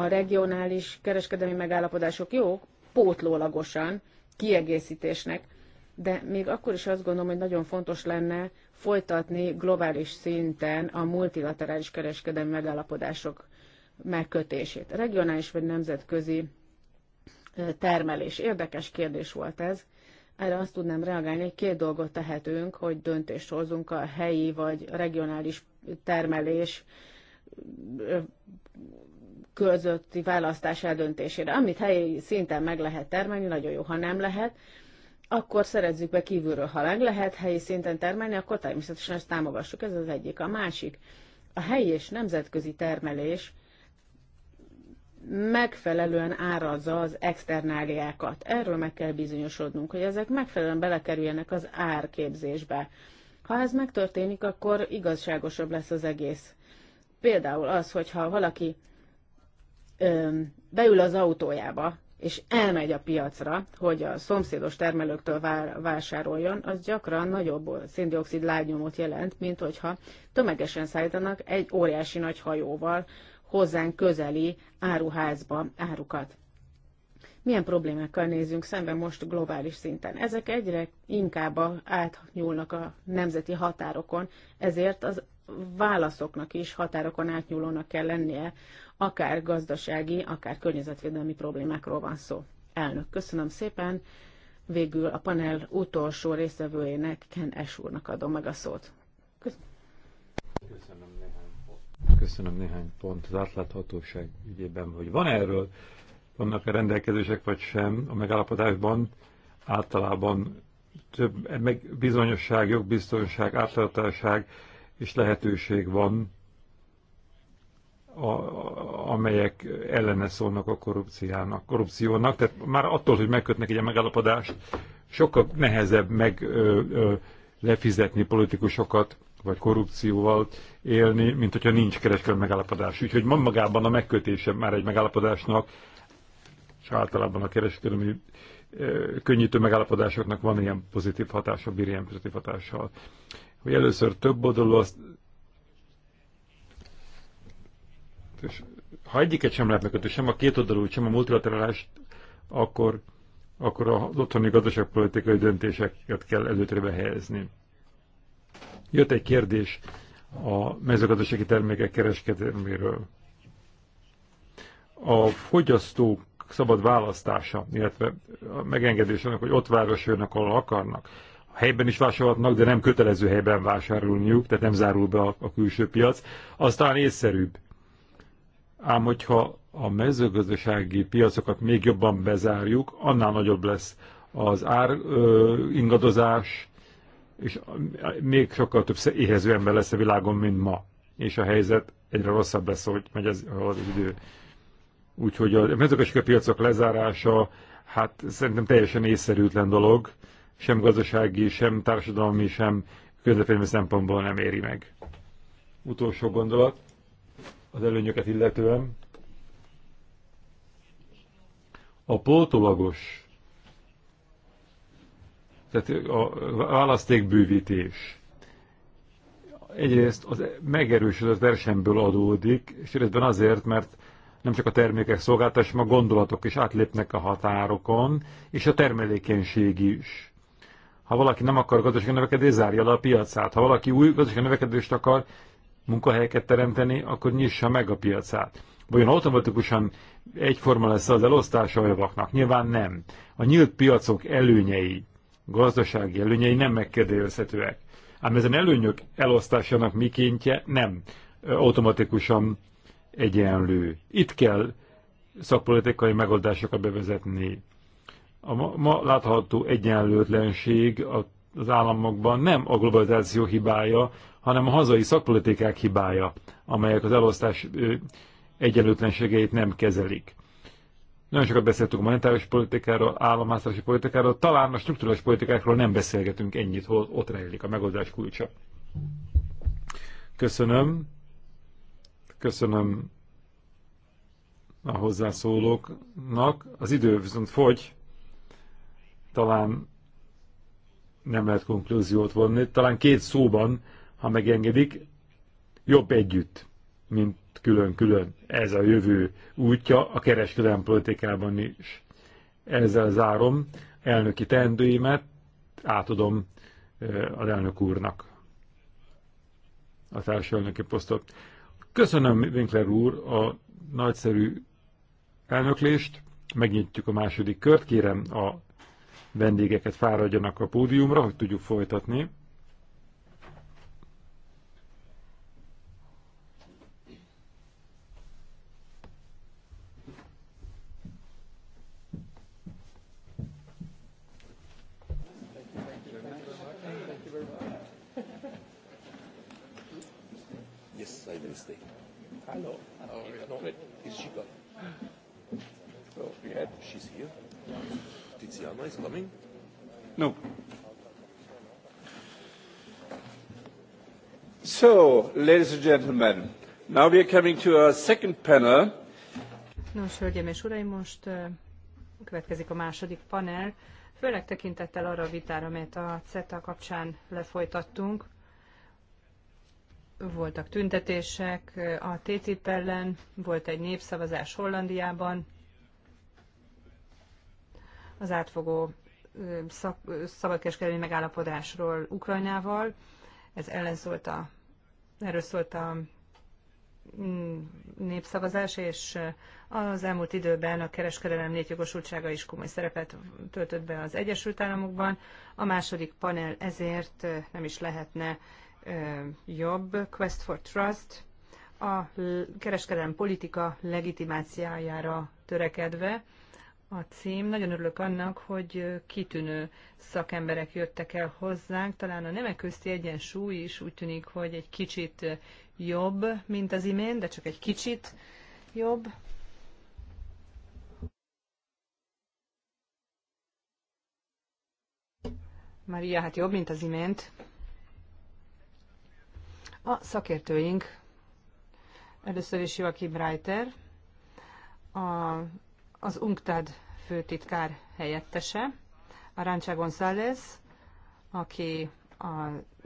a regionális kereskedelmi megállapodások jók, pótlólagosan, kiegészítésnek, de még akkor is azt gondolom, hogy nagyon fontos lenne folytatni globális szinten a multilaterális kereskedelmi megállapodások megkötését. Regionális vagy nemzetközi termelés. Érdekes kérdés volt ez. Erre azt tudnám reagálni, hogy két dolgot tehetünk, hogy döntést hozunk a helyi vagy regionális termelés közötti választás eldöntésére. Amit helyi szinten meg lehet termelni, nagyon jó, ha nem lehet, akkor szerezzük be kívülről, ha meg lehet helyi szinten termelni, akkor természetesen ezt támogassuk, ez az egyik. A másik, a helyi és nemzetközi termelés megfelelően árazza az externáliákat. Erről meg kell bizonyosodnunk, hogy ezek megfelelően belekerüljenek az árképzésbe. Ha ez megtörténik, akkor igazságosabb lesz az egész. Például az, hogyha valaki beül az autójába, és elmegy a piacra, hogy a szomszédos termelőktől vásároljon, az gyakran nagyobb széndiokszid lábnyomot jelent, mint hogyha tömegesen szállítanak egy óriási nagy hajóval hozzánk közeli áruházba árukat. Milyen problémákkal nézünk szembe most globális szinten? Ezek egyre inkább átnyúlnak a nemzeti határokon, ezért az válaszoknak is határokon átnyúlónak kell lennie akár gazdasági, akár környezetvédelmi problémákról van szó. Elnök, köszönöm szépen. Végül a panel utolsó résztvevőjének, Ken S. úrnak adom meg a szót. Köszönöm néhány, köszönöm néhány pont az átláthatóság ügyében, hogy van erről, vannak-e rendelkezések vagy sem a megállapodásban, általában több meg bizonyosság, jogbiztonság, átláthatóság és lehetőség van a, amelyek ellene szólnak a korrupciának, korrupciónak. Tehát már attól, hogy megkötnek egy megállapodást, sokkal nehezebb meg ö, ö, lefizetni politikusokat, vagy korrupcióval élni, mint hogyha nincs kereskedelmi megállapodás. Úgyhogy magában a megkötése már egy megállapodásnak, és általában a kereskedelmi könnyítő megállapodásoknak van ilyen pozitív hatása, bír ilyen pozitív hatással. Hogy először több oldalú, azt És ha egyiket sem lehet megkötni, sem a két oldalú, sem a multilaterális, akkor, akkor az otthoni gazdaságpolitikai döntéseket kell előtérbe helyezni. Jött egy kérdés a mezőgazdasági termékek kereskedelméről. A fogyasztók szabad választása, illetve a megengedés annak, hogy ott vásároljanak, ahol akarnak. A helyben is vásárolhatnak, de nem kötelező helyben vásárolniuk, tehát nem zárul be a, a külső piac. Aztán észszerűbb. Ám hogyha a mezőgazdasági piacokat még jobban bezárjuk, annál nagyobb lesz az ár ö, ingadozás, és még sokkal több éhező ember lesz a világon, mint ma. És a helyzet egyre rosszabb lesz, hogy megy az, az idő. Úgyhogy a mezőgazdasági piacok lezárása, hát szerintem teljesen észszerűtlen dolog, sem gazdasági, sem társadalmi, sem közlekedési szempontból nem éri meg. Utolsó gondolat az előnyöket illetően. A pótolagos, tehát a választékbővítés egyrészt az megerősödött versenyből adódik, és részben azért, mert nem csak a termékek szolgáltatás, hanem a gondolatok is átlépnek a határokon, és a termelékenység is. Ha valaki nem akar gazdasági növekedést, zárja le a piacát. Ha valaki új gazdasági növekedést akar, munkahelyeket teremteni, akkor nyissa meg a piacát. Vajon automatikusan egyforma lesz az elosztás a javaknak? Nyilván nem. A nyílt piacok előnyei, gazdasági előnyei nem megkérdőjelezhetőek. Ám ezen előnyök elosztásának mikéntje nem automatikusan egyenlő. Itt kell szakpolitikai megoldásokat bevezetni. A ma, ma látható egyenlőtlenség az államokban nem a globalizáció hibája, hanem a hazai szakpolitikák hibája, amelyek az elosztás egyenlőtlenségeit nem kezelik. Nagyon sokat beszéltünk a monetáris politikáról, államháztatási politikáról, talán a struktúrális politikákról nem beszélgetünk ennyit, hol ott rejlik a megoldás kulcsa. Köszönöm. Köszönöm a hozzászólóknak. Az idő viszont fogy. Talán nem lehet konklúziót vonni. Talán két szóban ha megengedik, jobb együtt, mint külön-külön. Ez a jövő útja a kereskedelmi politikában is. Ezzel zárom elnöki teendőimet, átadom eh, az elnök úrnak a elnöki posztot. Köszönöm, Winkler úr, a nagyszerű elnöklést. Megnyitjuk a második kört. Kérem a vendégeket fáradjanak a pódiumra, hogy tudjuk folytatni. No. So, ladies and gentlemen, now we are coming to our second panel. Nos, hölgyeim és uraim, most következik a második panel, főleg tekintettel arra a vitára, amelyet a CETA kapcsán lefolytattunk. Voltak tüntetések a TTIP ellen, volt egy népszavazás Hollandiában, az átfogó szak, szabadkereskedelmi megállapodásról Ukrajnával. Ez ellen a, erről szólt a mm, népszavazás, és az elmúlt időben a kereskedelem létjogosultsága is komoly szerepet töltött be az Egyesült Államokban. A második panel ezért nem is lehetne jobb. Quest for Trust a kereskedelem politika legitimáciájára törekedve, a cím. Nagyon örülök annak, hogy kitűnő szakemberek jöttek el hozzánk. Talán a nemek közti egyensúly is úgy tűnik, hogy egy kicsit jobb, mint az imént, de csak egy kicsit jobb. Maria, hát jobb, mint az imént. A szakértőink. Először is Joachim Reiter, a az UNCTAD főtitkár helyettese, Arancha González, aki a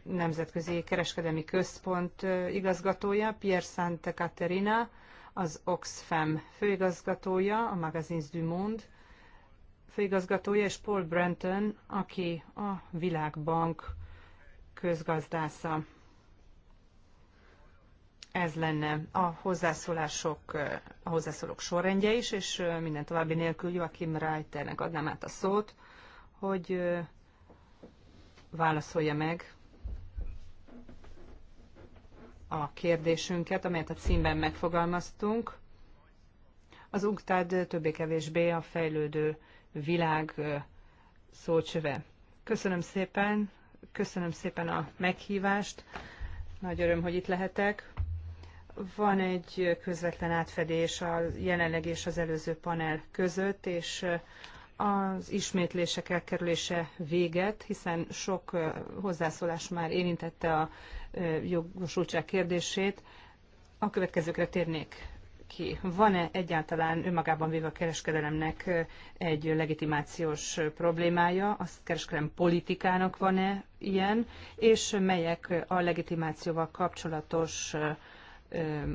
Nemzetközi Kereskedelmi Központ igazgatója, Pierre Santa Caterina, az Oxfam főigazgatója, a Magazines du Monde főigazgatója, és Paul Brenton, aki a Világbank közgazdásza. Ez lenne a hozzászólások, a hozzászólók sorrendje is, és minden további nélkül Joachim Reiternek adnám át a szót, hogy válaszolja meg a kérdésünket, amelyet a címben megfogalmaztunk. Az UNCTAD többé-kevésbé a fejlődő világ szócsöve. Köszönöm szépen, köszönöm szépen a meghívást, nagy öröm, hogy itt lehetek. Van egy közvetlen átfedés a jelenleg és az előző panel között, és az ismétlések elkerülése véget, hiszen sok hozzászólás már érintette a jogosultság kérdését. A következőkre térnék ki. Van-e egyáltalán önmagában véve a kereskedelemnek egy legitimációs problémája? A kereskedelem politikának van-e ilyen? És melyek a legitimációval kapcsolatos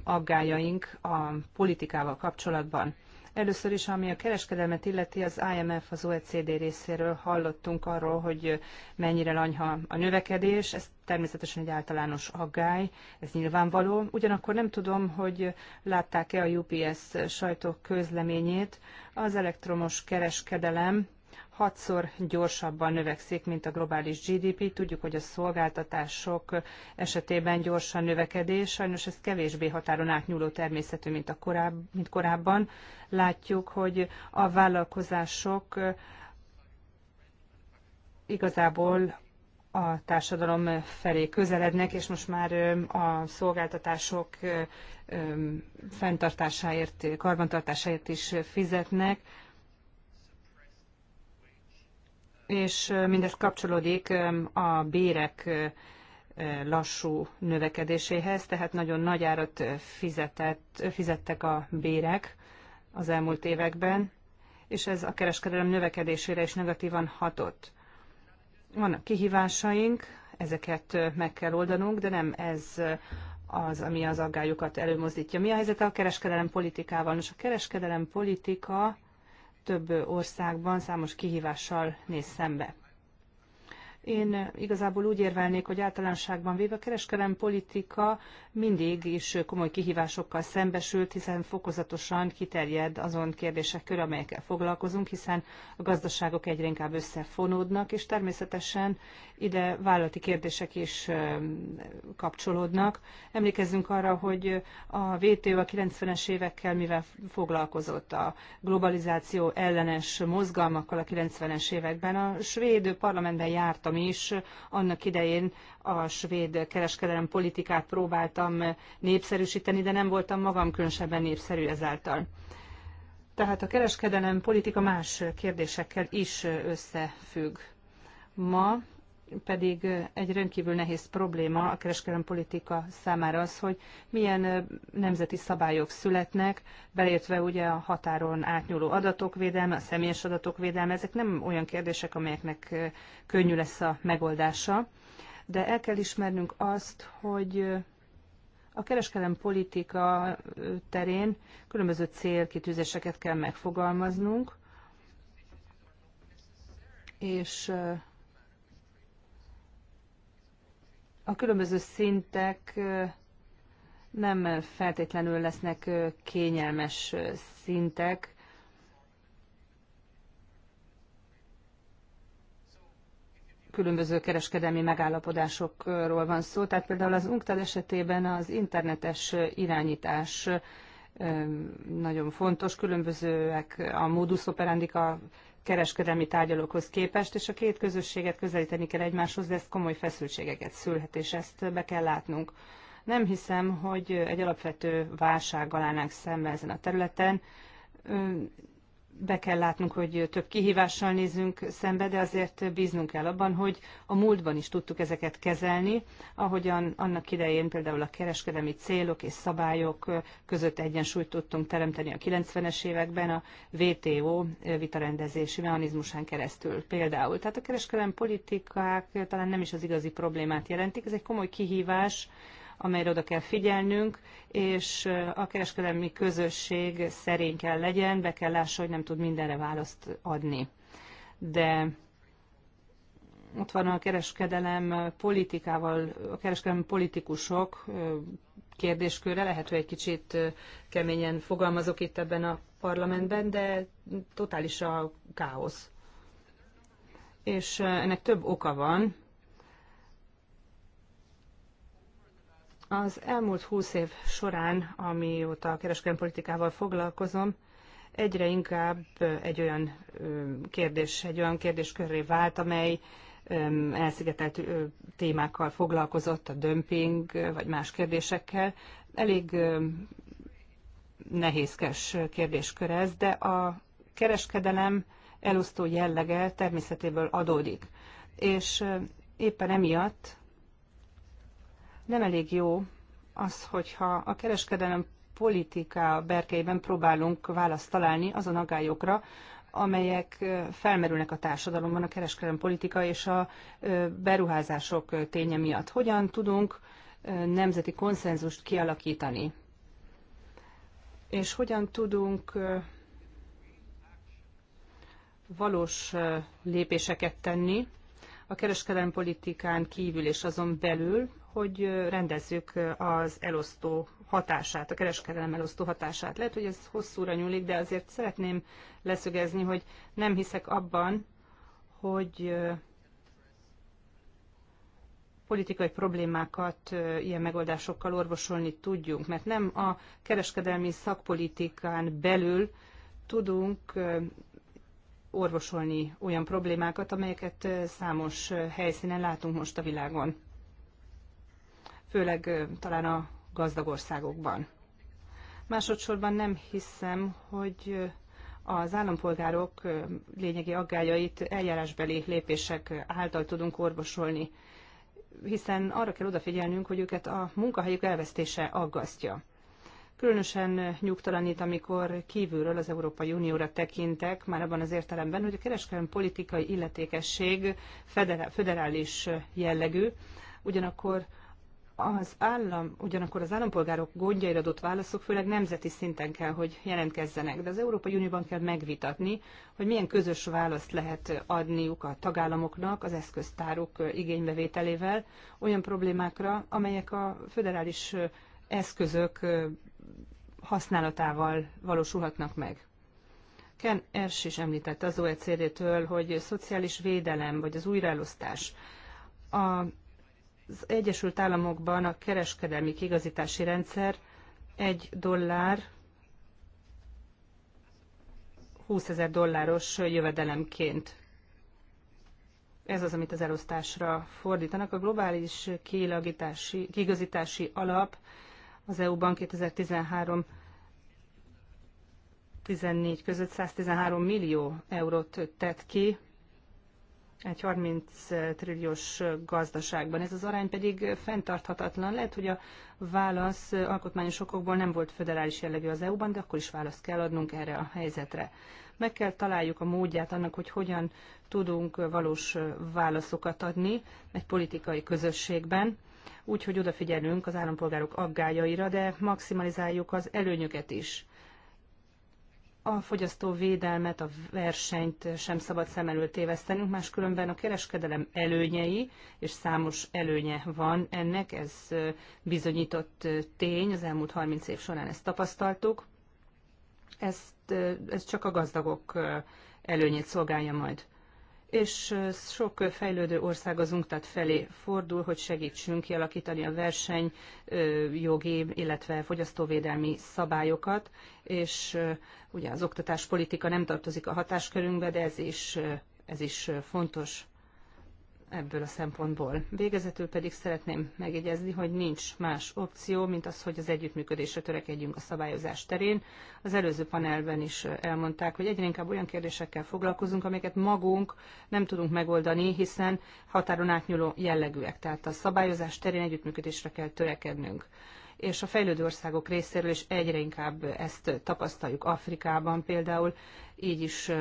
aggájaink a politikával kapcsolatban. Először is, ami a kereskedelmet illeti, az IMF, az OECD részéről hallottunk arról, hogy mennyire lanyha a növekedés. Ez természetesen egy általános aggály, ez nyilvánvaló. Ugyanakkor nem tudom, hogy látták-e a UPS sajtó közleményét. Az elektromos kereskedelem hatszor gyorsabban növekszik, mint a globális GDP. Tudjuk, hogy a szolgáltatások esetében gyorsan növekedés, sajnos ez kevésbé határon átnyúló természetű, mint, a koráb, mint korábban. Látjuk, hogy a vállalkozások igazából a társadalom felé közelednek, és most már a szolgáltatások fenntartásáért, karbantartásáért is fizetnek és mindez kapcsolódik a bérek lassú növekedéséhez, tehát nagyon nagy árat fizetett, fizettek a bérek az elmúlt években, és ez a kereskedelem növekedésére is negatívan hatott. Vannak kihívásaink, ezeket meg kell oldanunk, de nem ez az, ami az aggályokat előmozdítja. Mi a helyzet a kereskedelem politikával? Nos, a kereskedelem politika több országban számos kihívással néz szembe. Én igazából úgy érvelnék, hogy általánosságban véve a kereskedelem politika mindig is komoly kihívásokkal szembesült, hiszen fokozatosan kiterjed azon kérdések kör, amelyekkel foglalkozunk, hiszen a gazdaságok egyre inkább összefonódnak, és természetesen ide vállalati kérdések is kapcsolódnak. Emlékezzünk arra, hogy a VTO a 90-es évekkel mivel foglalkozott a globalizáció ellenes mozgalmakkal a 90-es években. A svéd parlamentben jártam magam is annak idején a svéd kereskedelem politikát próbáltam népszerűsíteni, de nem voltam magam különösebben népszerű ezáltal. Tehát a kereskedelem politika más kérdésekkel is összefügg. Ma pedig egy rendkívül nehéz probléma a kereskedelempolitika politika számára az, hogy milyen nemzeti szabályok születnek, beleértve ugye a határon átnyúló adatok védelme, a személyes adatok védelme, ezek nem olyan kérdések, amelyeknek könnyű lesz a megoldása, de el kell ismernünk azt, hogy a kereskedelem politika terén különböző célkitűzéseket kell megfogalmaznunk, és a különböző szintek nem feltétlenül lesznek kényelmes szintek. Különböző kereskedelmi megállapodásokról van szó, tehát például az UNCTAD esetében az internetes irányítás nagyon fontos, különbözőek a modus operandi, a kereskedelmi tárgyalókhoz képest, és a két közösséget közelíteni kell egymáshoz, de ez komoly feszültségeket szülhet, és ezt be kell látnunk. Nem hiszem, hogy egy alapvető válsággal állnánk szembe ezen a területen be kell látnunk, hogy több kihívással nézünk szembe, de azért bíznunk kell abban, hogy a múltban is tudtuk ezeket kezelni, ahogyan annak idején például a kereskedelmi célok és szabályok között egyensúlyt tudtunk teremteni a 90-es években a WTO vitarendezési mechanizmusán keresztül például. Tehát a kereskedelmi politikák talán nem is az igazi problémát jelentik, ez egy komoly kihívás, amelyre oda kell figyelnünk, és a kereskedelmi közösség szerény kell legyen, be kell lássa, hogy nem tud mindenre választ adni. De ott van a kereskedelem politikával, a kereskedelem politikusok kérdésköre, lehet, hogy egy kicsit keményen fogalmazok itt ebben a parlamentben, de totális a káosz. És ennek több oka van, Az elmúlt húsz év során, amióta a kereskedelmi politikával foglalkozom, egyre inkább egy olyan kérdés, egy olyan kérdéskörré vált, amely elszigetelt témákkal foglalkozott, a dömping vagy más kérdésekkel. Elég nehézkes kérdéskör ez, de a kereskedelem elosztó jellege természetéből adódik. És éppen emiatt nem elég jó az, hogyha a kereskedelem politika berkeiben próbálunk választ találni azon agályokra, amelyek felmerülnek a társadalomban a kereskedelem politika és a beruházások ténye miatt. Hogyan tudunk nemzeti konszenzust kialakítani? És hogyan tudunk valós lépéseket tenni a kereskedelmi politikán kívül és azon belül, hogy rendezzük az elosztó hatását, a kereskedelem elosztó hatását. Lehet, hogy ez hosszúra nyúlik, de azért szeretném leszögezni, hogy nem hiszek abban, hogy politikai problémákat ilyen megoldásokkal orvosolni tudjunk, mert nem a kereskedelmi szakpolitikán belül tudunk orvosolni olyan problémákat, amelyeket számos helyszínen látunk most a világon főleg talán a gazdag országokban. Másodszorban nem hiszem, hogy az állampolgárok lényegi aggájait eljárásbeli lépések által tudunk orvosolni, hiszen arra kell odafigyelnünk, hogy őket a munkahelyük elvesztése aggasztja. Különösen nyugtalanít, amikor kívülről az Európai Unióra tekintek, már abban az értelemben, hogy a kereskedelmi politikai illetékesség federális jellegű, ugyanakkor az állam, ugyanakkor az állampolgárok gondjaira adott válaszok főleg nemzeti szinten kell, hogy jelentkezzenek, de az Európai Unióban kell megvitatni, hogy milyen közös választ lehet adniuk a tagállamoknak az eszköztárok igénybevételével olyan problémákra, amelyek a föderális eszközök használatával valósulhatnak meg. Ken Ers is említette az OECD-től, hogy szociális védelem vagy az újraelosztás a az Egyesült Államokban a kereskedelmi kigazítási rendszer egy dollár 20 ezer dolláros jövedelemként. Ez az, amit az elosztásra fordítanak. A globális kigazítási alap az EU-ban 2013 14 között 113 millió eurót tett ki, egy 30 trilliós gazdaságban. Ez az arány pedig fenntarthatatlan. Lehet, hogy a válasz alkotmányos okokból nem volt föderális jellegű az EU-ban, de akkor is választ kell adnunk erre a helyzetre. Meg kell találjuk a módját annak, hogy hogyan tudunk valós válaszokat adni egy politikai közösségben, úgy, hogy odafigyelünk az állampolgárok aggájaira, de maximalizáljuk az előnyöket is a fogyasztó védelmet, a versenyt sem szabad szem előtt tévesztenünk, máskülönben a kereskedelem előnyei, és számos előnye van ennek, ez bizonyított tény, az elmúlt 30 év során ezt tapasztaltuk. Ezt, ez csak a gazdagok előnyét szolgálja majd és sok fejlődő ország az UNCTAD felé fordul, hogy segítsünk kialakítani a verseny jogi, illetve fogyasztóvédelmi szabályokat, és ugye az oktatáspolitika nem tartozik a hatáskörünkbe, de ez is, ez is fontos ebből a szempontból. Végezetül pedig szeretném megjegyezni, hogy nincs más opció, mint az, hogy az együttműködésre törekedjünk a szabályozás terén. Az előző panelben is elmondták, hogy egyre inkább olyan kérdésekkel foglalkozunk, amiket magunk nem tudunk megoldani, hiszen határon átnyúló jellegűek. Tehát a szabályozás terén együttműködésre kell törekednünk és a fejlődő országok részéről is egyre inkább ezt tapasztaljuk Afrikában például, így is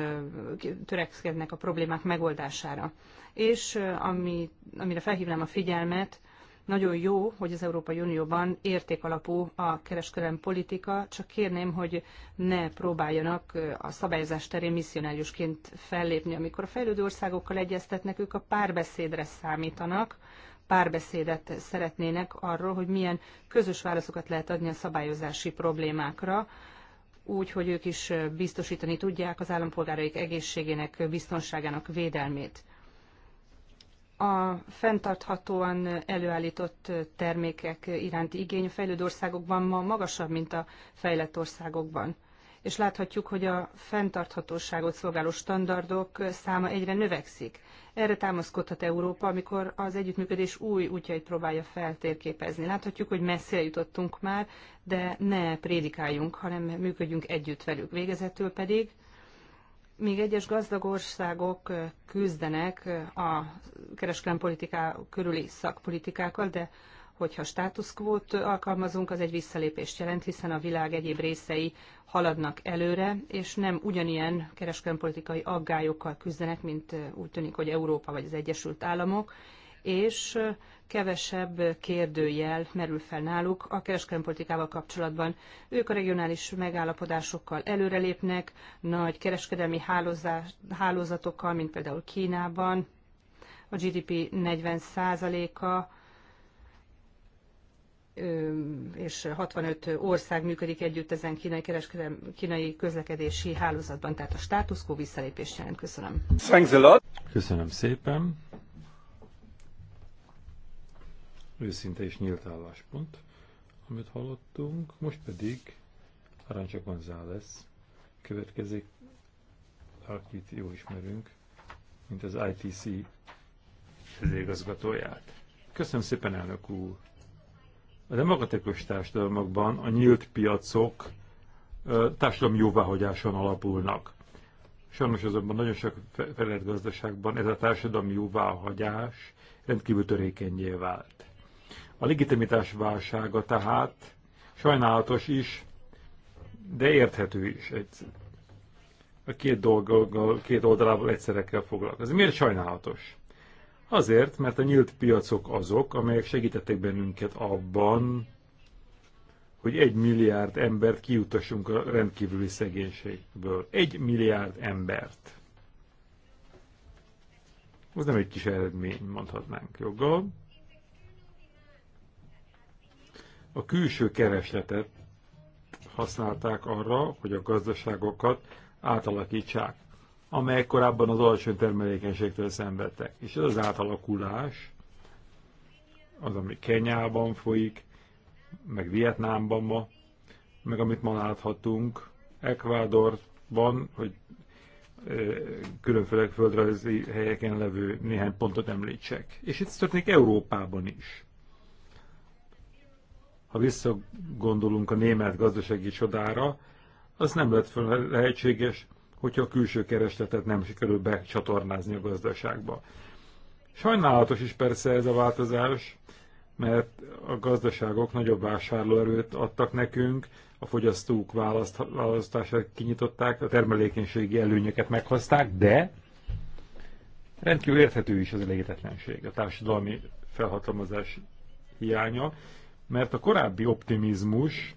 törekszkednek a problémák megoldására. És ami, amire felhívnám a figyelmet, nagyon jó, hogy az Európai Unióban értékalapú a kereskedelmi politika, csak kérném, hogy ne próbáljanak a szabályozás terén misszionáriusként fellépni. Amikor a fejlődő országokkal egyeztetnek, ők a párbeszédre számítanak, párbeszédet szeretnének arról, hogy milyen közös válaszokat lehet adni a szabályozási problémákra, úgy, hogy ők is biztosítani tudják az állampolgáraik egészségének, biztonságának védelmét. A fenntarthatóan előállított termékek iránti igény a fejlődő országokban ma magasabb, mint a fejlett országokban és láthatjuk, hogy a fenntarthatóságot szolgáló standardok száma egyre növekszik. Erre támaszkodhat Európa, amikor az együttműködés új útjait próbálja feltérképezni. Láthatjuk, hogy messzire jutottunk már, de ne prédikáljunk, hanem működjünk együtt velük. Végezetül pedig Míg egyes gazdag országok küzdenek a kereskedelmi körüli szakpolitikákkal, de hogyha státuszkvót alkalmazunk, az egy visszalépést jelent, hiszen a világ egyéb részei haladnak előre, és nem ugyanilyen kereskedelmi aggályokkal küzdenek, mint úgy tűnik, hogy Európa vagy az Egyesült Államok, és kevesebb kérdőjel merül fel náluk a kereskedelmi kapcsolatban. Ők a regionális megállapodásokkal előrelépnek, nagy kereskedelmi hálózatokkal, mint például Kínában, a GDP 40%-a és 65 ország működik együtt ezen kínai, kereskedelmi, kínai közlekedési hálózatban, tehát a status quo jelent. Köszönöm. Thanks a lot. Köszönöm szépen. Őszinte és nyílt álláspont, amit hallottunk. Most pedig Arancsa González következik, akit jó ismerünk, mint az ITC vezérigazgatóját. Köszönöm szépen, elnök úr! A demokratikus társadalmakban a nyílt piacok társadalmi jóváhagyáson alapulnak. Sajnos azonban nagyon sok felett gazdaságban ez a társadalmi jóváhagyás rendkívül törékenyé vált. A legitimitás válsága tehát sajnálatos is, de érthető is. Egy, a két dolggal, két oldalával egyszerre kell foglalkozni. Miért sajnálatos? Azért, mert a nyílt piacok azok, amelyek segítettek bennünket abban, hogy egy milliárd embert kiutassunk a rendkívüli szegénységből. Egy milliárd embert. Az nem egy kis eredmény, mondhatnánk joggal. A külső keresletet használták arra, hogy a gazdaságokat átalakítsák amelyek korábban az alacsony termelékenységtől szenvedtek. És ez az átalakulás, az, ami Kenyában folyik, meg Vietnámban ma, meg amit ma láthatunk, Ekvádorban, hogy különféle földrajzi helyeken levő néhány pontot említsek. És itt történik Európában is. Ha visszagondolunk a német gazdasági csodára, az nem lett lehetséges hogyha a külső keresletet nem sikerül becsatornázni a gazdaságba. Sajnálatos is persze ez a változás, mert a gazdaságok nagyobb vásárlóerőt adtak nekünk, a fogyasztók választ, választását kinyitották, a termelékenységi előnyöket meghozták, de rendkívül érthető is az elégetetlenség, a társadalmi felhatalmazás hiánya, mert a korábbi optimizmus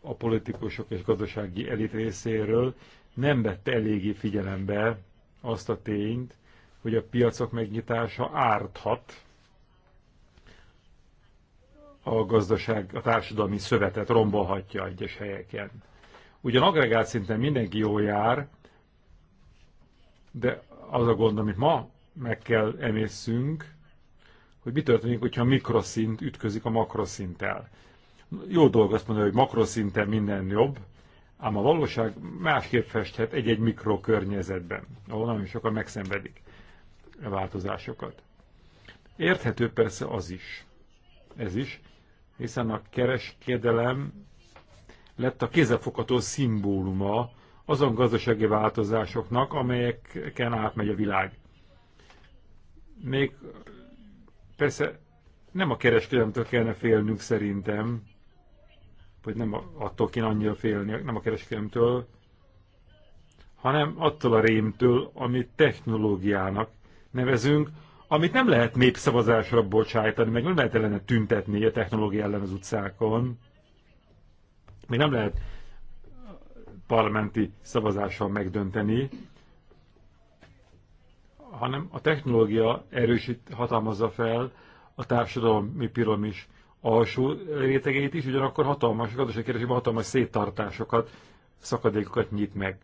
a politikusok és gazdasági elit részéről nem vette eléggé figyelembe azt a tényt, hogy a piacok megnyitása árthat a gazdaság, a társadalmi szövetet rombolhatja egyes helyeken. Ugyan agregált szinten mindenki jól jár, de az a gond, amit ma meg kell emészünk, hogy mi történik, hogyha a mikroszint ütközik a makroszinttel. Jó dolog azt mondani, hogy makroszinten minden jobb, Ám a valóság másképp festhet egy-egy mikrokörnyezetben, ahol nagyon sokan megszenvedik a változásokat. Érthető persze az is, ez is, hiszen a kereskedelem lett a kézefogható szimbóluma azon gazdasági változásoknak, amelyeken átmegy a világ. Még persze nem a kereskedelemtől kellene félnünk szerintem, hogy nem attól kéne annyira félni, nem a kereskedelemtől, hanem attól a rémtől, amit technológiának nevezünk, amit nem lehet népszavazásra bocsájtani, meg nem lehet ellene tüntetni a technológia ellen az utcákon, még nem lehet parlamenti szavazással megdönteni, hanem a technológia erősít, hatalmazza fel a társadalmi piramis alsó rétegeit is, ugyanakkor hatalmas, gazdaságkérdésében hatalmas széttartásokat, szakadékokat nyit meg.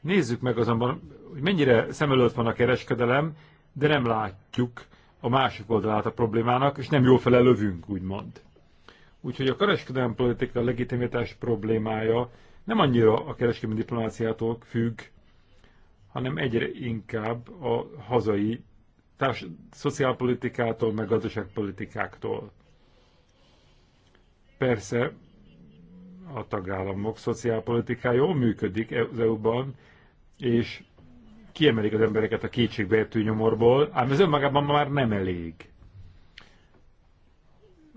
Nézzük meg azonban, hogy mennyire szem előtt van a kereskedelem, de nem látjuk a másik oldalát a problémának, és nem jól fele lövünk, úgymond. Úgyhogy a kereskedelmi politika legitimitás problémája nem annyira a kereskedelmi diplomáciától függ, hanem egyre inkább a hazai társ, szociálpolitikától, meg gazdaságpolitikáktól. Persze a tagállamok szociálpolitikája jól működik e-, az EU-ban, és kiemelik az embereket a kétségbejtő nyomorból, ám ez önmagában már nem elég.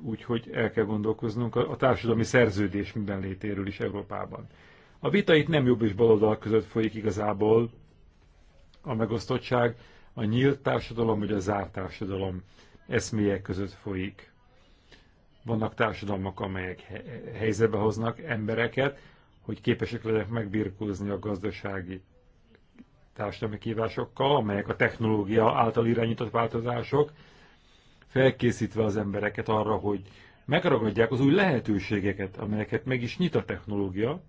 Úgyhogy el kell gondolkoznunk a, a társadalmi szerződés minden létéről is Európában. A vita itt nem jobb és baloldal között folyik igazából a megosztottság, a nyílt társadalom vagy a zárt társadalom eszméje között folyik. Vannak társadalmak, amelyek helyzetbe hoznak embereket, hogy képesek legyenek megbirkózni a gazdasági társadalmi kívásokkal, amelyek a technológia által irányított változások, felkészítve az embereket arra, hogy megragadják az új lehetőségeket, amelyeket meg is nyit a technológia,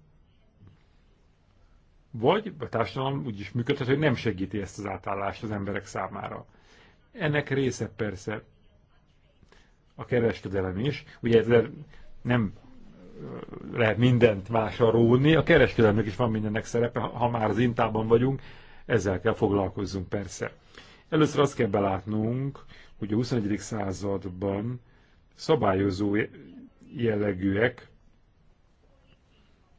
vagy a társadalom úgy is működhet, hogy nem segíti ezt az átállást az emberek számára. Ennek része persze a kereskedelem is. Ugye nem lehet mindent másra róni, a kereskedelemnek is van mindennek szerepe, ha már az intában vagyunk, ezzel kell foglalkozzunk persze. Először azt kell belátnunk, hogy a 21. században szabályozó jellegűek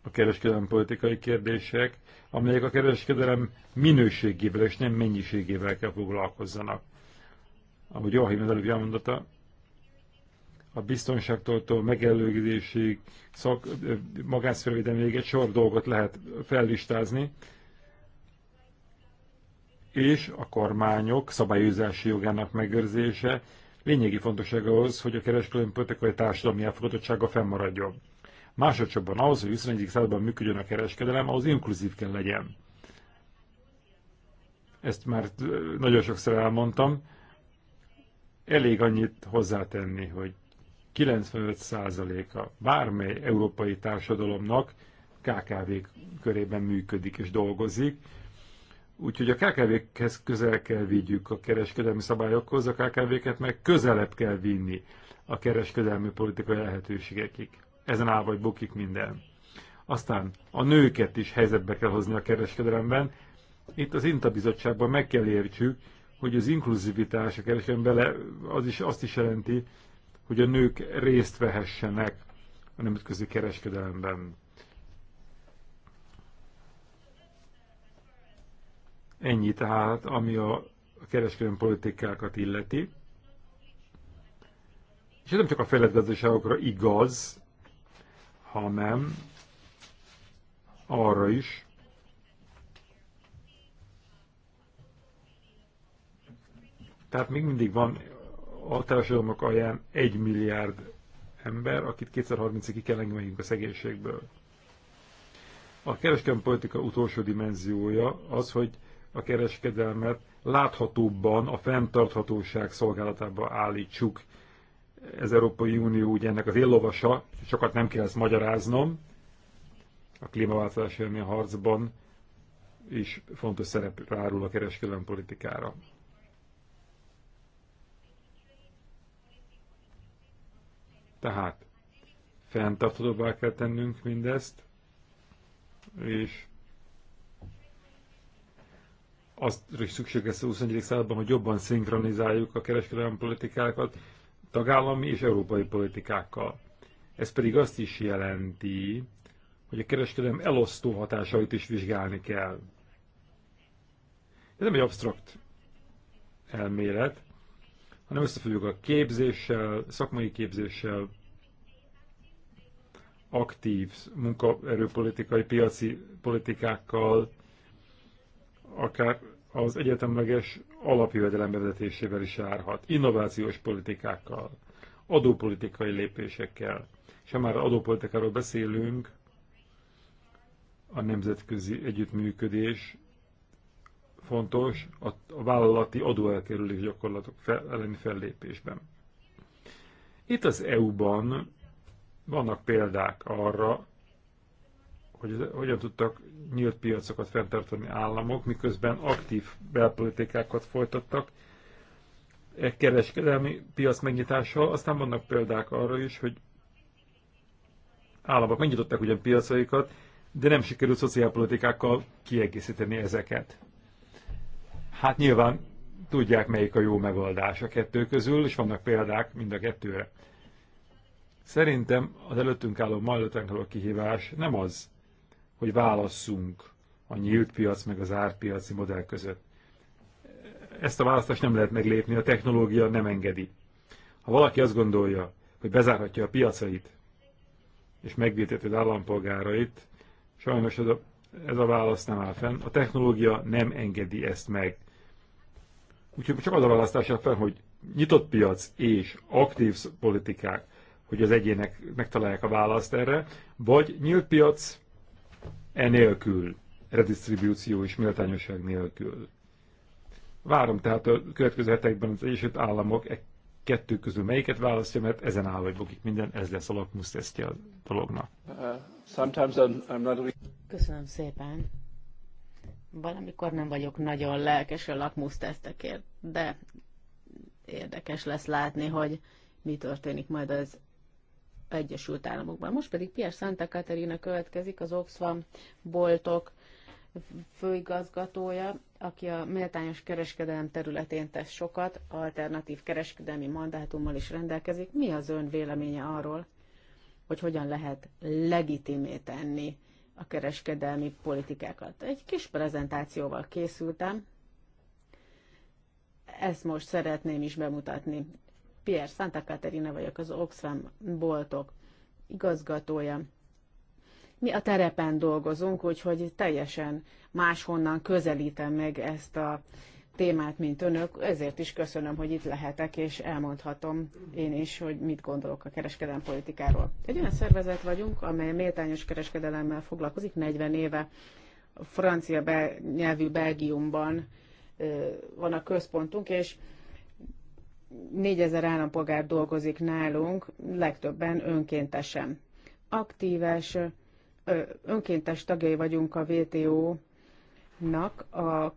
a kereskedelmi politikai kérdések, amelyek a kereskedelem minőségével és nem mennyiségével kell foglalkozzanak. Ahogy Joachim az előbb elmondotta, a biztonságtól megelőgzésig, szak, magánszférvédelmig egy sor dolgot lehet fellistázni, és a kormányok szabályozási jogának megőrzése lényegi fontosság ahhoz, hogy a kereskedelmi politikai társadalmi elfogadottsága fennmaradjon. Másodszorban ahhoz, hogy 21. században működjön a kereskedelem, ahhoz inkluzív kell legyen. Ezt már nagyon sokszor elmondtam. Elég annyit hozzátenni, hogy 95%-a bármely európai társadalomnak kkv körében működik és dolgozik, Úgyhogy a KKV-khez közel kell vigyük a kereskedelmi szabályokhoz, a KKV-ket meg közelebb kell vinni a kereskedelmi politikai lehetőségekig ezen áll vagy bukik minden. Aztán a nőket is helyzetbe kell hozni a kereskedelemben. Itt az INTA bizottságban meg kell értsük, hogy az inkluzivitás a kereskedelemben bele, az is azt is jelenti, hogy a nők részt vehessenek a nemzetközi kereskedelemben. Ennyi tehát, ami a kereskedelmi politikákat illeti. És ez nem csak a fejlett gazdaságokra igaz, nem, arra is, tehát még mindig van a társadalmak alján egy milliárd ember, akit 2030-ig kell engedjünk a szegénységből. A kereskedelmi politika utolsó dimenziója az, hogy a kereskedelmet láthatóbban a fenntarthatóság szolgálatába állítsuk az Európai Unió ugye ennek az éllovasa, sokat nem kell ezt magyaráznom, a klímaváltozás elleni harcban is fontos szerep rárul a kereskedelmi politikára. Tehát fenntartóbbá kell tennünk mindezt, és azt is szükség lesz a 21. században, hogy jobban szinkronizáljuk a kereskedelmi politikákat, tagállami és európai politikákkal. Ez pedig azt is jelenti, hogy a kereskedelem elosztó hatásait is vizsgálni kell. Ez nem egy absztrakt elmélet, hanem összefüggök a képzéssel, szakmai képzéssel, aktív munkaerőpolitikai, piaci politikákkal, akár az egyetemleges alapjövedelem bevezetésével is járhat, innovációs politikákkal, adópolitikai lépésekkel. És ha már adópolitikáról beszélünk, a nemzetközi együttműködés fontos a, vállalati adóelkerülés gyakorlatok elleni fellépésben. Itt az EU-ban vannak példák arra, hogy hogyan tudtak nyílt piacokat fenntartani államok, miközben aktív belpolitikákat folytattak Egy kereskedelmi piac megnyitással. Aztán vannak példák arra is, hogy államok megnyitották ugyan piacaikat, de nem sikerült szociálpolitikákkal kiegészíteni ezeket. Hát nyilván tudják, melyik a jó megoldás a kettő közül, és vannak példák mind a kettőre. Szerintem az előttünk álló, majd előttünk álló kihívás nem az, hogy válasszunk a nyílt piac meg az árpiaci modell között. Ezt a választást nem lehet meglépni, a technológia nem engedi. Ha valaki azt gondolja, hogy bezárhatja a piacait, és megvédheti az állampolgárait, sajnos ez a, ez a válasz nem áll fenn. A technológia nem engedi ezt meg. Úgyhogy csak az a választás áll fenn, hogy nyitott piac és aktív politikák, hogy az egyének megtalálják a választ erre, vagy nyílt piac, enélkül, redistribúció és méltányosság nélkül. Várom tehát a következő hetekben az Egyesült Államok e kettő közül melyiket választja, mert ezen áll vagy bukik minden, ez lesz a lakmusztesztje a dolognak. Köszönöm szépen. Valamikor nem vagyok nagyon lelkes a lakmusztesztekért, de érdekes lesz látni, hogy mi történik majd az Egyesült Államokban. Most pedig Pierre Santa Caterina következik, az Oxfam boltok főigazgatója, aki a méltányos kereskedelem területén tesz sokat, alternatív kereskedelmi mandátummal is rendelkezik. Mi az ön véleménye arról, hogy hogyan lehet legitimé tenni a kereskedelmi politikákat? Egy kis prezentációval készültem, ezt most szeretném is bemutatni. Pierre Santa Caterina vagyok, az Oxfam boltok igazgatója. Mi a terepen dolgozunk, úgyhogy teljesen máshonnan közelítem meg ezt a témát, mint önök. Ezért is köszönöm, hogy itt lehetek, és elmondhatom én is, hogy mit gondolok a kereskedelmi politikáról. Egy olyan szervezet vagyunk, amely méltányos kereskedelemmel foglalkozik 40 éve. A francia bel- nyelvű Belgiumban van a központunk, és 4000 állampolgár dolgozik nálunk, legtöbben önkéntesen. Aktíves, önkéntes tagjai vagyunk a VTO-nak, a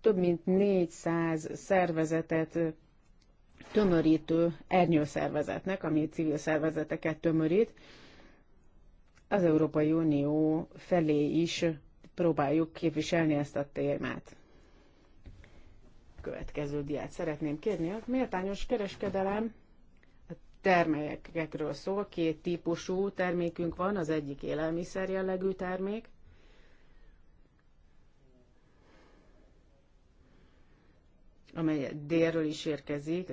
több mint 400 szervezetet tömörítő ernyőszervezetnek, ami civil szervezeteket tömörít, az Európai Unió felé is próbáljuk képviselni ezt a témát következő diát szeretném kérni. A méltányos kereskedelem a termékekről szól. Két típusú termékünk van, az egyik élelmiszer jellegű termék, amely délről is érkezik,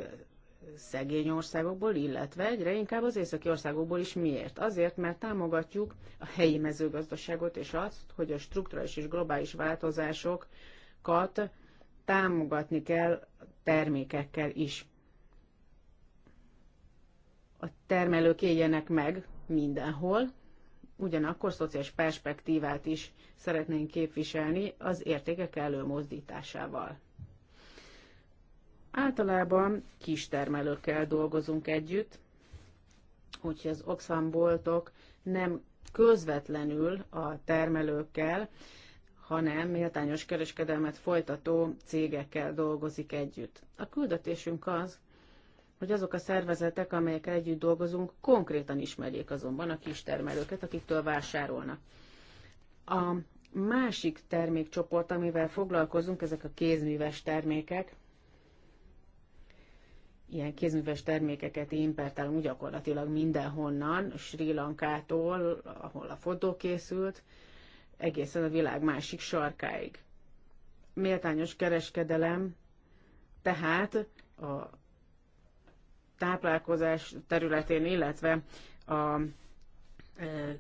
szegény országokból, illetve egyre inkább az északi országokból is. Miért? Azért, mert támogatjuk a helyi mezőgazdaságot és azt, hogy a strukturális és globális változásokat támogatni kell termékekkel is. A termelők éljenek meg mindenhol, ugyanakkor szociális perspektívát is szeretnénk képviselni az értékek előmozdításával. Általában kis termelőkkel dolgozunk együtt, úgyhogy az Oxfam boltok nem közvetlenül a termelőkkel, hanem méltányos kereskedelmet folytató cégekkel dolgozik együtt. A küldetésünk az, hogy azok a szervezetek, amelyekkel együtt dolgozunk, konkrétan ismerjék azonban a kistermelőket, akiktől vásárolnak. A másik termékcsoport, amivel foglalkozunk, ezek a kézműves termékek. Ilyen kézműves termékeket importálunk gyakorlatilag mindenhonnan, Sri Lankától, ahol a fotó készült, egészen a világ másik sarkáig. Méltányos kereskedelem, tehát a táplálkozás területén, illetve a e,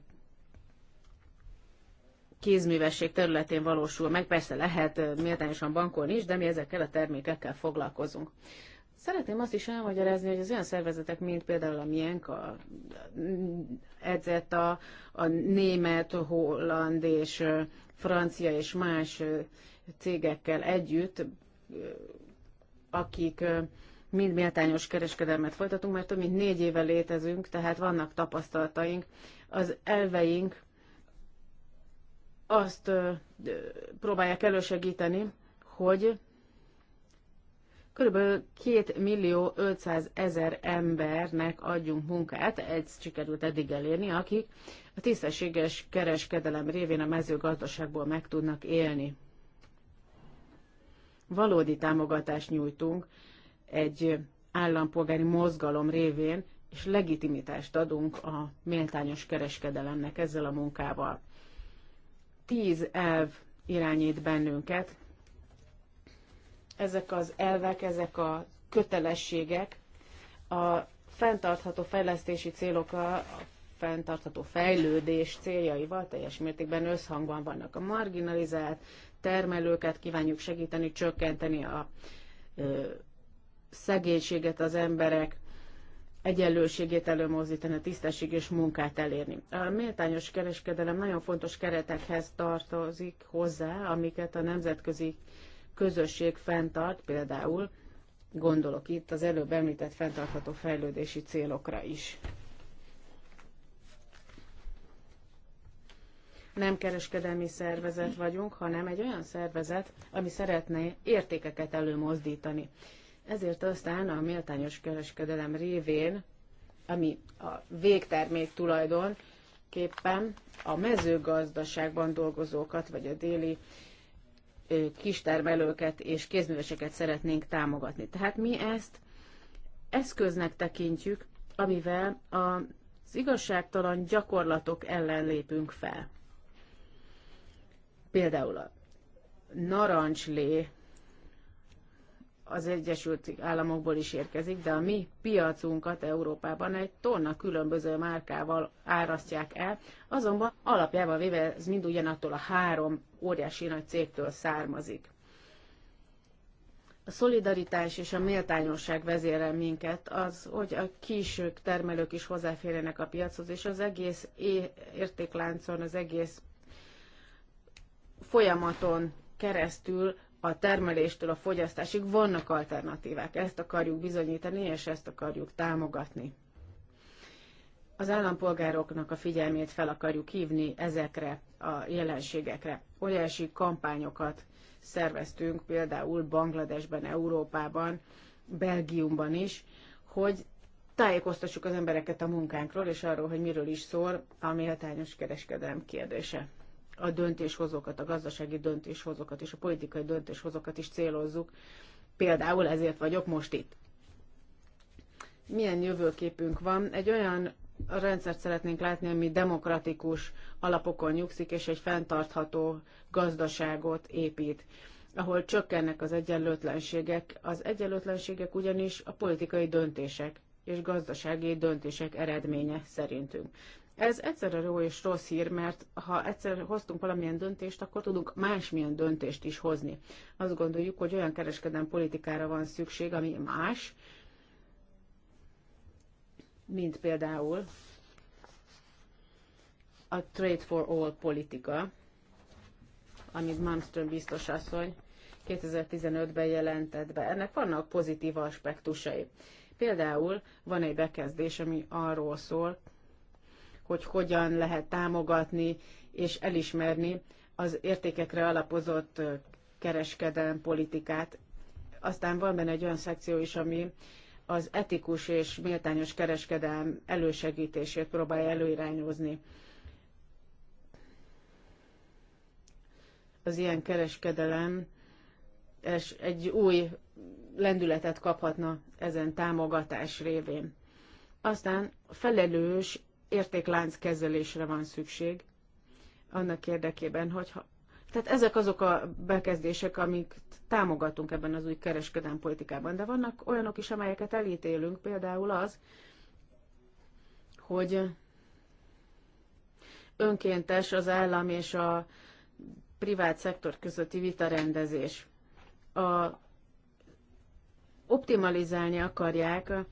kézművesség területén valósul meg. Persze lehet e, méltányosan bankolni is, de mi ezekkel a termékekkel foglalkozunk. Szeretném azt is elmagyarázni, hogy az olyan szervezetek, mint például a miénk, a edzett a, a német, holland és francia és más cégekkel együtt, akik mind méltányos kereskedelmet folytatunk, mert több mint négy éve létezünk, tehát vannak tapasztalataink. Az elveink azt próbálják elősegíteni, hogy Körülbelül 2 millió 500 ezer embernek adjunk munkát, egy sikerült eddig elérni, akik a tisztességes kereskedelem révén a mezőgazdaságból meg tudnak élni. Valódi támogatást nyújtunk egy állampolgári mozgalom révén, és legitimitást adunk a méltányos kereskedelemnek ezzel a munkával. Tíz elv irányít bennünket, ezek az elvek, ezek a kötelességek a fenntartható fejlesztési célok, a fenntartható fejlődés céljaival teljes mértékben összhangban vannak. A marginalizált termelőket kívánjuk segíteni, csökkenteni a ö, szegénységet az emberek, egyenlőségét előmozdítani, a és munkát elérni. A méltányos kereskedelem nagyon fontos keretekhez tartozik hozzá, amiket a nemzetközi közösség fenntart, például gondolok itt az előbb említett fenntartható fejlődési célokra is. nem kereskedelmi szervezet vagyunk, hanem egy olyan szervezet, ami szeretné értékeket előmozdítani. Ezért aztán a méltányos kereskedelem révén, ami a végtermék tulajdon, képpen a mezőgazdaságban dolgozókat, vagy a déli kistermelőket és kézműveseket szeretnénk támogatni. Tehát mi ezt eszköznek tekintjük, amivel az igazságtalan gyakorlatok ellen lépünk fel. Például a narancslé az Egyesült Államokból is érkezik, de a mi piacunkat Európában egy tonna különböző márkával árasztják el, azonban alapjában véve ez mind ugyanattól a három óriási nagy cégtől származik. A szolidaritás és a méltányosság vezérel minket, az, hogy a kisök termelők is hozzáférjenek a piachoz, és az egész értékláncon, az egész folyamaton keresztül a termeléstől a fogyasztásig vannak alternatívák. Ezt akarjuk bizonyítani, és ezt akarjuk támogatni. Az állampolgároknak a figyelmét fel akarjuk hívni ezekre a jelenségekre. Óriási kampányokat szerveztünk például Bangladesben, Európában, Belgiumban is, hogy tájékoztassuk az embereket a munkánkról, és arról, hogy miről is szól a méltányos kereskedelem kérdése a döntéshozókat, a gazdasági döntéshozókat és a politikai döntéshozókat is célozzuk. Például ezért vagyok most itt. Milyen jövőképünk van? Egy olyan rendszert szeretnénk látni, ami demokratikus alapokon nyugszik, és egy fenntartható gazdaságot épít ahol csökkennek az egyenlőtlenségek. Az egyenlőtlenségek ugyanis a politikai döntések és gazdasági döntések eredménye szerintünk. Ez egyszerre jó és rossz hír, mert ha egyszer hoztunk valamilyen döntést, akkor tudunk másmilyen döntést is hozni. Azt gondoljuk, hogy olyan kereskedem politikára van szükség, ami más, mint például a Trade for All politika, amit Malmström biztos asszony 2015-ben jelentett be. Ennek vannak pozitív aspektusai. Például van egy bekezdés, ami arról szól, hogy hogyan lehet támogatni és elismerni az értékekre alapozott kereskedelem politikát. Aztán van benne egy olyan szekció is, ami az etikus és méltányos kereskedelem elősegítését próbálja előirányozni. Az ilyen kereskedelem és egy új lendületet kaphatna ezen támogatás révén. Aztán felelős értéklánc kezelésre van szükség, annak érdekében, hogy ha, tehát ezek azok a bekezdések, amik támogatunk ebben az új kereskedelmi politikában, de vannak olyanok is, amelyeket elítélünk, például az, hogy önkéntes az állam és a privát szektor közötti vitarendezés. A optimalizálni akarják a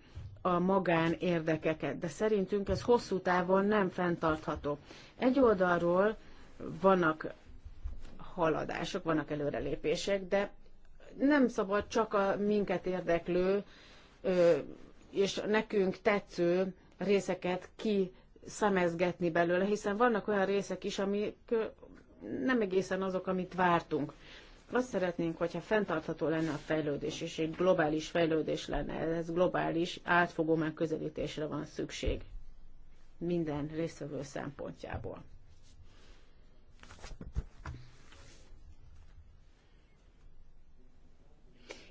a magán érdekeket, de szerintünk ez hosszú távon nem fenntartható. Egy oldalról vannak haladások, vannak előrelépések, de nem szabad csak a minket érdeklő és nekünk tetsző részeket ki szemezgetni belőle, hiszen vannak olyan részek is, amik nem egészen azok, amit vártunk. Azt szeretnénk, hogyha fenntartható lenne a fejlődés, és egy globális fejlődés lenne, ez globális, átfogó megközelítésre van szükség minden résztvevő szempontjából.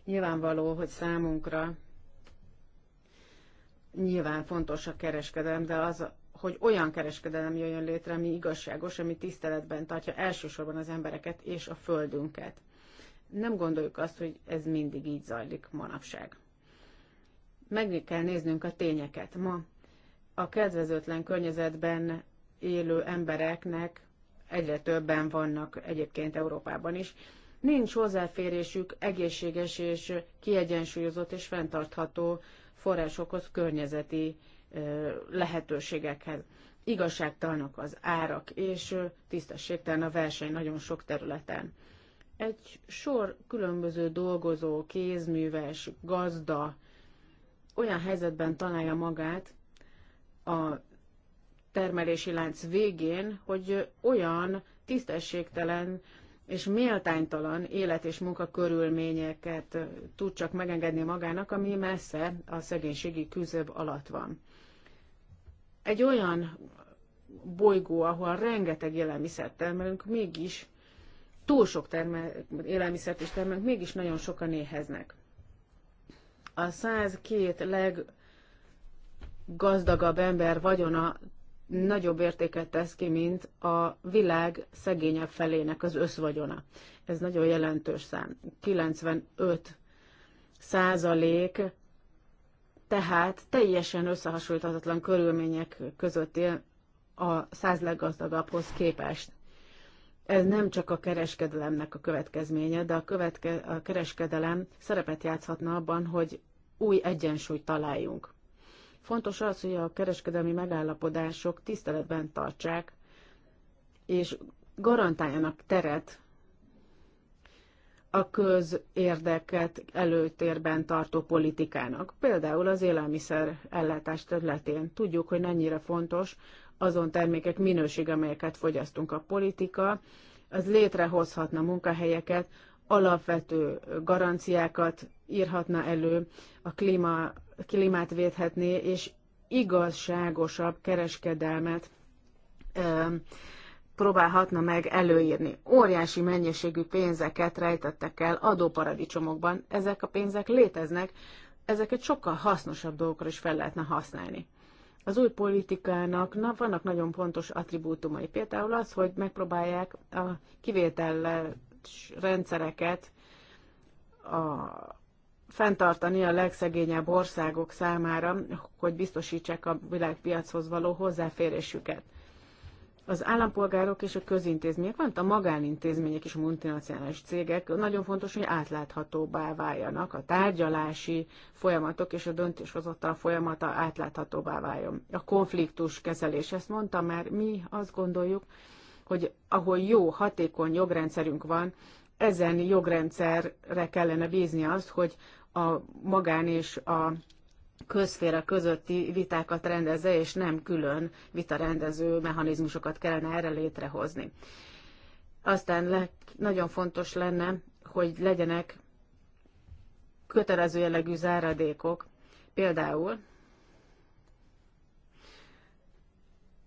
Nyilvánvaló, hogy számunkra nyilván fontos a kereskedelem, de az hogy olyan kereskedelem jöjjön létre, ami igazságos, ami tiszteletben tartja elsősorban az embereket és a földünket. Nem gondoljuk azt, hogy ez mindig így zajlik manapság. Meg kell néznünk a tényeket. Ma a kedvezőtlen környezetben élő embereknek egyre többen vannak egyébként Európában is. Nincs hozzáférésük egészséges és kiegyensúlyozott és fenntartható forrásokhoz környezeti lehetőségekhez. Igazságtalanak az árak, és tisztességtelen a verseny nagyon sok területen. Egy sor különböző dolgozó, kézműves, gazda olyan helyzetben találja magát a termelési lánc végén, hogy olyan tisztességtelen és méltánytalan élet és munkakörülményeket tud csak megengedni magának, ami messze a szegénységi küzöb alatt van egy olyan bolygó, ahol rengeteg élelmiszert termelünk, mégis túl sok termel, élelmiszert is termelünk, mégis nagyon sokan éheznek. A 102 leggazdagabb ember vagyona nagyobb értéket tesz ki, mint a világ szegényebb felének az összvagyona. Ez nagyon jelentős szám. 95 százalék tehát teljesen összehasonlíthatatlan körülmények között él a száz leggazdagabbhoz képest. Ez nem csak a kereskedelemnek a következménye, de a, követke, a kereskedelem szerepet játszhatna abban, hogy új egyensúlyt találjunk. Fontos az, hogy a kereskedelmi megállapodások tiszteletben tartsák, és garantáljanak teret a közérdeket előtérben tartó politikának. Például az élelmiszer ellátás területén tudjuk, hogy mennyire fontos azon termékek minőség, amelyeket fogyasztunk. A politika az létrehozhatna munkahelyeket, alapvető garanciákat írhatna elő, a klíma, klímát védhetné, és igazságosabb kereskedelmet próbálhatna meg előírni. Óriási mennyiségű pénzeket rejtettek el adóparadicsomokban, ezek a pénzek léteznek, ezeket sokkal hasznosabb dolgokra is fel lehetne használni. Az új politikának na, vannak nagyon pontos attribútumai, például az, hogy megpróbálják a kivétel rendszereket a, fenntartani a legszegényebb országok számára, hogy biztosítsák a világpiachoz való hozzáférésüket az állampolgárok és a közintézmények, valamint a magánintézmények és a multinacionális cégek nagyon fontos, hogy átláthatóbbá váljanak, a tárgyalási folyamatok és a döntéshozatal folyamata átláthatóbbá váljon. A konfliktus kezelés, ezt mondtam mert mi azt gondoljuk, hogy ahol jó, hatékony jogrendszerünk van, ezen jogrendszerre kellene bízni azt, hogy a magán és a közféra közötti vitákat rendezze, és nem külön vitarendező mechanizmusokat kellene erre létrehozni. Aztán le, nagyon fontos lenne, hogy legyenek kötelező jellegű záradékok, például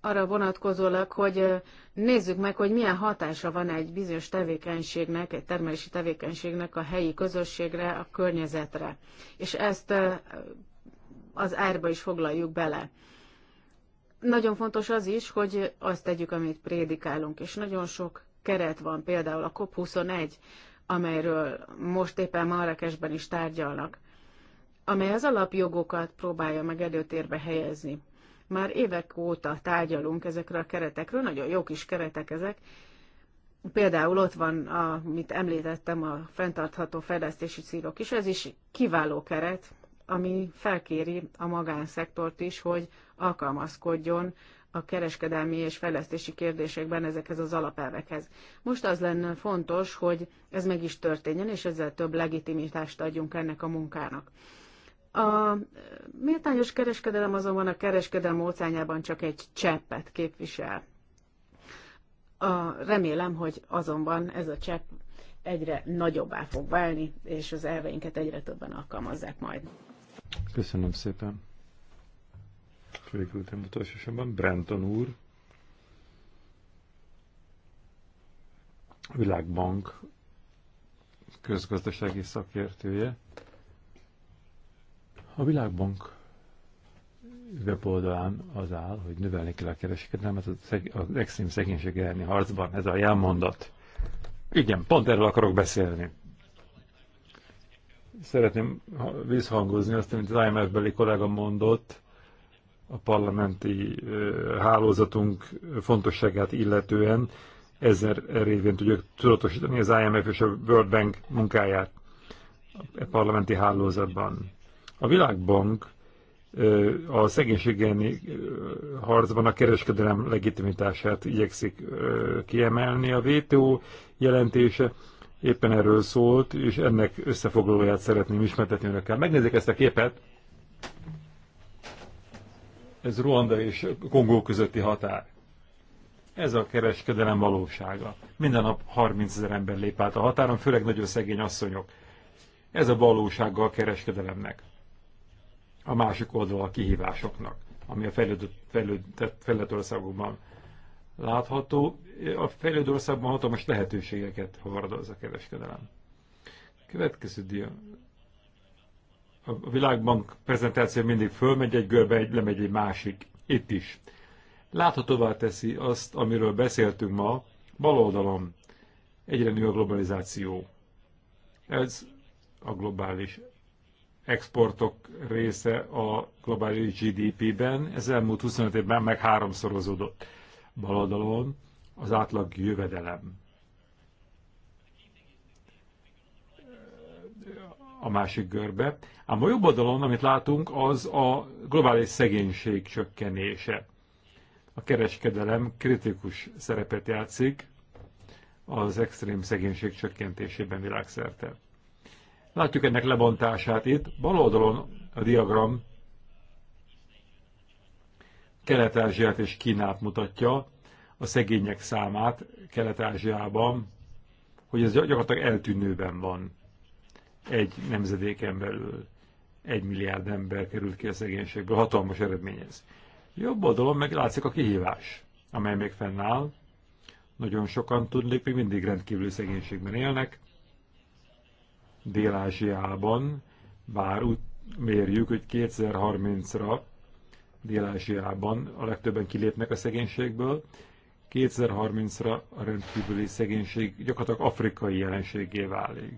arra vonatkozólag, hogy nézzük meg, hogy milyen hatása van egy bizonyos tevékenységnek, egy termelési tevékenységnek a helyi közösségre, a környezetre. És ezt az árba is foglaljuk bele. Nagyon fontos az is, hogy azt tegyük, amit prédikálunk, és nagyon sok keret van, például a COP21, amelyről most éppen Marrakesben is tárgyalnak, amely az alapjogokat próbálja meg előtérbe helyezni. Már évek óta tárgyalunk ezekről a keretekről, nagyon jó kis keretek ezek, Például ott van, amit említettem, a fenntartható fejlesztési célok is, ez is kiváló keret, ami felkéri a magánszektort is, hogy alkalmazkodjon a kereskedelmi és fejlesztési kérdésekben ezekhez az alapelvekhez. Most az lenne fontos, hogy ez meg is történjen, és ezzel több legitimitást adjunk ennek a munkának. A méltányos kereskedelem azonban a kereskedelem óceánjában csak egy cseppet képvisel. A, remélem, hogy azonban ez a csepp egyre nagyobbá fog válni, és az elveinket egyre többen alkalmazzák majd. Köszönöm szépen. Végültem sorban. Brenton úr. Világbank közgazdasági szakértője. A Világbank weboldalán az áll, hogy növelni kell a kereskedelmet az extrém szegénység elleni harcban. Ez a jelmondat. Igen, pont erről akarok beszélni szeretném visszhangozni azt, amit az IMF-beli kollega mondott, a parlamenti hálózatunk fontosságát illetően, ezzel révén tudjuk tudatosítani az IMF és a World Bank munkáját a parlamenti hálózatban. A Világbank a szegénységen harcban a kereskedelem legitimitását igyekszik kiemelni. A WTO jelentése éppen erről szólt, és ennek összefoglalóját szeretném ismertetni önökkel. Megnézzék ezt a képet. Ez Ruanda és Kongó közötti határ. Ez a kereskedelem valósága. Minden nap 30 ezer ember lép át a határon, főleg nagyon szegény asszonyok. Ez a valósága a kereskedelemnek. A másik oldal a kihívásoknak, ami a fejlődött, fejlődött, fejlődött országokban látható. A fejlődő országban hatalmas lehetőségeket hordoz a kereskedelem. Következő dia. A világbank prezentáció mindig fölmegy egy görbe, egy, lemegy egy másik. Itt is. Láthatóvá teszi azt, amiről beszéltünk ma, bal oldalon egyre nő a globalizáció. Ez a globális exportok része a globális GDP-ben, ez elmúlt 25 évben meg háromszorozódott bal oldalon az átlag jövedelem. a másik görbe. Ám a jobb oldalon, amit látunk, az a globális szegénység csökkenése. A kereskedelem kritikus szerepet játszik az extrém szegénység csökkentésében világszerte. Látjuk ennek lebontását itt. Bal oldalon a diagram Kelet-Ázsiát és Kínát mutatja, a szegények számát Kelet-Ázsiában, hogy ez gyakorlatilag eltűnőben van egy nemzedéken belül. Egy milliárd ember került ki a szegénységből, hatalmas eredmény ez. Jobb oldalon meg látszik a kihívás, amely még fennáll. Nagyon sokan tudnék, még mindig rendkívül szegénységben élnek. Dél-Ázsiában, bár úgy mérjük, hogy 2030-ra Dél-Ázsiában a legtöbben kilépnek a szegénységből, 2030-ra a rendkívüli szegénység gyakorlatilag afrikai jelenségé válik.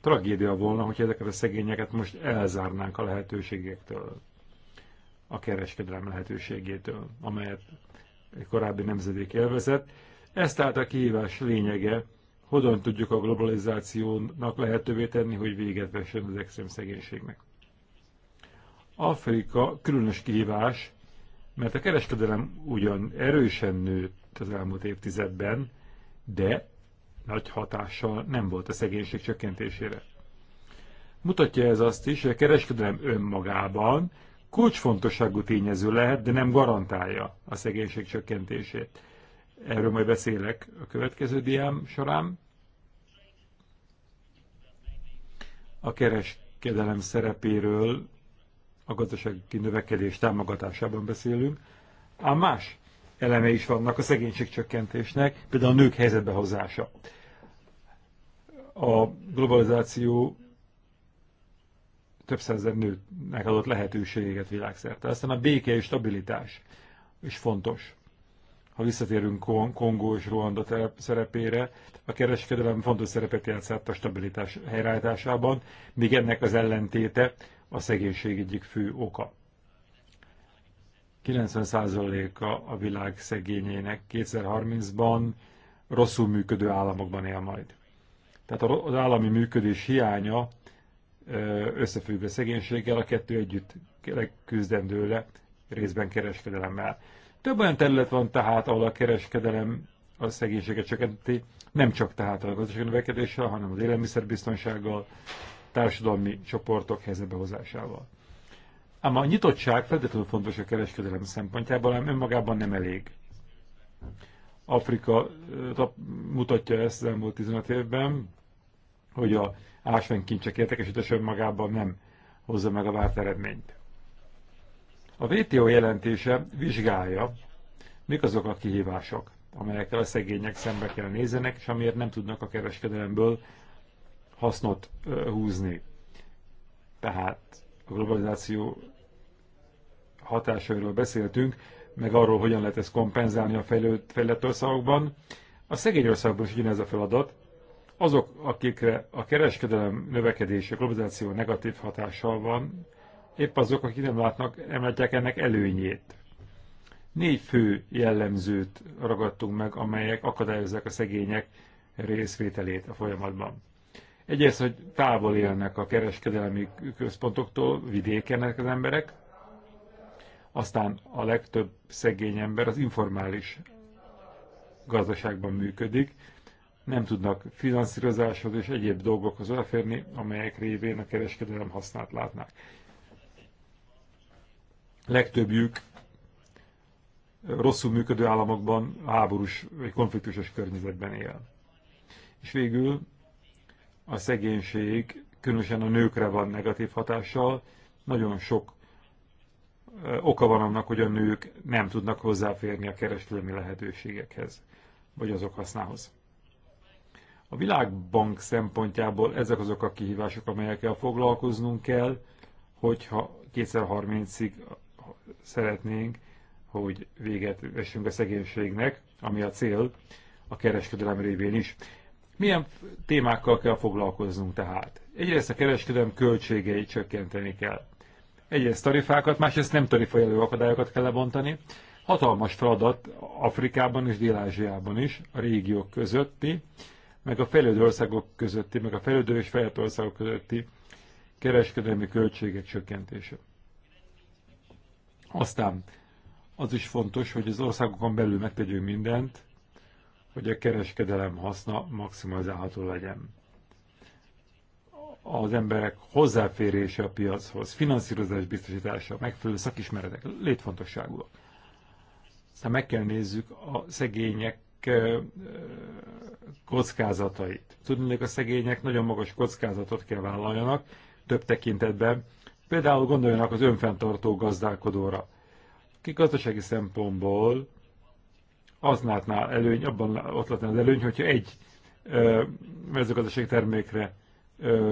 Tragédia volna, hogy ezeket a szegényeket most elzárnánk a lehetőségektől, a kereskedelem lehetőségétől, amelyet egy korábbi nemzedék élvezett. Ez tehát a kihívás lényege, hogyan tudjuk a globalizációnak lehetővé tenni, hogy véget vessen az extrém szegénységnek. Afrika különös kihívás, mert a kereskedelem ugyan erősen nőtt az elmúlt évtizedben, de nagy hatással nem volt a szegénység csökkentésére. Mutatja ez azt is, hogy a kereskedelem önmagában kulcsfontosságú tényező lehet, de nem garantálja a szegénység csökkentését. Erről majd beszélek a következő diám során. A kereskedelem szerepéről a gazdasági növekedés támogatásában beszélünk, ám más eleme is vannak a szegénység csökkentésnek, például a nők helyzetbe hozása. A globalizáció több százezer nőnek adott lehetőséget világszerte. Aztán a béke és stabilitás is fontos. Ha visszatérünk Kongó és Ruanda szerepére, a kereskedelem fontos szerepet játszott a stabilitás helyreállításában, míg ennek az ellentéte a szegénység egyik fő oka. 90%-a a világ szegényének 2030-ban rosszul működő államokban él majd. Tehát az állami működés hiánya összefügg a szegénységgel, a kettő együtt küzdendő le, részben kereskedelemmel. Több olyan terület van tehát, ahol a kereskedelem a szegénységet csökkenti, nem csak tehát a gazdasági növekedéssel, hanem az élelmiszerbiztonsággal, társadalmi csoportok helyzetbe hozásával. Ám a nyitottság feltétlenül fontos a kereskedelem szempontjából, ám önmagában nem elég. Afrika mutatja ezt az elmúlt 15 évben, hogy a ásványkincsek értékesítése önmagában nem hozza meg a várt eredményt. A WTO jelentése vizsgálja, mik azok a kihívások, amelyekkel a szegények szembe kell nézenek, és amiért nem tudnak a kereskedelemből hasznot húzni. Tehát a globalizáció hatásairól beszéltünk, meg arról, hogyan lehet ezt kompenzálni a fejlett országokban. A szegény országban is ugyanez a feladat. Azok, akikre a kereskedelem növekedés, a globalizáció negatív hatással van, épp azok, akik nem látnak, nem látják ennek előnyét. Négy fő jellemzőt ragadtunk meg, amelyek akadályozzák a szegények részvételét a folyamatban. Egyrészt, hogy távol élnek a kereskedelmi központoktól, vidékenek az emberek, aztán a legtöbb szegény ember az informális gazdaságban működik, nem tudnak finanszírozáshoz és egyéb dolgokhoz elférni, amelyek révén a kereskedelem hasznát látnák. Legtöbbjük rosszul működő államokban háborús vagy konfliktusos környezetben él. És végül a szegénység, különösen a nőkre van negatív hatással. Nagyon sok oka van annak, hogy a nők nem tudnak hozzáférni a kereskedelmi lehetőségekhez, vagy azok hasznához. A világbank szempontjából ezek azok a kihívások, amelyekkel foglalkoznunk kell, hogyha 2030-ig szeretnénk, hogy véget vessünk a szegénységnek, ami a cél a kereskedelem révén is. Milyen témákkal kell foglalkoznunk tehát? Egyrészt a kereskedelem költségeit csökkenteni kell. Egyrészt tarifákat, másrészt nem tarifajelő akadályokat kell lebontani. Hatalmas feladat Afrikában és Dél-Ázsiában is, a régiók közötti, meg a fejlődő országok közötti, meg a fejlődő és fejlett országok közötti kereskedelmi költségek csökkentése. Aztán az is fontos, hogy az országokon belül megtegyünk mindent, hogy a kereskedelem haszna maximalizálható legyen. Az emberek hozzáférése a piachoz, finanszírozás biztosítása, megfelelő szakismeretek létfontosságúak. Aztán meg kell nézzük a szegények kockázatait. hogy a szegények nagyon magas kockázatot kell vállaljanak több tekintetben. Például gondoljanak az önfenntartó gazdálkodóra, ki gazdasági szempontból az látná előny, abban ott látná az előny, hogyha egy mezőgazdasági termékre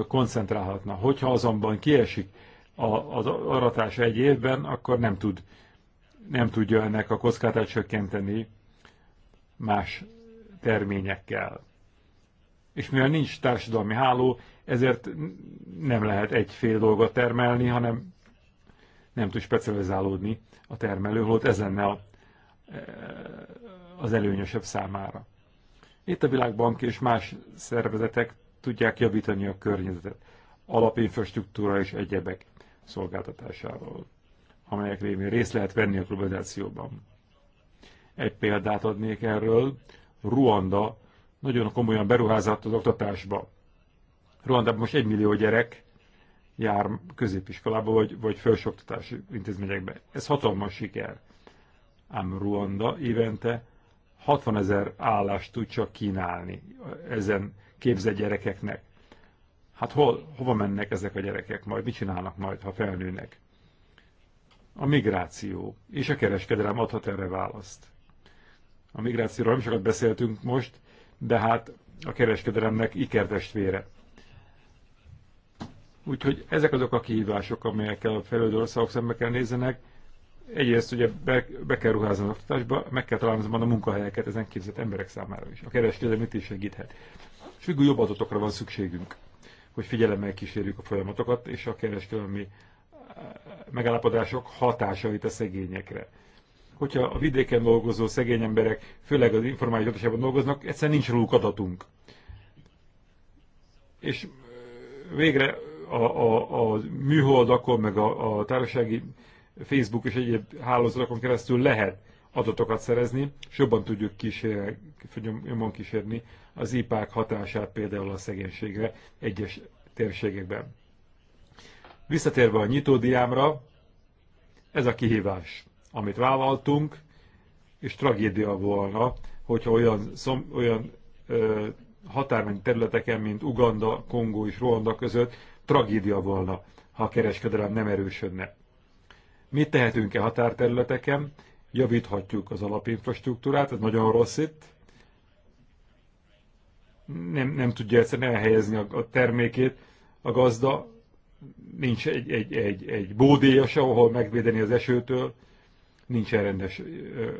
koncentrálhatna. Hogyha azonban kiesik az aratás egy évben, akkor nem tud nem tudja ennek a kockátát csökkenteni más terményekkel. És mivel nincs társadalmi háló, ezért nem lehet egyféle dolgot termelni, hanem nem tud specializálódni a termelő, holott ez lenne a, e, az előnyösebb számára. Itt a Világbank és más szervezetek tudják javítani a környezetet, alapinfrastruktúra és egyebek szolgáltatásával, amelyek révén részt lehet venni a globalizációban. Egy példát adnék erről, Ruanda nagyon komolyan beruházott az oktatásba. Ruandában most egy millió gyerek jár középiskolába vagy, vagy felsőoktatási intézményekbe. Ez hatalmas siker. Ám Ruanda évente 60 ezer állást tud csak kínálni ezen képzett gyerekeknek. Hát hol, hova mennek ezek a gyerekek majd, mit csinálnak majd, ha felnőnek? A migráció és a kereskedelem adhat erre választ. A migrációról nem sokat beszéltünk most, de hát a kereskedelemnek ikertestvére. Úgyhogy ezek azok a kihívások, amelyekkel a fejlődő országok szembe kell nézzenek, egyrészt ugye be, be kell ruházni az oktatásba, meg kell találni a munkahelyeket ezen képzett emberek számára is. A itt is segíthet. És végül jobb adatokra van szükségünk, hogy figyelemmel kísérjük a folyamatokat, és a kereskedelmi eh, megállapodások hatásait a szegényekre. Hogyha a vidéken dolgozó szegény emberek, főleg az informális gazdaságban dolgoznak, egyszerűen nincs róluk adatunk. És eh, végre a, a, a műholdakon, meg a, a társasági Facebook és egyéb hálózatokon keresztül lehet adatokat szerezni, és jobban tudjuk kísérni, kísérni az ipák hatását például a szegénységre egyes térségekben. Visszatérve a nyitódiámra, ez a kihívás, amit vállaltunk, és tragédia volna, hogyha olyan, szom, olyan ö, területeken, mint Uganda, Kongó és Ruanda között tragédia volna, ha a kereskedelem nem erősödne. Mit tehetünk-e határterületeken? Javíthatjuk az alapinfrastruktúrát, ez nagyon rossz itt. Nem, nem tudja egyszerűen elhelyezni a, a termékét a gazda, nincs egy, egy, egy, egy bódéja se, ahol megvédeni az esőtől, nincsen rendes ö,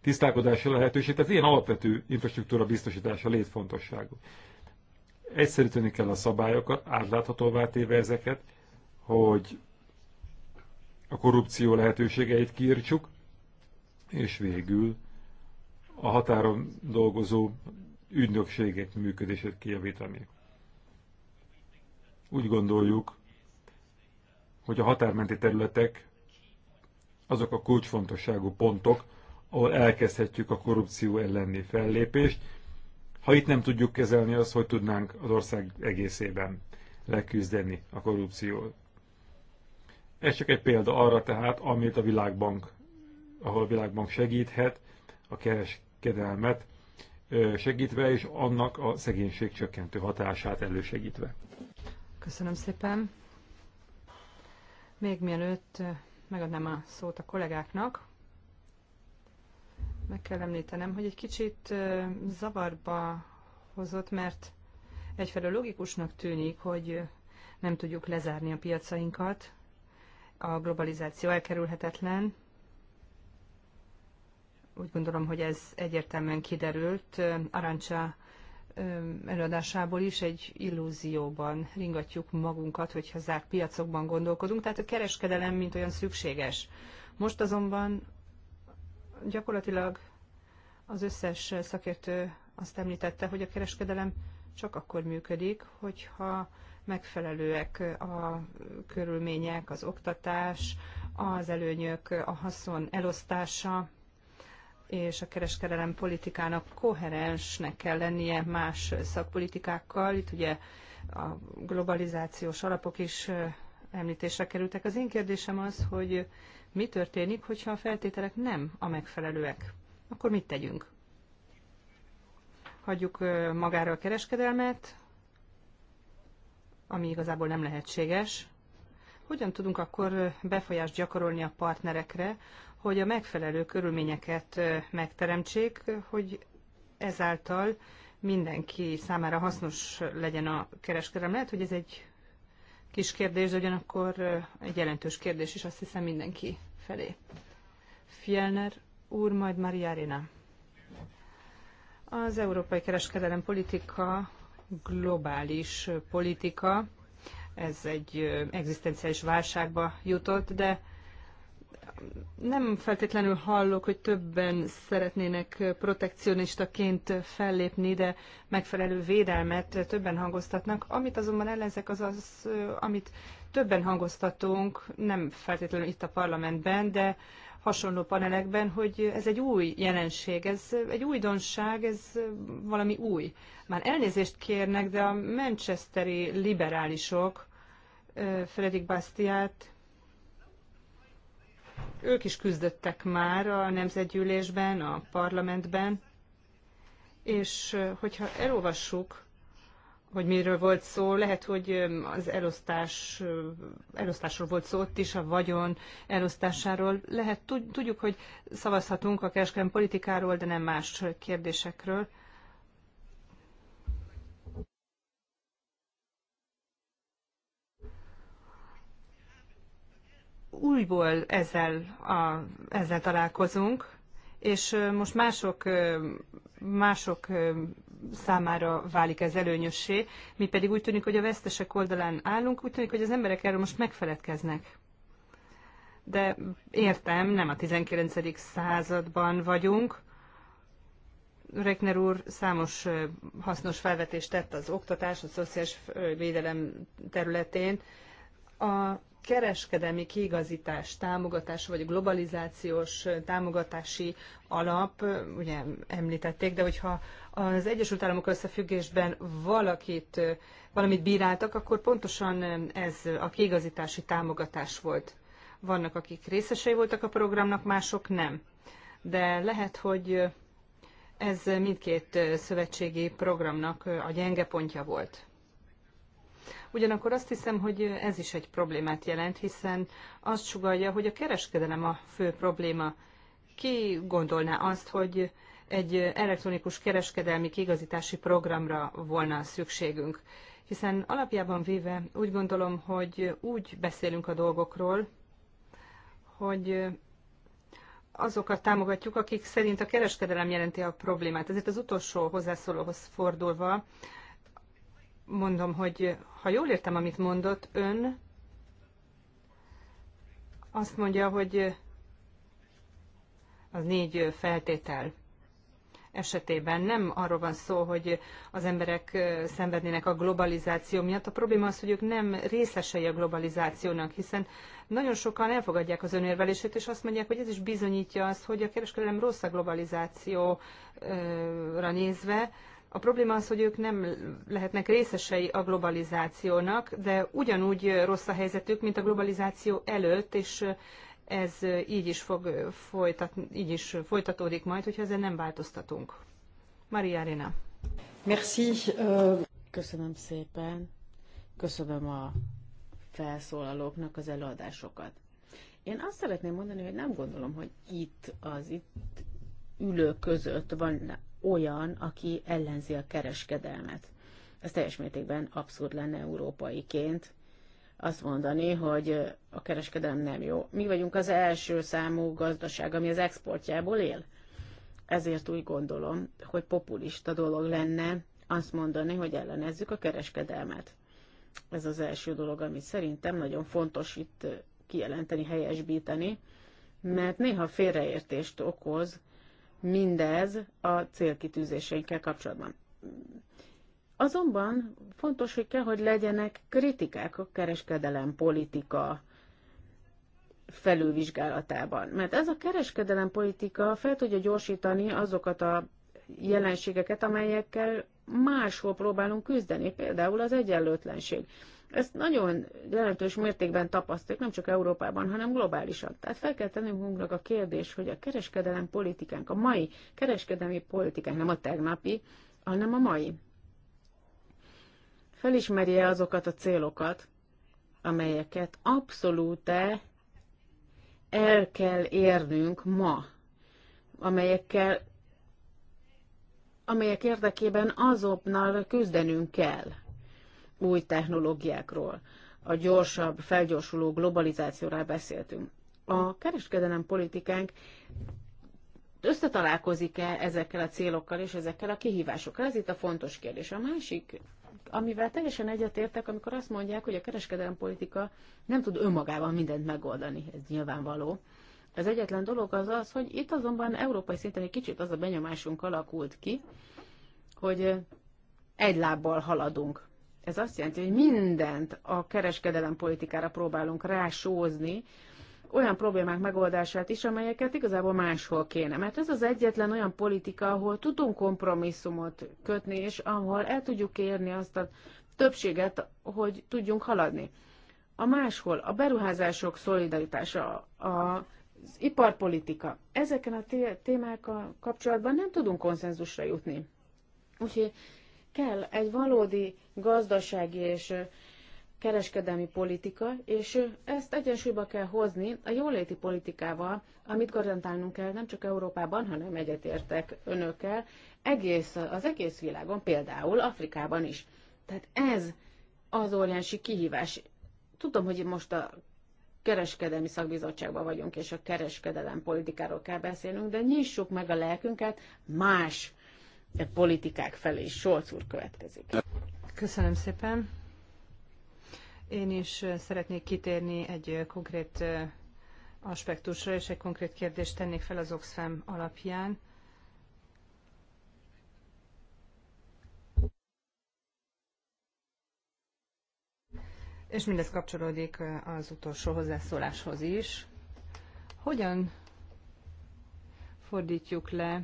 tisztálkodási lehetőség. Tehát ilyen alapvető infrastruktúra biztosítása létfontosságú. Egyszerűsíteni kell a szabályokat, átláthatóvá téve ezeket, hogy a korrupció lehetőségeit kiírtsuk, és végül a határon dolgozó ügynökségek működését kijavítani. Úgy gondoljuk, hogy a határmenti területek azok a kulcsfontosságú pontok, ahol elkezdhetjük a korrupció elleni fellépést, ha itt nem tudjuk kezelni azt, hogy tudnánk az ország egészében leküzdeni a korrupciót. Ez csak egy példa arra tehát, amit a világbank, ahol a világbank segíthet, a kereskedelmet segítve, és annak a szegénység csökkentő hatását elősegítve. Köszönöm szépen. Még mielőtt megadnám a szót a kollégáknak, meg kell említenem, hogy egy kicsit zavarba hozott, mert egyfelől logikusnak tűnik, hogy nem tudjuk lezárni a piacainkat, a globalizáció elkerülhetetlen. Úgy gondolom, hogy ez egyértelműen kiderült. Arancsa előadásából is egy illúzióban ringatjuk magunkat, hogyha zárt piacokban gondolkodunk. Tehát a kereskedelem mint olyan szükséges. Most azonban gyakorlatilag az összes szakértő azt említette, hogy a kereskedelem csak akkor működik, hogyha megfelelőek a körülmények, az oktatás, az előnyök, a haszon elosztása, és a kereskedelem politikának koherensnek kell lennie más szakpolitikákkal. Itt ugye a globalizációs alapok is említésre kerültek. Az én kérdésem az, hogy mi történik, hogyha a feltételek nem a megfelelőek? Akkor mit tegyünk? Hagyjuk magára a kereskedelmet, ami igazából nem lehetséges, hogyan tudunk akkor befolyást gyakorolni a partnerekre, hogy a megfelelő körülményeket megteremtsék, hogy ezáltal mindenki számára hasznos legyen a kereskedelem. Lehet, hogy ez egy kis kérdés, de ugyanakkor egy jelentős kérdés is azt hiszem mindenki felé. Fielner úr, majd Maria Arena. Az európai kereskedelem politika globális politika, ez egy egzisztenciális válságba jutott, de nem feltétlenül hallok, hogy többen szeretnének protekcionistaként fellépni, de megfelelő védelmet többen hangoztatnak. Amit azonban ellenzek, az az, amit többen hangoztatunk, nem feltétlenül itt a parlamentben, de hasonló panelekben, hogy ez egy új jelenség, ez egy újdonság, ez valami új. Már elnézést kérnek, de a manchesteri liberálisok, Fredrik Bastiát, ők is küzdöttek már a nemzetgyűlésben, a parlamentben, és hogyha elolvassuk hogy miről volt szó. Lehet, hogy az elosztás, elosztásról volt szó ott is, a vagyon elosztásáról. Lehet, tudjuk, hogy szavazhatunk a kereskedelmi politikáról, de nem más kérdésekről. Újból ezzel, a, ezzel találkozunk, és most mások, mások számára válik ez előnyössé. Mi pedig úgy tűnik, hogy a vesztesek oldalán állunk, úgy tűnik, hogy az emberek erről most megfeledkeznek. De értem, nem a 19. században vagyunk, Rekner úr számos hasznos felvetést tett az oktatás, a szociális védelem területén. A kereskedelmi kiigazítás támogatás, vagy globalizációs támogatási alap, ugye említették, de hogyha az Egyesült Államok összefüggésben valakit, valamit bíráltak, akkor pontosan ez a kiigazítási támogatás volt. Vannak, akik részesei voltak a programnak, mások nem. De lehet, hogy ez mindkét szövetségi programnak a gyenge pontja volt. Ugyanakkor azt hiszem, hogy ez is egy problémát jelent, hiszen azt sugalja, hogy a kereskedelem a fő probléma. Ki gondolná azt, hogy egy elektronikus kereskedelmi kigazítási programra volna szükségünk? Hiszen alapjában véve úgy gondolom, hogy úgy beszélünk a dolgokról, hogy azokat támogatjuk, akik szerint a kereskedelem jelenti a problémát. Ezért az utolsó hozzászólóhoz fordulva mondom, hogy ha jól értem, amit mondott, ön azt mondja, hogy az négy feltétel esetében nem arról van szó, hogy az emberek szenvednének a globalizáció miatt. A probléma az, hogy ők nem részesei a globalizációnak, hiszen nagyon sokan elfogadják az önérvelését, és azt mondják, hogy ez is bizonyítja azt, hogy a kereskedelem rossz a globalizációra nézve, a probléma az, hogy ők nem lehetnek részesei a globalizációnak, de ugyanúgy rossz a helyzetük, mint a globalizáció előtt, és ez így is, fog folytat, így is folytatódik majd, hogyha ezen nem változtatunk. Maria Arena. Merci. Euh, Köszönöm szépen. Köszönöm a felszólalóknak az előadásokat. Én azt szeretném mondani, hogy nem gondolom, hogy itt az itt ülő között van olyan, aki ellenzi a kereskedelmet. Ez teljes mértékben abszurd lenne európaiként azt mondani, hogy a kereskedelem nem jó. Mi vagyunk az első számú gazdaság, ami az exportjából él. Ezért úgy gondolom, hogy populista dolog lenne azt mondani, hogy ellenezzük a kereskedelmet. Ez az első dolog, amit szerintem nagyon fontos itt kijelenteni, helyesbíteni, mert néha félreértést okoz mindez a célkitűzéseinkkel kapcsolatban. Azonban fontos, hogy kell, hogy legyenek kritikák a kereskedelem politika felülvizsgálatában. Mert ez a kereskedelem politika fel tudja gyorsítani azokat a jelenségeket, amelyekkel máshol próbálunk küzdeni, például az egyenlőtlenség. Ezt nagyon jelentős mértékben tapasztaljuk, nem csak Európában, hanem globálisan. Tehát fel kell tennünk magunknak a kérdés, hogy a kereskedelem politikánk, a mai kereskedelmi politikánk, nem a tegnapi, hanem a mai. Felismerje azokat a célokat, amelyeket abszolút el kell érnünk ma, amelyekkel amelyek érdekében azonnal küzdenünk kell új technológiákról, a gyorsabb, felgyorsuló globalizációról beszéltünk. A kereskedelem politikánk összetalálkozik-e ezekkel a célokkal és ezekkel a kihívásokkal? Ez itt a fontos kérdés. A másik, amivel teljesen egyetértek, amikor azt mondják, hogy a kereskedelem politika nem tud önmagában mindent megoldani, ez nyilvánvaló. Az egyetlen dolog az az, hogy itt azonban európai szinten egy kicsit az a benyomásunk alakult ki, hogy egy lábbal haladunk. Ez azt jelenti, hogy mindent a kereskedelem politikára próbálunk rásózni, olyan problémák megoldását is, amelyeket igazából máshol kéne. Mert ez az egyetlen olyan politika, ahol tudunk kompromisszumot kötni, és ahol el tudjuk érni azt a többséget, hogy tudjunk haladni. A máshol, a beruházások szolidaritása, az iparpolitika, ezeken a témákkal kapcsolatban nem tudunk konszenzusra jutni. Úgyhogy Kell egy valódi gazdasági és kereskedelmi politika, és ezt egyensúlyba kell hozni a jóléti politikával, amit garantálnunk kell nem csak Európában, hanem egyetértek önökkel, egész, az egész világon, például Afrikában is. Tehát ez az óriási kihívás. Tudom, hogy most a kereskedelmi szakbizottságban vagyunk, és a kereskedelem politikáról kell beszélnünk, de nyissuk meg a lelkünket más E politikák felé is. Solc úr következik. Köszönöm szépen. Én is szeretnék kitérni egy konkrét e, aspektusra, és egy konkrét kérdést tennék fel az Oxfam alapján. És mindez kapcsolódik e, az utolsó hozzászóláshoz is. Hogyan fordítjuk le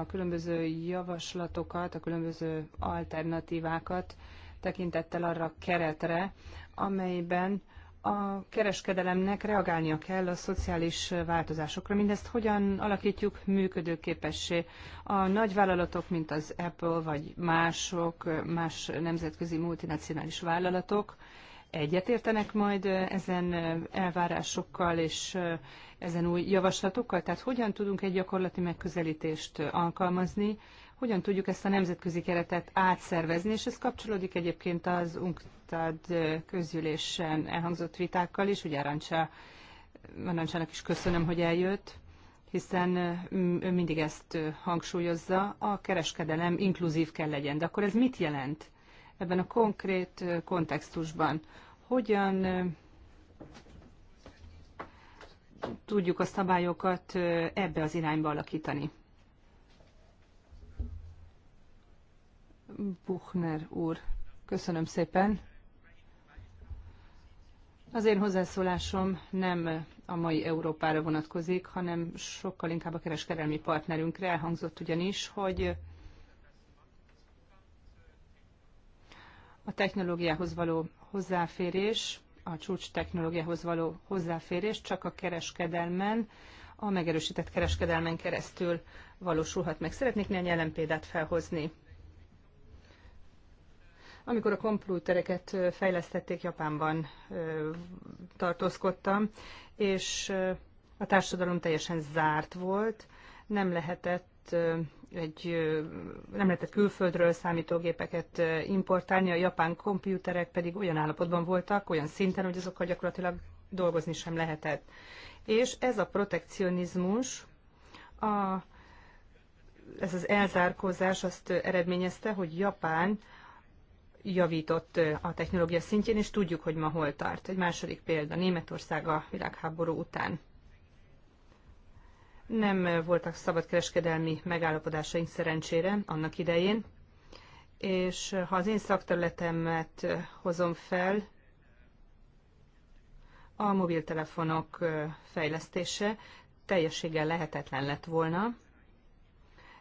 a különböző javaslatokat, a különböző alternatívákat tekintettel arra a keretre, amelyben a kereskedelemnek reagálnia kell a szociális változásokra. Mindezt hogyan alakítjuk működőképessé? A nagyvállalatok, mint az Apple vagy mások, más nemzetközi multinacionális vállalatok egyetértenek majd ezen elvárásokkal és ezen új javaslatokkal? Tehát hogyan tudunk egy gyakorlati megközelítést alkalmazni, hogyan tudjuk ezt a nemzetközi keretet átszervezni, és ez kapcsolódik egyébként az UNCTAD közülésen elhangzott vitákkal is, ugye Arancsa, Arancsának is köszönöm, hogy eljött hiszen ő mindig ezt hangsúlyozza, a kereskedelem inkluzív kell legyen. De akkor ez mit jelent ebben a konkrét kontextusban? hogyan tudjuk a szabályokat ebbe az irányba alakítani. Buchner úr, köszönöm szépen. Az én hozzászólásom nem a mai Európára vonatkozik, hanem sokkal inkább a kereskedelmi partnerünkre. Elhangzott ugyanis, hogy A technológiához való hozzáférés, a csúcs technológiához való hozzáférés csak a kereskedelmen, a megerősített kereskedelmen keresztül valósulhat meg. Szeretnék néhány jelen példát felhozni. Amikor a komputereket fejlesztették Japánban, tartózkodtam, és a társadalom teljesen zárt volt, nem lehetett lehetett egy, nem lehetett külföldről számítógépeket importálni, a japán komputerek pedig olyan állapotban voltak, olyan szinten, hogy azokkal gyakorlatilag dolgozni sem lehetett. És ez a protekcionizmus, a, ez az elzárkózás azt eredményezte, hogy Japán javított a technológia szintjén, és tudjuk, hogy ma hol tart. Egy második példa, Németország a világháború után nem voltak szabadkereskedelmi megállapodásaink szerencsére annak idején, és ha az én szakterületemet hozom fel, a mobiltelefonok fejlesztése teljességgel lehetetlen lett volna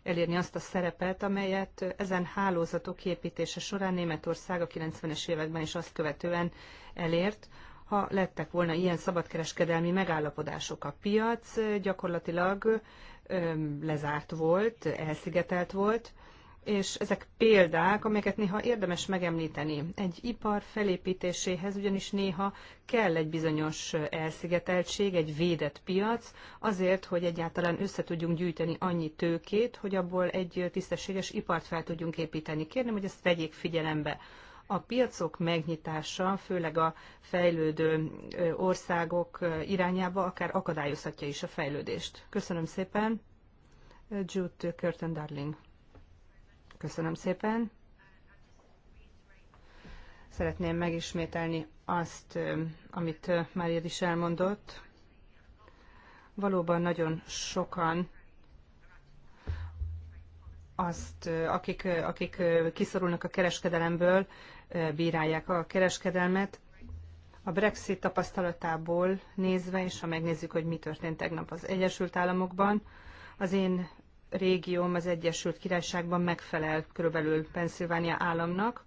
elérni azt a szerepet, amelyet ezen hálózatok építése során Németország a 90-es években is azt követően elért, ha lettek volna ilyen szabadkereskedelmi megállapodások. A piac gyakorlatilag lezárt volt, elszigetelt volt, és ezek példák, amelyeket néha érdemes megemlíteni. Egy ipar felépítéséhez ugyanis néha kell egy bizonyos elszigeteltség, egy védett piac, azért, hogy egyáltalán össze tudjunk gyűjteni annyi tőkét, hogy abból egy tisztességes ipart fel tudjunk építeni. Kérném, hogy ezt vegyék figyelembe. A piacok megnyitása, főleg a fejlődő országok irányába akár akadályozhatja is a fejlődést. Köszönöm szépen. Jude Curtin Darling. Köszönöm szépen. Szeretném megismételni azt, amit Mária is elmondott. Valóban nagyon sokan azt, akik, akik kiszorulnak a kereskedelemből, bírálják a kereskedelmet. A Brexit tapasztalatából nézve, és ha megnézzük, hogy mi történt tegnap az Egyesült Államokban, az én régióm az Egyesült Királyságban megfelel körülbelül Pennsylvania államnak,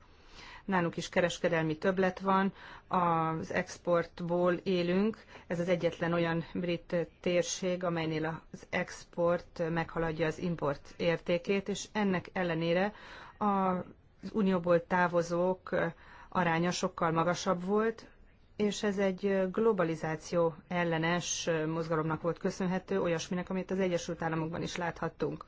Náluk is kereskedelmi többlet van, az exportból élünk. Ez az egyetlen olyan brit térség, amelynél az export meghaladja az import értékét, és ennek ellenére az unióból távozók aránya sokkal magasabb volt, és ez egy globalizáció ellenes mozgalomnak volt köszönhető, olyasminek, amit az Egyesült Államokban is láthattunk.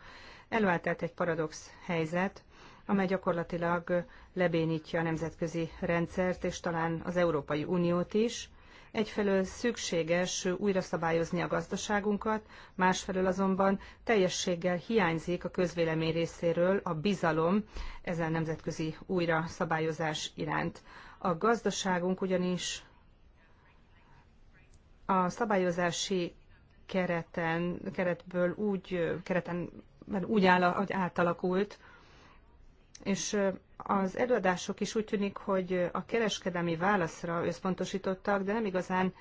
Elvált egy paradox helyzet, amely gyakorlatilag lebénítja a nemzetközi rendszert, és talán az Európai Uniót is. Egyfelől szükséges újra szabályozni a gazdaságunkat, másfelől azonban teljességgel hiányzik a közvélemény részéről a bizalom ezen nemzetközi újra szabályozás iránt. A gazdaságunk ugyanis a szabályozási kereten, keretből úgy, kereten úgy áll, hogy átalakult, és az előadások is úgy tűnik, hogy a kereskedelmi válaszra összpontosítottak, de nem igazán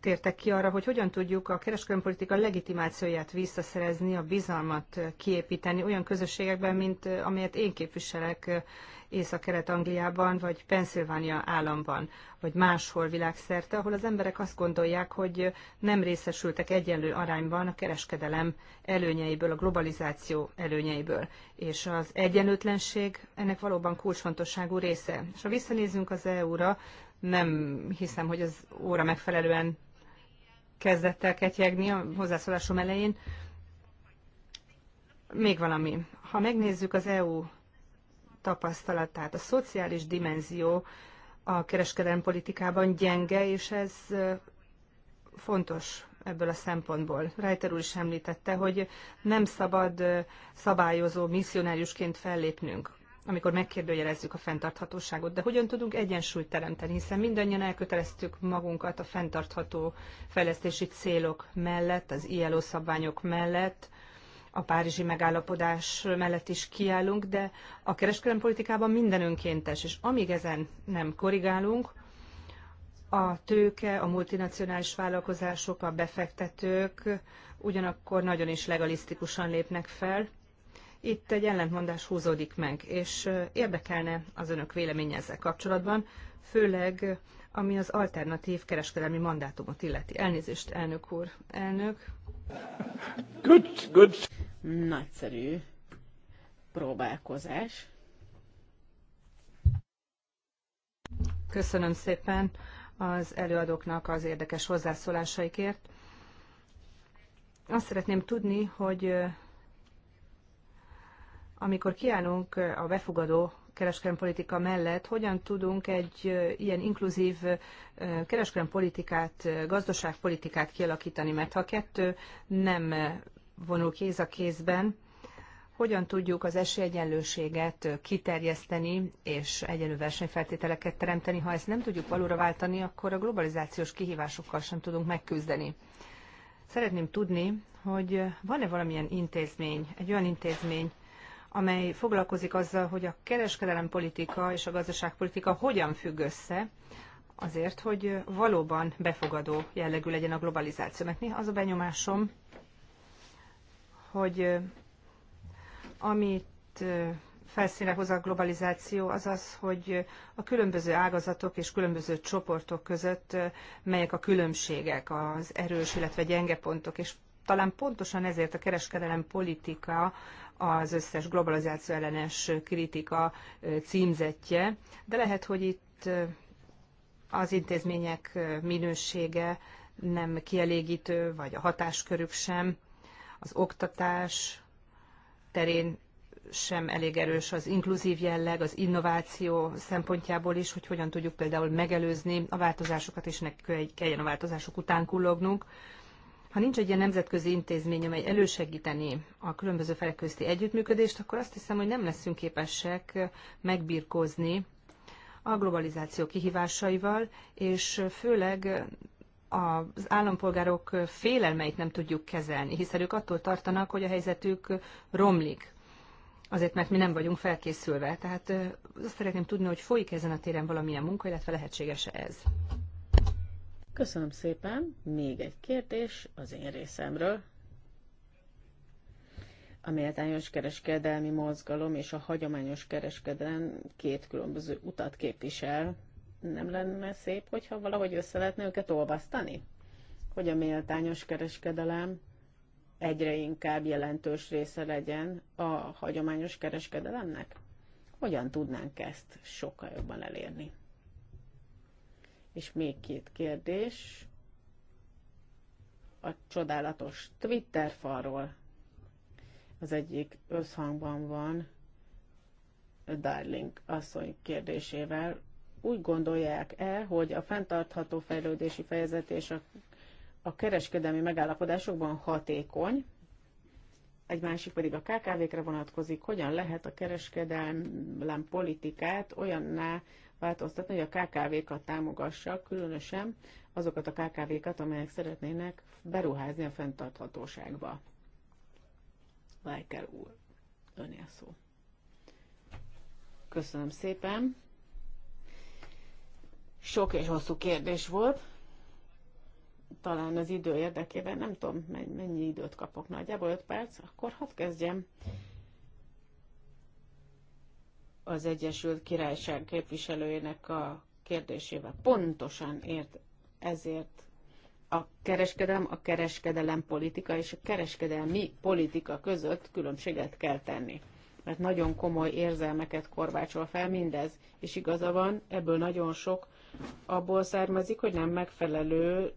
tértek ki arra, hogy hogyan tudjuk a kereskedelmi politika legitimációját visszaszerezni, a bizalmat kiépíteni olyan közösségekben, mint amelyet én képviselek Észak-Kelet-Angliában, vagy Pennsylvania államban, vagy máshol világszerte, ahol az emberek azt gondolják, hogy nem részesültek egyenlő arányban a kereskedelem előnyeiből, a globalizáció előnyeiből. És az egyenlőtlenség ennek valóban kulcsfontosságú része. És ha visszanézünk az EU-ra, nem hiszem, hogy az óra megfelelően kezdett el ketyegni a hozzászólásom elején. Még valami. Ha megnézzük az EU tapasztalatát, a szociális dimenzió a kereskedelmi politikában gyenge, és ez fontos ebből a szempontból. Reiter úr is említette, hogy nem szabad szabályozó misszionáriusként fellépnünk amikor megkérdőjelezzük a fenntarthatóságot. De hogyan tudunk egyensúlyt teremteni, hiszen mindannyian elköteleztük magunkat a fenntartható fejlesztési célok mellett, az ILO szabványok mellett, a párizsi megállapodás mellett is kiállunk, de a kereskedelmi politikában minden önkéntes, és amíg ezen nem korrigálunk, a tőke, a multinacionális vállalkozások, a befektetők ugyanakkor nagyon is legalisztikusan lépnek fel, itt egy ellentmondás húzódik meg, és érdekelne az önök véleménye ezzel kapcsolatban, főleg ami az alternatív kereskedelmi mandátumot illeti. Elnézést, elnök úr. Elnök. Good, good. Nagyszerű próbálkozás. Köszönöm szépen az előadóknak az érdekes hozzászólásaikért. Azt szeretném tudni, hogy amikor kiállunk a befogadó kereskedelmpolitika mellett, hogyan tudunk egy ilyen inkluzív kereskedelmpolitikát, gazdaságpolitikát kialakítani, mert ha kettő nem vonul kéz a kézben, hogyan tudjuk az esélyegyenlőséget kiterjeszteni és egyenlő versenyfeltételeket teremteni. Ha ezt nem tudjuk valóra váltani, akkor a globalizációs kihívásokkal sem tudunk megküzdeni. Szeretném tudni, hogy van-e valamilyen intézmény, egy olyan intézmény, amely foglalkozik azzal, hogy a kereskedelempolitika és a gazdaságpolitika hogyan függ össze, azért, hogy valóban befogadó jellegű legyen a globalizáció. Mert néha az a benyomásom, hogy amit felszínre hoz a globalizáció, az az, hogy a különböző ágazatok és különböző csoportok között melyek a különbségek, az erős, illetve gyenge pontok, és talán pontosan ezért a kereskedelem politika az összes globalizáció ellenes kritika címzetje, de lehet, hogy itt az intézmények minősége nem kielégítő, vagy a hatáskörük sem, az oktatás terén sem elég erős az inkluzív jelleg, az innováció szempontjából is, hogy hogyan tudjuk például megelőzni a változásokat, és nekünk kelljen a változások után kullognunk ha nincs egy ilyen nemzetközi intézmény, amely elősegíteni a különböző felek közti együttműködést, akkor azt hiszem, hogy nem leszünk képesek megbirkózni a globalizáció kihívásaival, és főleg az állampolgárok félelmeit nem tudjuk kezelni, hiszen ők attól tartanak, hogy a helyzetük romlik. Azért, mert mi nem vagyunk felkészülve. Tehát azt szeretném tudni, hogy folyik ezen a téren valamilyen munka, illetve lehetséges -e ez. Köszönöm szépen. Még egy kérdés az én részemről. A méltányos kereskedelmi mozgalom és a hagyományos kereskedelem két különböző utat képvisel. Nem lenne szép, hogyha valahogy össze lehetne őket olvasztani? Hogy a méltányos kereskedelem egyre inkább jelentős része legyen a hagyományos kereskedelemnek? Hogyan tudnánk ezt sokkal jobban elérni? És még két kérdés a csodálatos Twitter falról. Az egyik összhangban van a Darling asszony kérdésével. Úgy gondolják-e, hogy a fenntartható fejlődési fejezet és a, a kereskedelmi megállapodásokban hatékony, egy másik pedig a KKV-kre vonatkozik, hogyan lehet a kereskedelem politikát olyanná változtatni, hogy a KKV-kat támogassa, különösen azokat a KKV-kat, amelyek szeretnének beruházni a fenntarthatóságba. Leiker úr, a szó. Köszönöm szépen. Sok és hosszú kérdés volt. Talán az idő érdekében, nem tudom mennyi időt kapok, nagyjából 5 perc, akkor hadd kezdjem az Egyesült Királyság képviselőjének a kérdésével. Pontosan ért ezért a kereskedelem, a kereskedelem politika és a kereskedelmi politika között különbséget kell tenni. Mert nagyon komoly érzelmeket korbácsol fel mindez, és igaza van, ebből nagyon sok abból származik, hogy nem megfelelő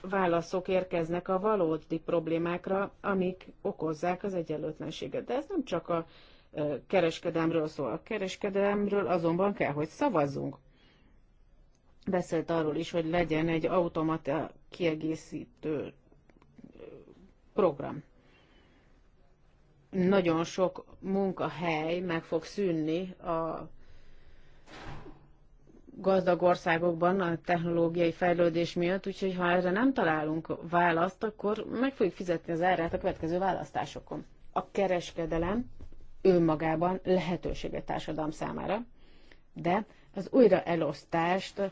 válaszok érkeznek a valódi problémákra, amik okozzák az egyenlőtlenséget. De ez nem csak a kereskedelmről szól. A kereskedelemről azonban kell, hogy szavazzunk. Beszélt arról is, hogy legyen egy automata kiegészítő program. Nagyon sok munkahely meg fog szűnni a gazdag országokban a technológiai fejlődés miatt, úgyhogy ha erre nem találunk választ, akkor meg fogjuk fizetni az árát a következő választásokon. A kereskedelem önmagában lehetőséget társadalom számára, de az újraelosztást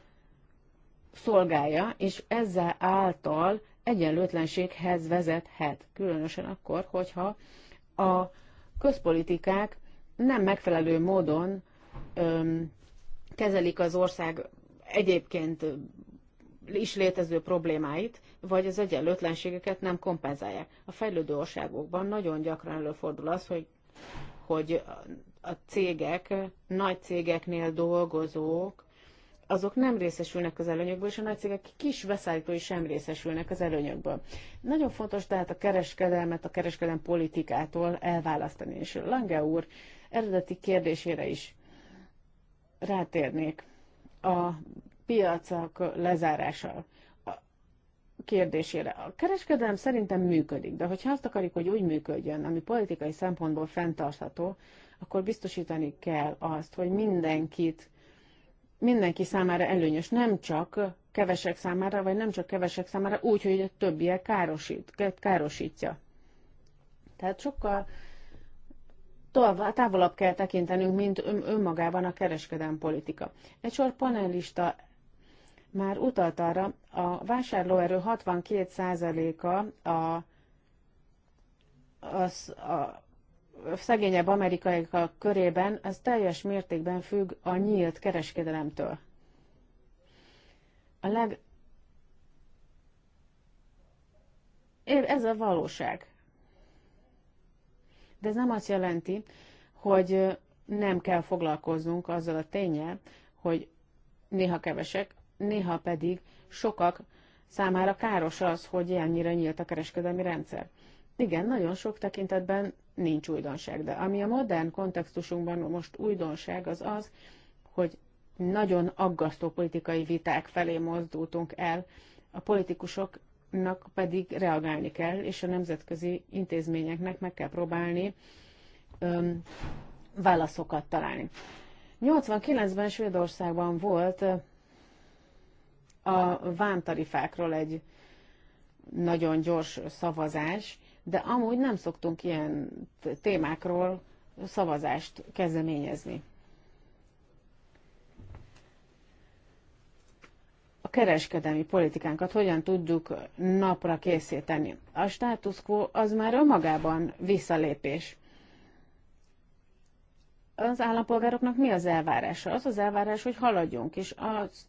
szolgálja, és ezzel által egyenlőtlenséghez vezethet, különösen akkor, hogyha a közpolitikák nem megfelelő módon öm, kezelik az ország egyébként is létező problémáit, vagy az egyenlőtlenségeket nem kompenzálják. A fejlődő országokban nagyon gyakran előfordul az, hogy hogy a cégek, nagy cégeknél dolgozók, azok nem részesülnek az előnyökből, és a nagy cégek kis beszállítói sem részesülnek az előnyökből. Nagyon fontos tehát a kereskedelmet a kereskedelem politikától elválasztani, és Lange úr eredeti kérdésére is rátérnék a piacok lezárása kérdésére. A kereskedelem szerintem működik, de hogyha azt akarjuk, hogy úgy működjön, ami politikai szempontból fenntartható, akkor biztosítani kell azt, hogy mindenkit, mindenki számára előnyös, nem csak kevesek számára, vagy nem csak kevesek számára, úgy, hogy a többiek károsít, károsítja. Tehát sokkal távolabb kell tekintenünk, mint önmagában a kereskedelmi politika. Egy sor panelista már utalt arra, a vásárlóerő 62%-a a, az, a szegényebb amerikaiak körében, az teljes mértékben függ a nyílt kereskedelemtől. A leg... Ez a valóság. De ez nem azt jelenti, hogy nem kell foglalkoznunk azzal a tényel, hogy néha kevesek, néha pedig sokak számára káros az, hogy ilyennyire nyílt a kereskedelmi rendszer. Igen, nagyon sok tekintetben nincs újdonság, de ami a modern kontextusunkban most újdonság, az az, hogy nagyon aggasztó politikai viták felé mozdultunk el, a politikusoknak pedig reagálni kell, és a nemzetközi intézményeknek meg kell próbálni öm, válaszokat találni. 89-ben Svédországban volt a vámtarifákról egy nagyon gyors szavazás, de amúgy nem szoktunk ilyen témákról szavazást kezdeményezni. A kereskedelmi politikánkat hogyan tudjuk napra készíteni? A status quo az már önmagában visszalépés az állampolgároknak mi az elvárása? Az az elvárás, hogy haladjunk, és azt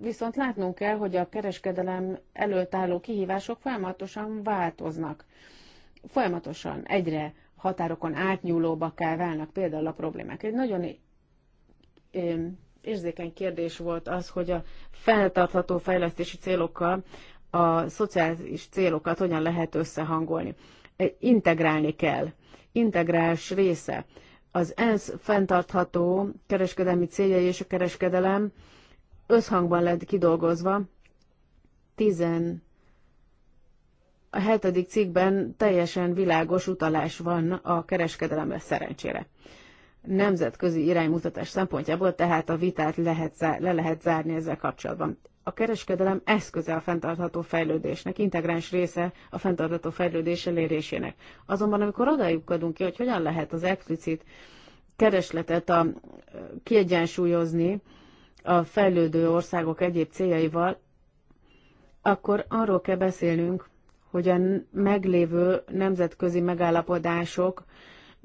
viszont látnunk kell, hogy a kereskedelem előtt álló kihívások folyamatosan változnak. Folyamatosan egyre határokon kell válnak például a problémák. Egy nagyon érzékeny kérdés volt az, hogy a feltartható fejlesztési célokkal a szociális célokat hogyan lehet összehangolni. Integrálni kell. Integrás része. Az ENSZ fenntartható kereskedelmi céljai és a kereskedelem összhangban lett kidolgozva. Tizen a hetedik cikkben teljesen világos utalás van a kereskedelemre szerencsére. Nemzetközi iránymutatás szempontjából tehát a vitát lehet, le lehet zárni ezzel kapcsolatban. A kereskedelem eszköze a fenntartható fejlődésnek, integráns része a fenntartható fejlődés elérésének. Azonban amikor odájuk adunk ki, hogy hogyan lehet az explicit keresletet a, kiegyensúlyozni, a fejlődő országok egyéb céljaival, akkor arról kell beszélnünk, hogy a meglévő nemzetközi megállapodások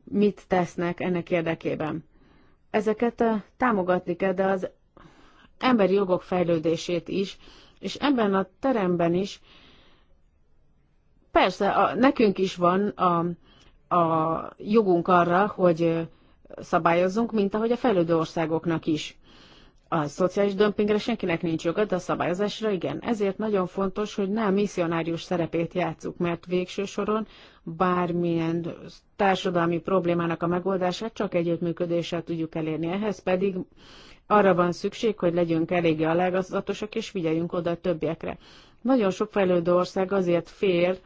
mit tesznek ennek érdekében. Ezeket eh, támogatni kell, de az emberi jogok fejlődését is, és ebben a teremben is, persze a, nekünk is van a, a jogunk arra, hogy eh, szabályozzunk, mint ahogy a fejlődő országoknak is. A szociális dömpingre senkinek nincs joga, de a szabályozásra igen. Ezért nagyon fontos, hogy nem misszionárius szerepét játsszuk, mert végső soron bármilyen társadalmi problémának a megoldását csak együttműködéssel tudjuk elérni. Ehhez pedig arra van szükség, hogy legyünk eléggé alágazatosak, és figyeljünk oda a többiekre. Nagyon sok fejlődő ország azért fél,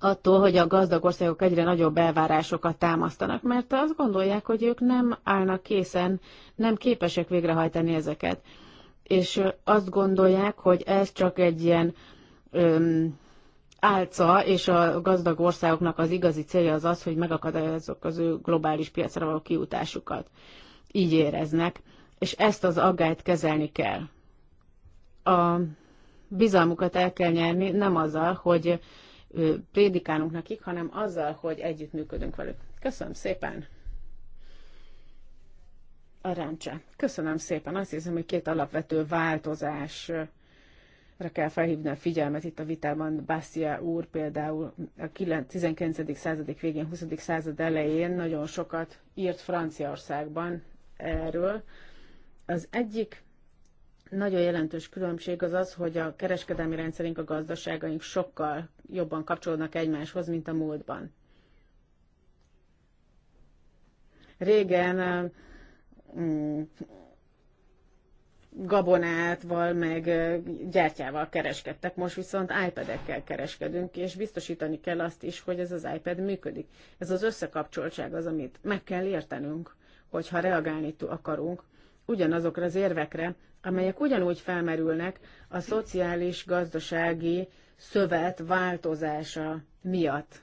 attól, hogy a gazdag országok egyre nagyobb elvárásokat támasztanak, mert azt gondolják, hogy ők nem állnak készen, nem képesek végrehajtani ezeket. És azt gondolják, hogy ez csak egy ilyen öm, álca, és a gazdag országoknak az igazi célja az az, hogy megakadályozzuk az ő globális piacra való kiutásukat. Így éreznek, és ezt az aggályt kezelni kell. A bizalmukat el kell nyerni, nem azzal, hogy prédikálunk nekik, hanem azzal, hogy együttműködünk velük. Köszönöm szépen! A rendse. Köszönöm szépen. Azt hiszem, hogy két alapvető változás erre kell felhívni a figyelmet itt a vitában. Bastia úr például a 19. század végén, 20. század elején nagyon sokat írt Franciaországban erről. Az egyik nagyon jelentős különbség az az, hogy a kereskedelmi rendszerünk, a gazdaságaink sokkal jobban kapcsolódnak egymáshoz, mint a múltban. Régen um, gabonát gabonátval, meg uh, gyertyával kereskedtek, most viszont iPad-ekkel kereskedünk, és biztosítani kell azt is, hogy ez az iPad működik. Ez az összekapcsoltság az, amit meg kell értenünk, hogyha reagálni akarunk ugyanazokra az érvekre, amelyek ugyanúgy felmerülnek a szociális-gazdasági szövet változása miatt,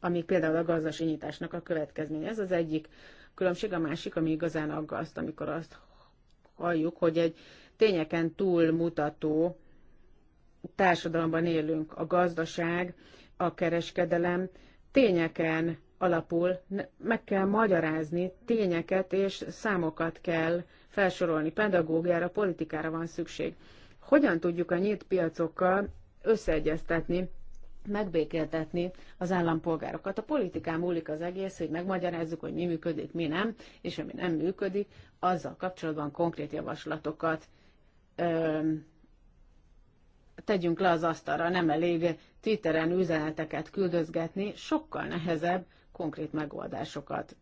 amik például a gazdaságnyitásnak a következménye. Ez az egyik különbség, a másik, ami igazán aggaszt, amikor azt halljuk, hogy egy tényeken túlmutató társadalomban élünk. A gazdaság, a kereskedelem tényeken alapul, meg kell magyarázni tényeket és számokat kell felsorolni. Pedagógiára, politikára van szükség. Hogyan tudjuk a nyílt piacokkal összeegyeztetni, megbékéltetni az állampolgárokat? A politikán múlik az egész, hogy megmagyarázzuk, hogy mi működik, mi nem, és ami nem működik, azzal kapcsolatban konkrét javaslatokat ö, tegyünk le az asztalra, nem elég titeren üzeneteket küldözgetni, sokkal nehezebb konkrét megoldásokat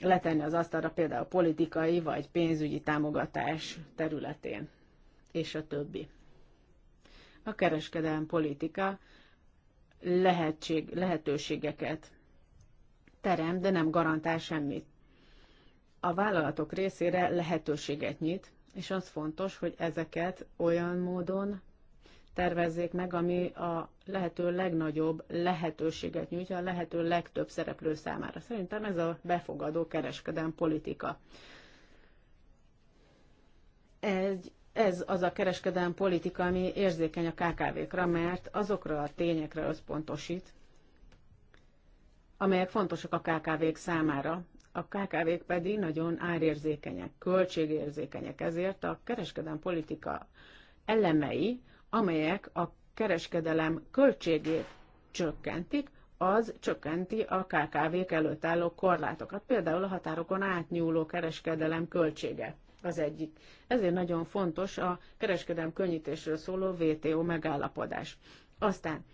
letenni az asztalra például politikai vagy pénzügyi támogatás területén, és a többi. A kereskedelmi politika lehetség, lehetőségeket terem, de nem garantál semmit. A vállalatok részére lehetőséget nyit, és az fontos, hogy ezeket olyan módon tervezzék meg, ami a lehető legnagyobb lehetőséget nyújtja a lehető legtöbb szereplő számára. Szerintem ez a befogadó kereskedelmi politika. Egy, ez az a kereskedelmi politika, ami érzékeny a KKV-kra, mert azokra a tényekre összpontosít, amelyek fontosak a KKV-k számára, a KKV-k pedig nagyon árérzékenyek, költségérzékenyek, ezért a kereskedelmi politika elemei amelyek a kereskedelem költségét csökkentik, az csökkenti a KKV-k előtt álló korlátokat, például a határokon átnyúló kereskedelem költsége az egyik. Ezért nagyon fontos a kereskedelem könnyítésről szóló VTO megállapodás. Aztán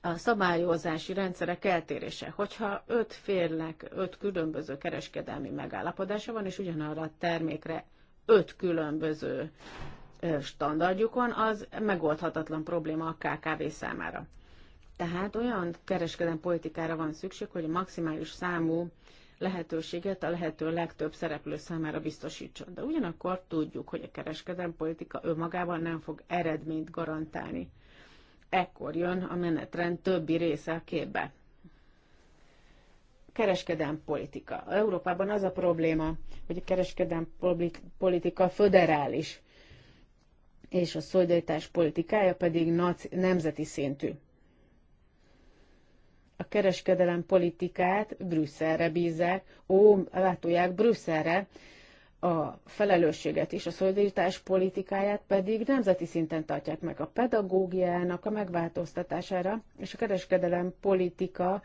a szabályozási rendszerek eltérése. Hogyha öt férnek öt különböző kereskedelmi megállapodása van, és ugyanarra a termékre öt különböző standardjukon, az megoldhatatlan probléma a KKV számára. Tehát olyan kereskedelmi politikára van szükség, hogy a maximális számú lehetőséget a lehető legtöbb szereplő számára biztosítson. De ugyanakkor tudjuk, hogy a kereskedelmi politika önmagában nem fog eredményt garantálni. Ekkor jön a menetrend többi része a képbe. Kereskedelmi politika. Európában az a probléma, hogy a kereskedelmi politika föderális és a szolidaritás politikája pedig nemzeti szintű. A kereskedelem politikát Brüsszelre bízzák, ó, látóják Brüsszelre, a felelősséget és a szolidaritás politikáját pedig nemzeti szinten tartják meg a pedagógiának a megváltoztatására, és a kereskedelem politika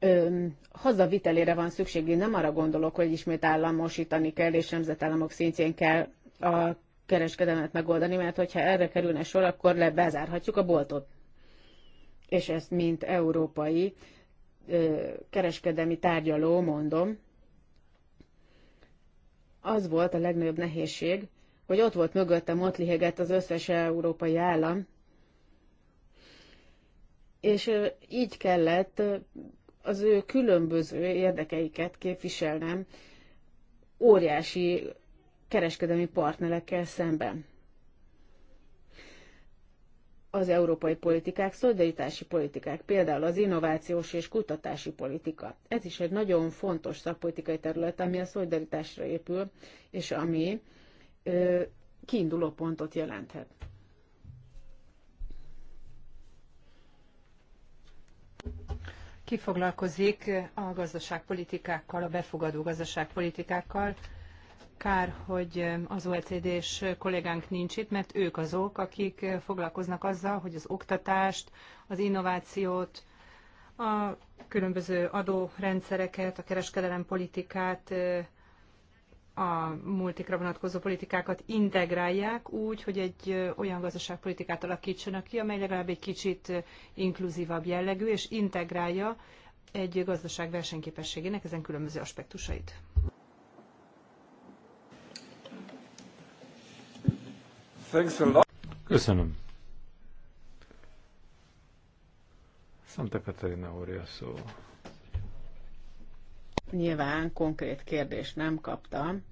öm, hazavitelére van szükség. Én nem arra gondolok, hogy ismét államosítani kell, és nemzetállamok szintjén kell a kereskedelmet megoldani, mert hogyha erre kerülne sor, akkor lebezárhatjuk a boltot. És ezt, mint európai ö, kereskedelmi tárgyaló mondom, az volt a legnagyobb nehézség, hogy ott volt mögöttem, ott lihegett az összes európai állam, és így kellett az ő különböző érdekeiket képviselnem óriási kereskedelmi partnerekkel szemben. Az európai politikák, szolidaritási politikák, például az innovációs és kutatási politika. Ez is egy nagyon fontos szakpolitikai terület, ami a szolidaritásra épül, és ami ö, kiinduló pontot jelenthet. Ki foglalkozik a gazdaságpolitikákkal, a befogadó gazdaságpolitikákkal, Kár, hogy az OECD-s kollégánk nincs itt, mert ők azok, akik foglalkoznak azzal, hogy az oktatást, az innovációt, a különböző adórendszereket, a kereskedelem politikát, a multikra vonatkozó politikákat integrálják úgy, hogy egy olyan gazdaságpolitikát alakítsanak ki, amely legalább egy kicsit inkluzívabb jellegű, és integrálja egy gazdaság versenyképességének ezen különböző aspektusait. Köszönöm. Szanta Katarina úrja szó. Nyilván konkrét kérdést nem kaptam,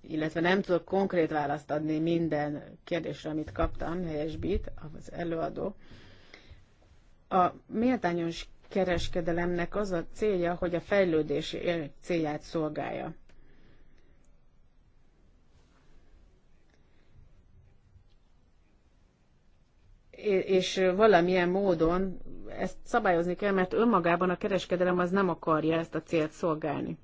illetve nem tudok konkrét választ adni minden kérdésre, amit kaptam, helyesbít az előadó. A méltányos kereskedelemnek az a célja, hogy a fejlődés célját szolgálja. és valamilyen módon ezt szabályozni kell, mert önmagában a kereskedelem az nem akarja ezt a célt szolgálni.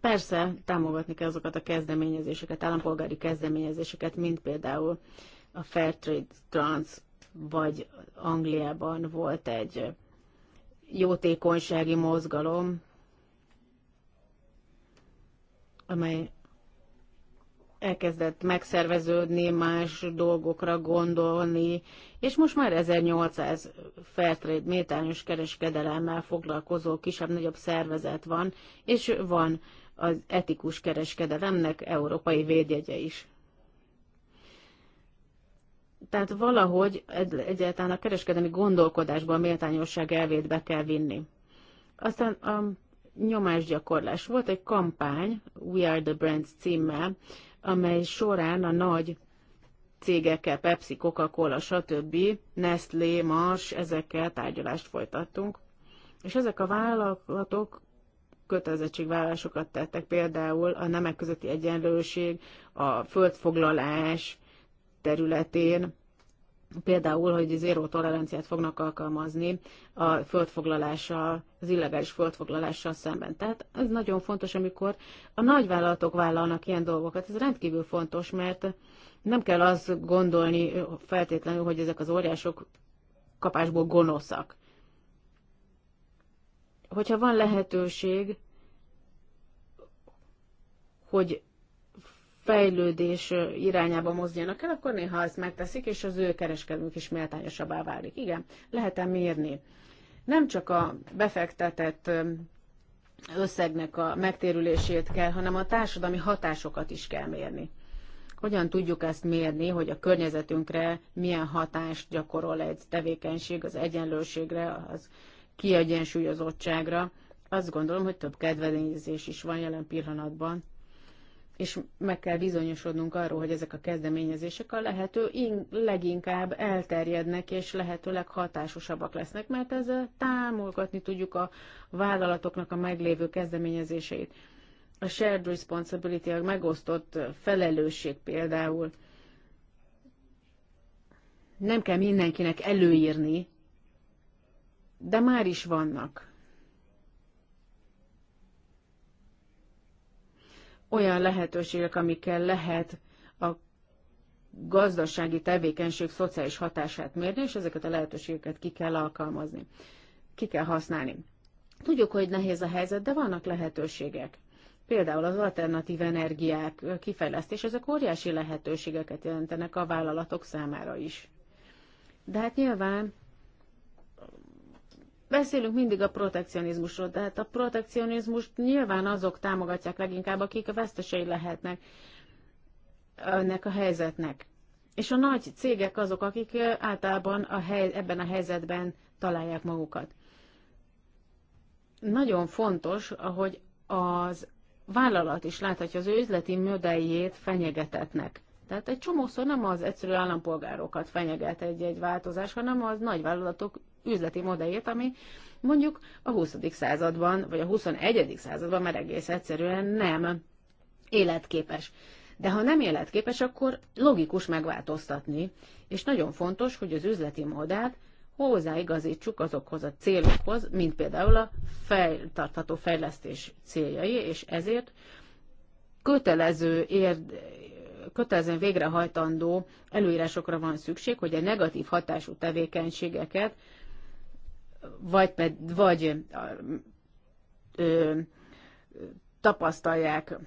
Persze támogatni kell azokat a kezdeményezéseket, állampolgári kezdeményezéseket, mint például a Fairtrade Trans, vagy Angliában volt egy jótékonysági mozgalom, amely elkezdett megszerveződni, más dolgokra gondolni, és most már 1800 Fairtrade méltányos kereskedelemmel foglalkozó kisebb-nagyobb szervezet van, és van az etikus kereskedelemnek európai védjegye is. Tehát valahogy egyáltalán a kereskedelmi gondolkodásban a méltányosság elvét be kell vinni. Aztán a nyomásgyakorlás. Volt egy kampány, We Are The Brands címmel, amely során a nagy cégekkel, Pepsi, Coca-Cola, stb., Nestlé, Mars, ezekkel tárgyalást folytattunk. És ezek a vállalatok kötelezettségvállalásokat tettek, például a nemek közötti egyenlőség, a földfoglalás területén, Például, hogy zéró toleranciát fognak alkalmazni a földfoglalással, az illegális földfoglalással szemben. Tehát ez nagyon fontos, amikor a nagyvállalatok vállalnak ilyen dolgokat. Ez rendkívül fontos, mert nem kell azt gondolni feltétlenül, hogy ezek az óriások kapásból gonoszak. Hogyha van lehetőség, hogy fejlődés irányába mozdjanak el, akkor néha ezt megteszik, és az ő kereskedők is méltányosabbá válik. Igen, lehet-e mérni? Nem csak a befektetett összegnek a megtérülését kell, hanem a társadalmi hatásokat is kell mérni. Hogyan tudjuk ezt mérni, hogy a környezetünkre milyen hatást gyakorol egy tevékenység az egyenlőségre, az kiegyensúlyozottságra? Azt gondolom, hogy több kedvezményezés is van jelen pillanatban és meg kell bizonyosodnunk arról, hogy ezek a kezdeményezések a lehető leginkább elterjednek, és lehetőleg hatásosabbak lesznek, mert ezzel támogatni tudjuk a vállalatoknak a meglévő kezdeményezéseit. A shared responsibility, a megosztott felelősség például. Nem kell mindenkinek előírni, de már is vannak olyan lehetőségek, amikkel lehet a gazdasági tevékenység szociális hatását mérni, és ezeket a lehetőségeket ki kell alkalmazni, ki kell használni. Tudjuk, hogy nehéz a helyzet, de vannak lehetőségek. Például az alternatív energiák kifejlesztés, ezek óriási lehetőségeket jelentenek a vállalatok számára is. De hát nyilván Beszélünk mindig a protekcionizmusról, de hát a protekcionizmust nyilván azok támogatják leginkább, akik a vesztesei lehetnek ennek a helyzetnek. És a nagy cégek azok, akik általában a hely, ebben a helyzetben találják magukat. Nagyon fontos, ahogy az vállalat is láthatja az ő üzleti modelljét fenyegetetnek. Tehát egy csomószor nem az egyszerű állampolgárokat fenyeget egy-egy változás, hanem az nagyvállalatok üzleti modelljét, ami mondjuk a 20. században, vagy a 21. században már egész egyszerűen nem életképes. De ha nem életképes, akkor logikus megváltoztatni, és nagyon fontos, hogy az üzleti modellt hozzáigazítsuk azokhoz a célokhoz, mint például a fenntartható fejlesztés céljai, és ezért kötelező érd, kötelezően végrehajtandó előírásokra van szükség, hogy a negatív hatású tevékenységeket vagy, ped, vagy ö, tapasztalják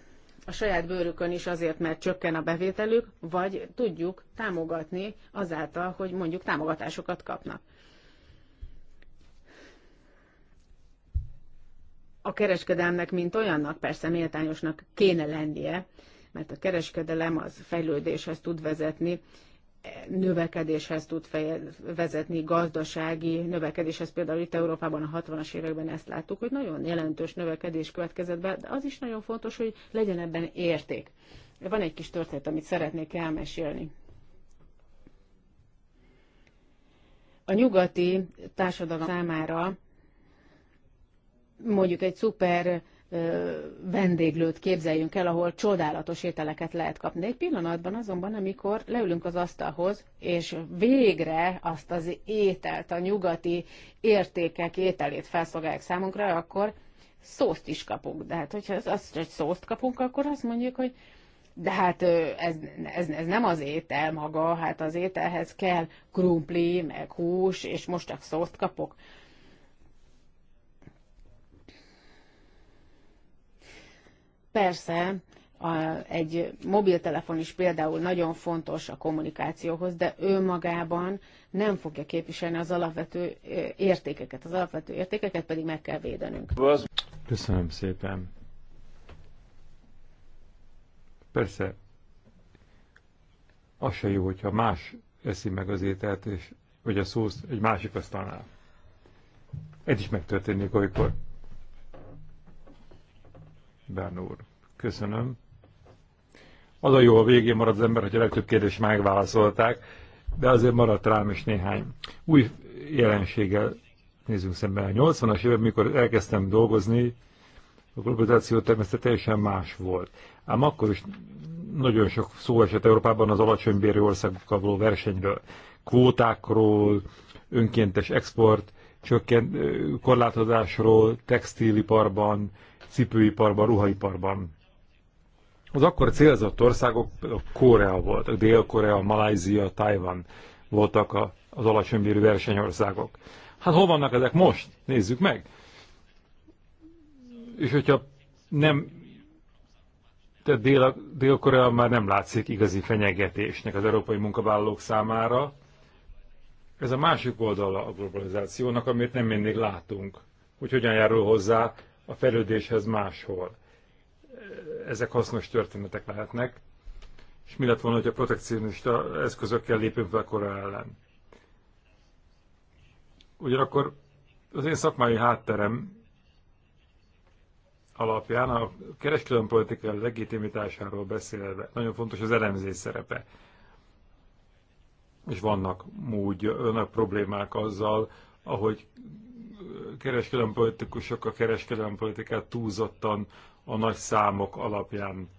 a saját bőrükön is azért, mert csökken a bevételük, vagy tudjuk támogatni azáltal, hogy mondjuk támogatásokat kapnak. A kereskedelmnek, mint olyannak persze méltányosnak kéne lennie, mert a kereskedelem az fejlődéshez tud vezetni, növekedéshez tud feje, vezetni, gazdasági növekedéshez. Például itt Európában a 60-as években ezt láttuk, hogy nagyon jelentős növekedés következett be, de az is nagyon fontos, hogy legyen ebben érték. Van egy kis történet, amit szeretnék elmesélni. A nyugati társadalom számára mondjuk egy szuper vendéglőt képzeljünk el, ahol csodálatos ételeket lehet kapni. egy pillanatban azonban, amikor leülünk az asztalhoz, és végre azt az ételt, a nyugati értékek ételét felszolgálják számunkra, akkor szószt is kapunk. De hát, hogyha azt, hogy szószt kapunk, akkor azt mondjuk, hogy de hát ez, ez, ez nem az étel maga, hát az ételhez kell krumpli, meg hús, és most csak szószt kapok. Persze, a, egy mobiltelefon is például nagyon fontos a kommunikációhoz, de ő magában nem fogja képviselni az alapvető értékeket. Az alapvető értékeket pedig meg kell védenünk. Köszönöm szépen. Persze, az se jó, hogyha más eszi meg az ételt, és, vagy a szósz egy másik asztalnál. Ez is megtörténik olykor ben úr. Köszönöm. Az a jó, a végén marad az ember, hogy a legtöbb kérdést megválaszolták, de azért maradt rám is néhány. Új jelenséggel nézzünk szemben. A 80-as évek, mikor elkezdtem dolgozni, a globalizáció természetesen teljesen más volt. Ám akkor is nagyon sok szó esett Európában az alacsony bérő országokkal való versenyről, kvótákról, önkéntes export, csökkent, korlátozásról, textiliparban, cipőiparban, ruhaiparban. Az akkor célzott országok Korea volt, Dél-Korea, Malajzia, Tajvan voltak az alacsonybérű versenyországok. Hát hol vannak ezek most? Nézzük meg. És hogyha nem, tehát Dél- Dél-Korea már nem látszik igazi fenyegetésnek az európai munkavállalók számára. Ez a másik oldala a globalizációnak, amit nem mindig látunk, hogy hogyan járul hozzá a fejlődéshez máshol. Ezek hasznos történetek lehetnek. És mi lett volna, hogy a protekcionista eszközökkel lépünk fel Korea ellen? Ugyanakkor az én szakmai hátterem alapján a kereskedelmi politika legitimitásáról beszélve nagyon fontos az elemzés szerepe. És vannak mód, vannak problémák azzal, ahogy kereskedelmi politikusok a kereskedelmi túlzottan a nagy számok alapján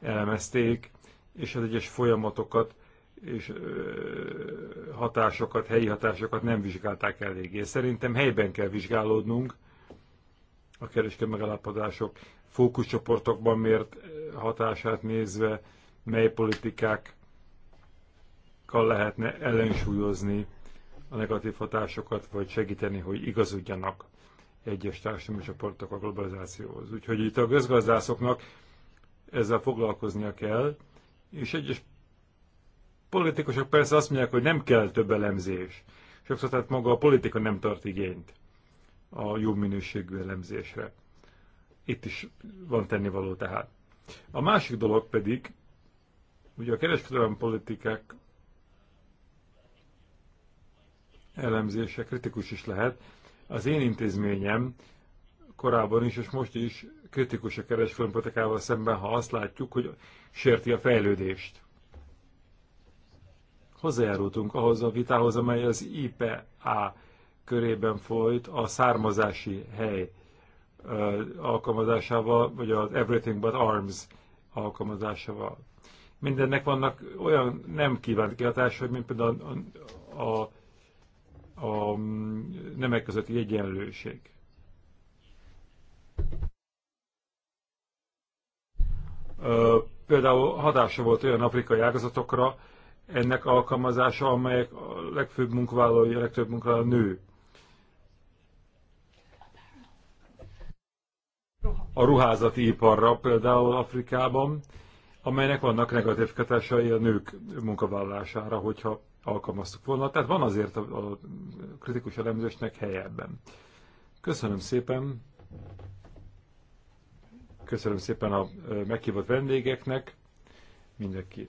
elemezték, és az egyes folyamatokat és hatásokat, helyi hatásokat nem vizsgálták eléggé. Szerintem helyben kell vizsgálódnunk a kereskedelmi megállapodások fókuszcsoportokban mért hatását nézve, mely politikákkal lehetne ellensúlyozni a negatív hatásokat, vagy segíteni, hogy igazodjanak egyes társadalmi csoportok a globalizációhoz. Úgyhogy itt a közgazdászoknak ezzel foglalkoznia kell, és egyes politikusok persze azt mondják, hogy nem kell több elemzés. Sokszor tehát maga a politika nem tart igényt a jó minőségű elemzésre. Itt is van tennivaló tehát. A másik dolog pedig, ugye a kereskedelmi politikák elemzése kritikus is lehet. Az én intézményem korábban is és most is kritikus a kereskedelmi szemben, ha azt látjuk, hogy sérti a fejlődést. Hozzájárultunk ahhoz a vitához, amely az IPA körében folyt a származási hely alkalmazásával, vagy az Everything But Arms alkalmazásával. Mindennek vannak olyan nem kívánt kihatásai, mint például a, a, a a mm, nemek közötti egyenlőség. Például hatása volt olyan afrikai ágazatokra ennek alkalmazása, amelyek a legfőbb munkavállalói, a legtöbb munkavállaló nő. A ruházati iparra például Afrikában, amelynek vannak negatív kötásai a nők munkavállalására, hogyha alkalmaztuk volna. Tehát van azért a, a kritikus elemzésnek helye ebben. Köszönöm szépen. Köszönöm szépen a meghívott vendégeknek, mindenki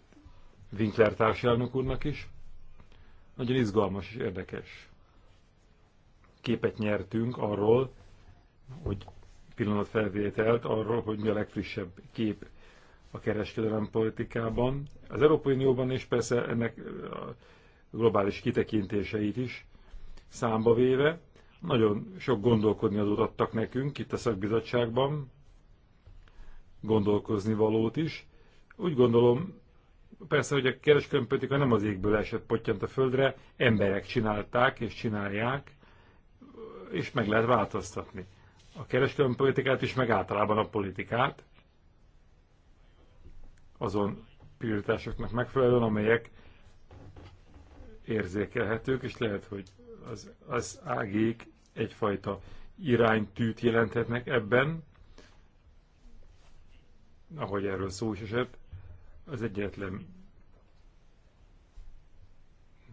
Winkler társadalmunk úrnak is. Nagyon izgalmas és érdekes képet nyertünk arról, hogy pillanatfelvételt arról, hogy mi a legfrissebb kép a kereskedelem politikában. Az Európai Unióban és persze ennek globális kitekintéseit is számba véve. Nagyon sok gondolkodni adót adtak nekünk itt a szakbizottságban, gondolkozni valót is. Úgy gondolom, persze, hogy a kereskedelmi nem az égből esett pottyant a földre, emberek csinálták és csinálják, és meg lehet változtatni. A kereskedelmi politikát is, meg általában a politikát, azon prioritásoknak megfelelően, amelyek érzékelhetők, és lehet, hogy az, az ágék egyfajta iránytűt jelenthetnek ebben, ahogy erről szó is esett, az egyetlen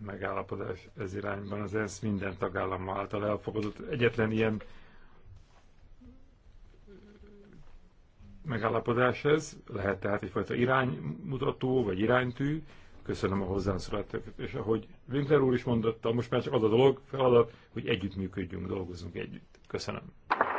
megállapodás ez irányban az ENSZ minden tagállam által elfogadott. Egyetlen ilyen megállapodás ez, lehet tehát egyfajta iránymutató vagy iránytű, Köszönöm a hozzászólásokat. És ahogy Winkler úr is mondotta, most már csak az a dolog, feladat, hogy együttműködjünk, dolgozunk együtt. Köszönöm.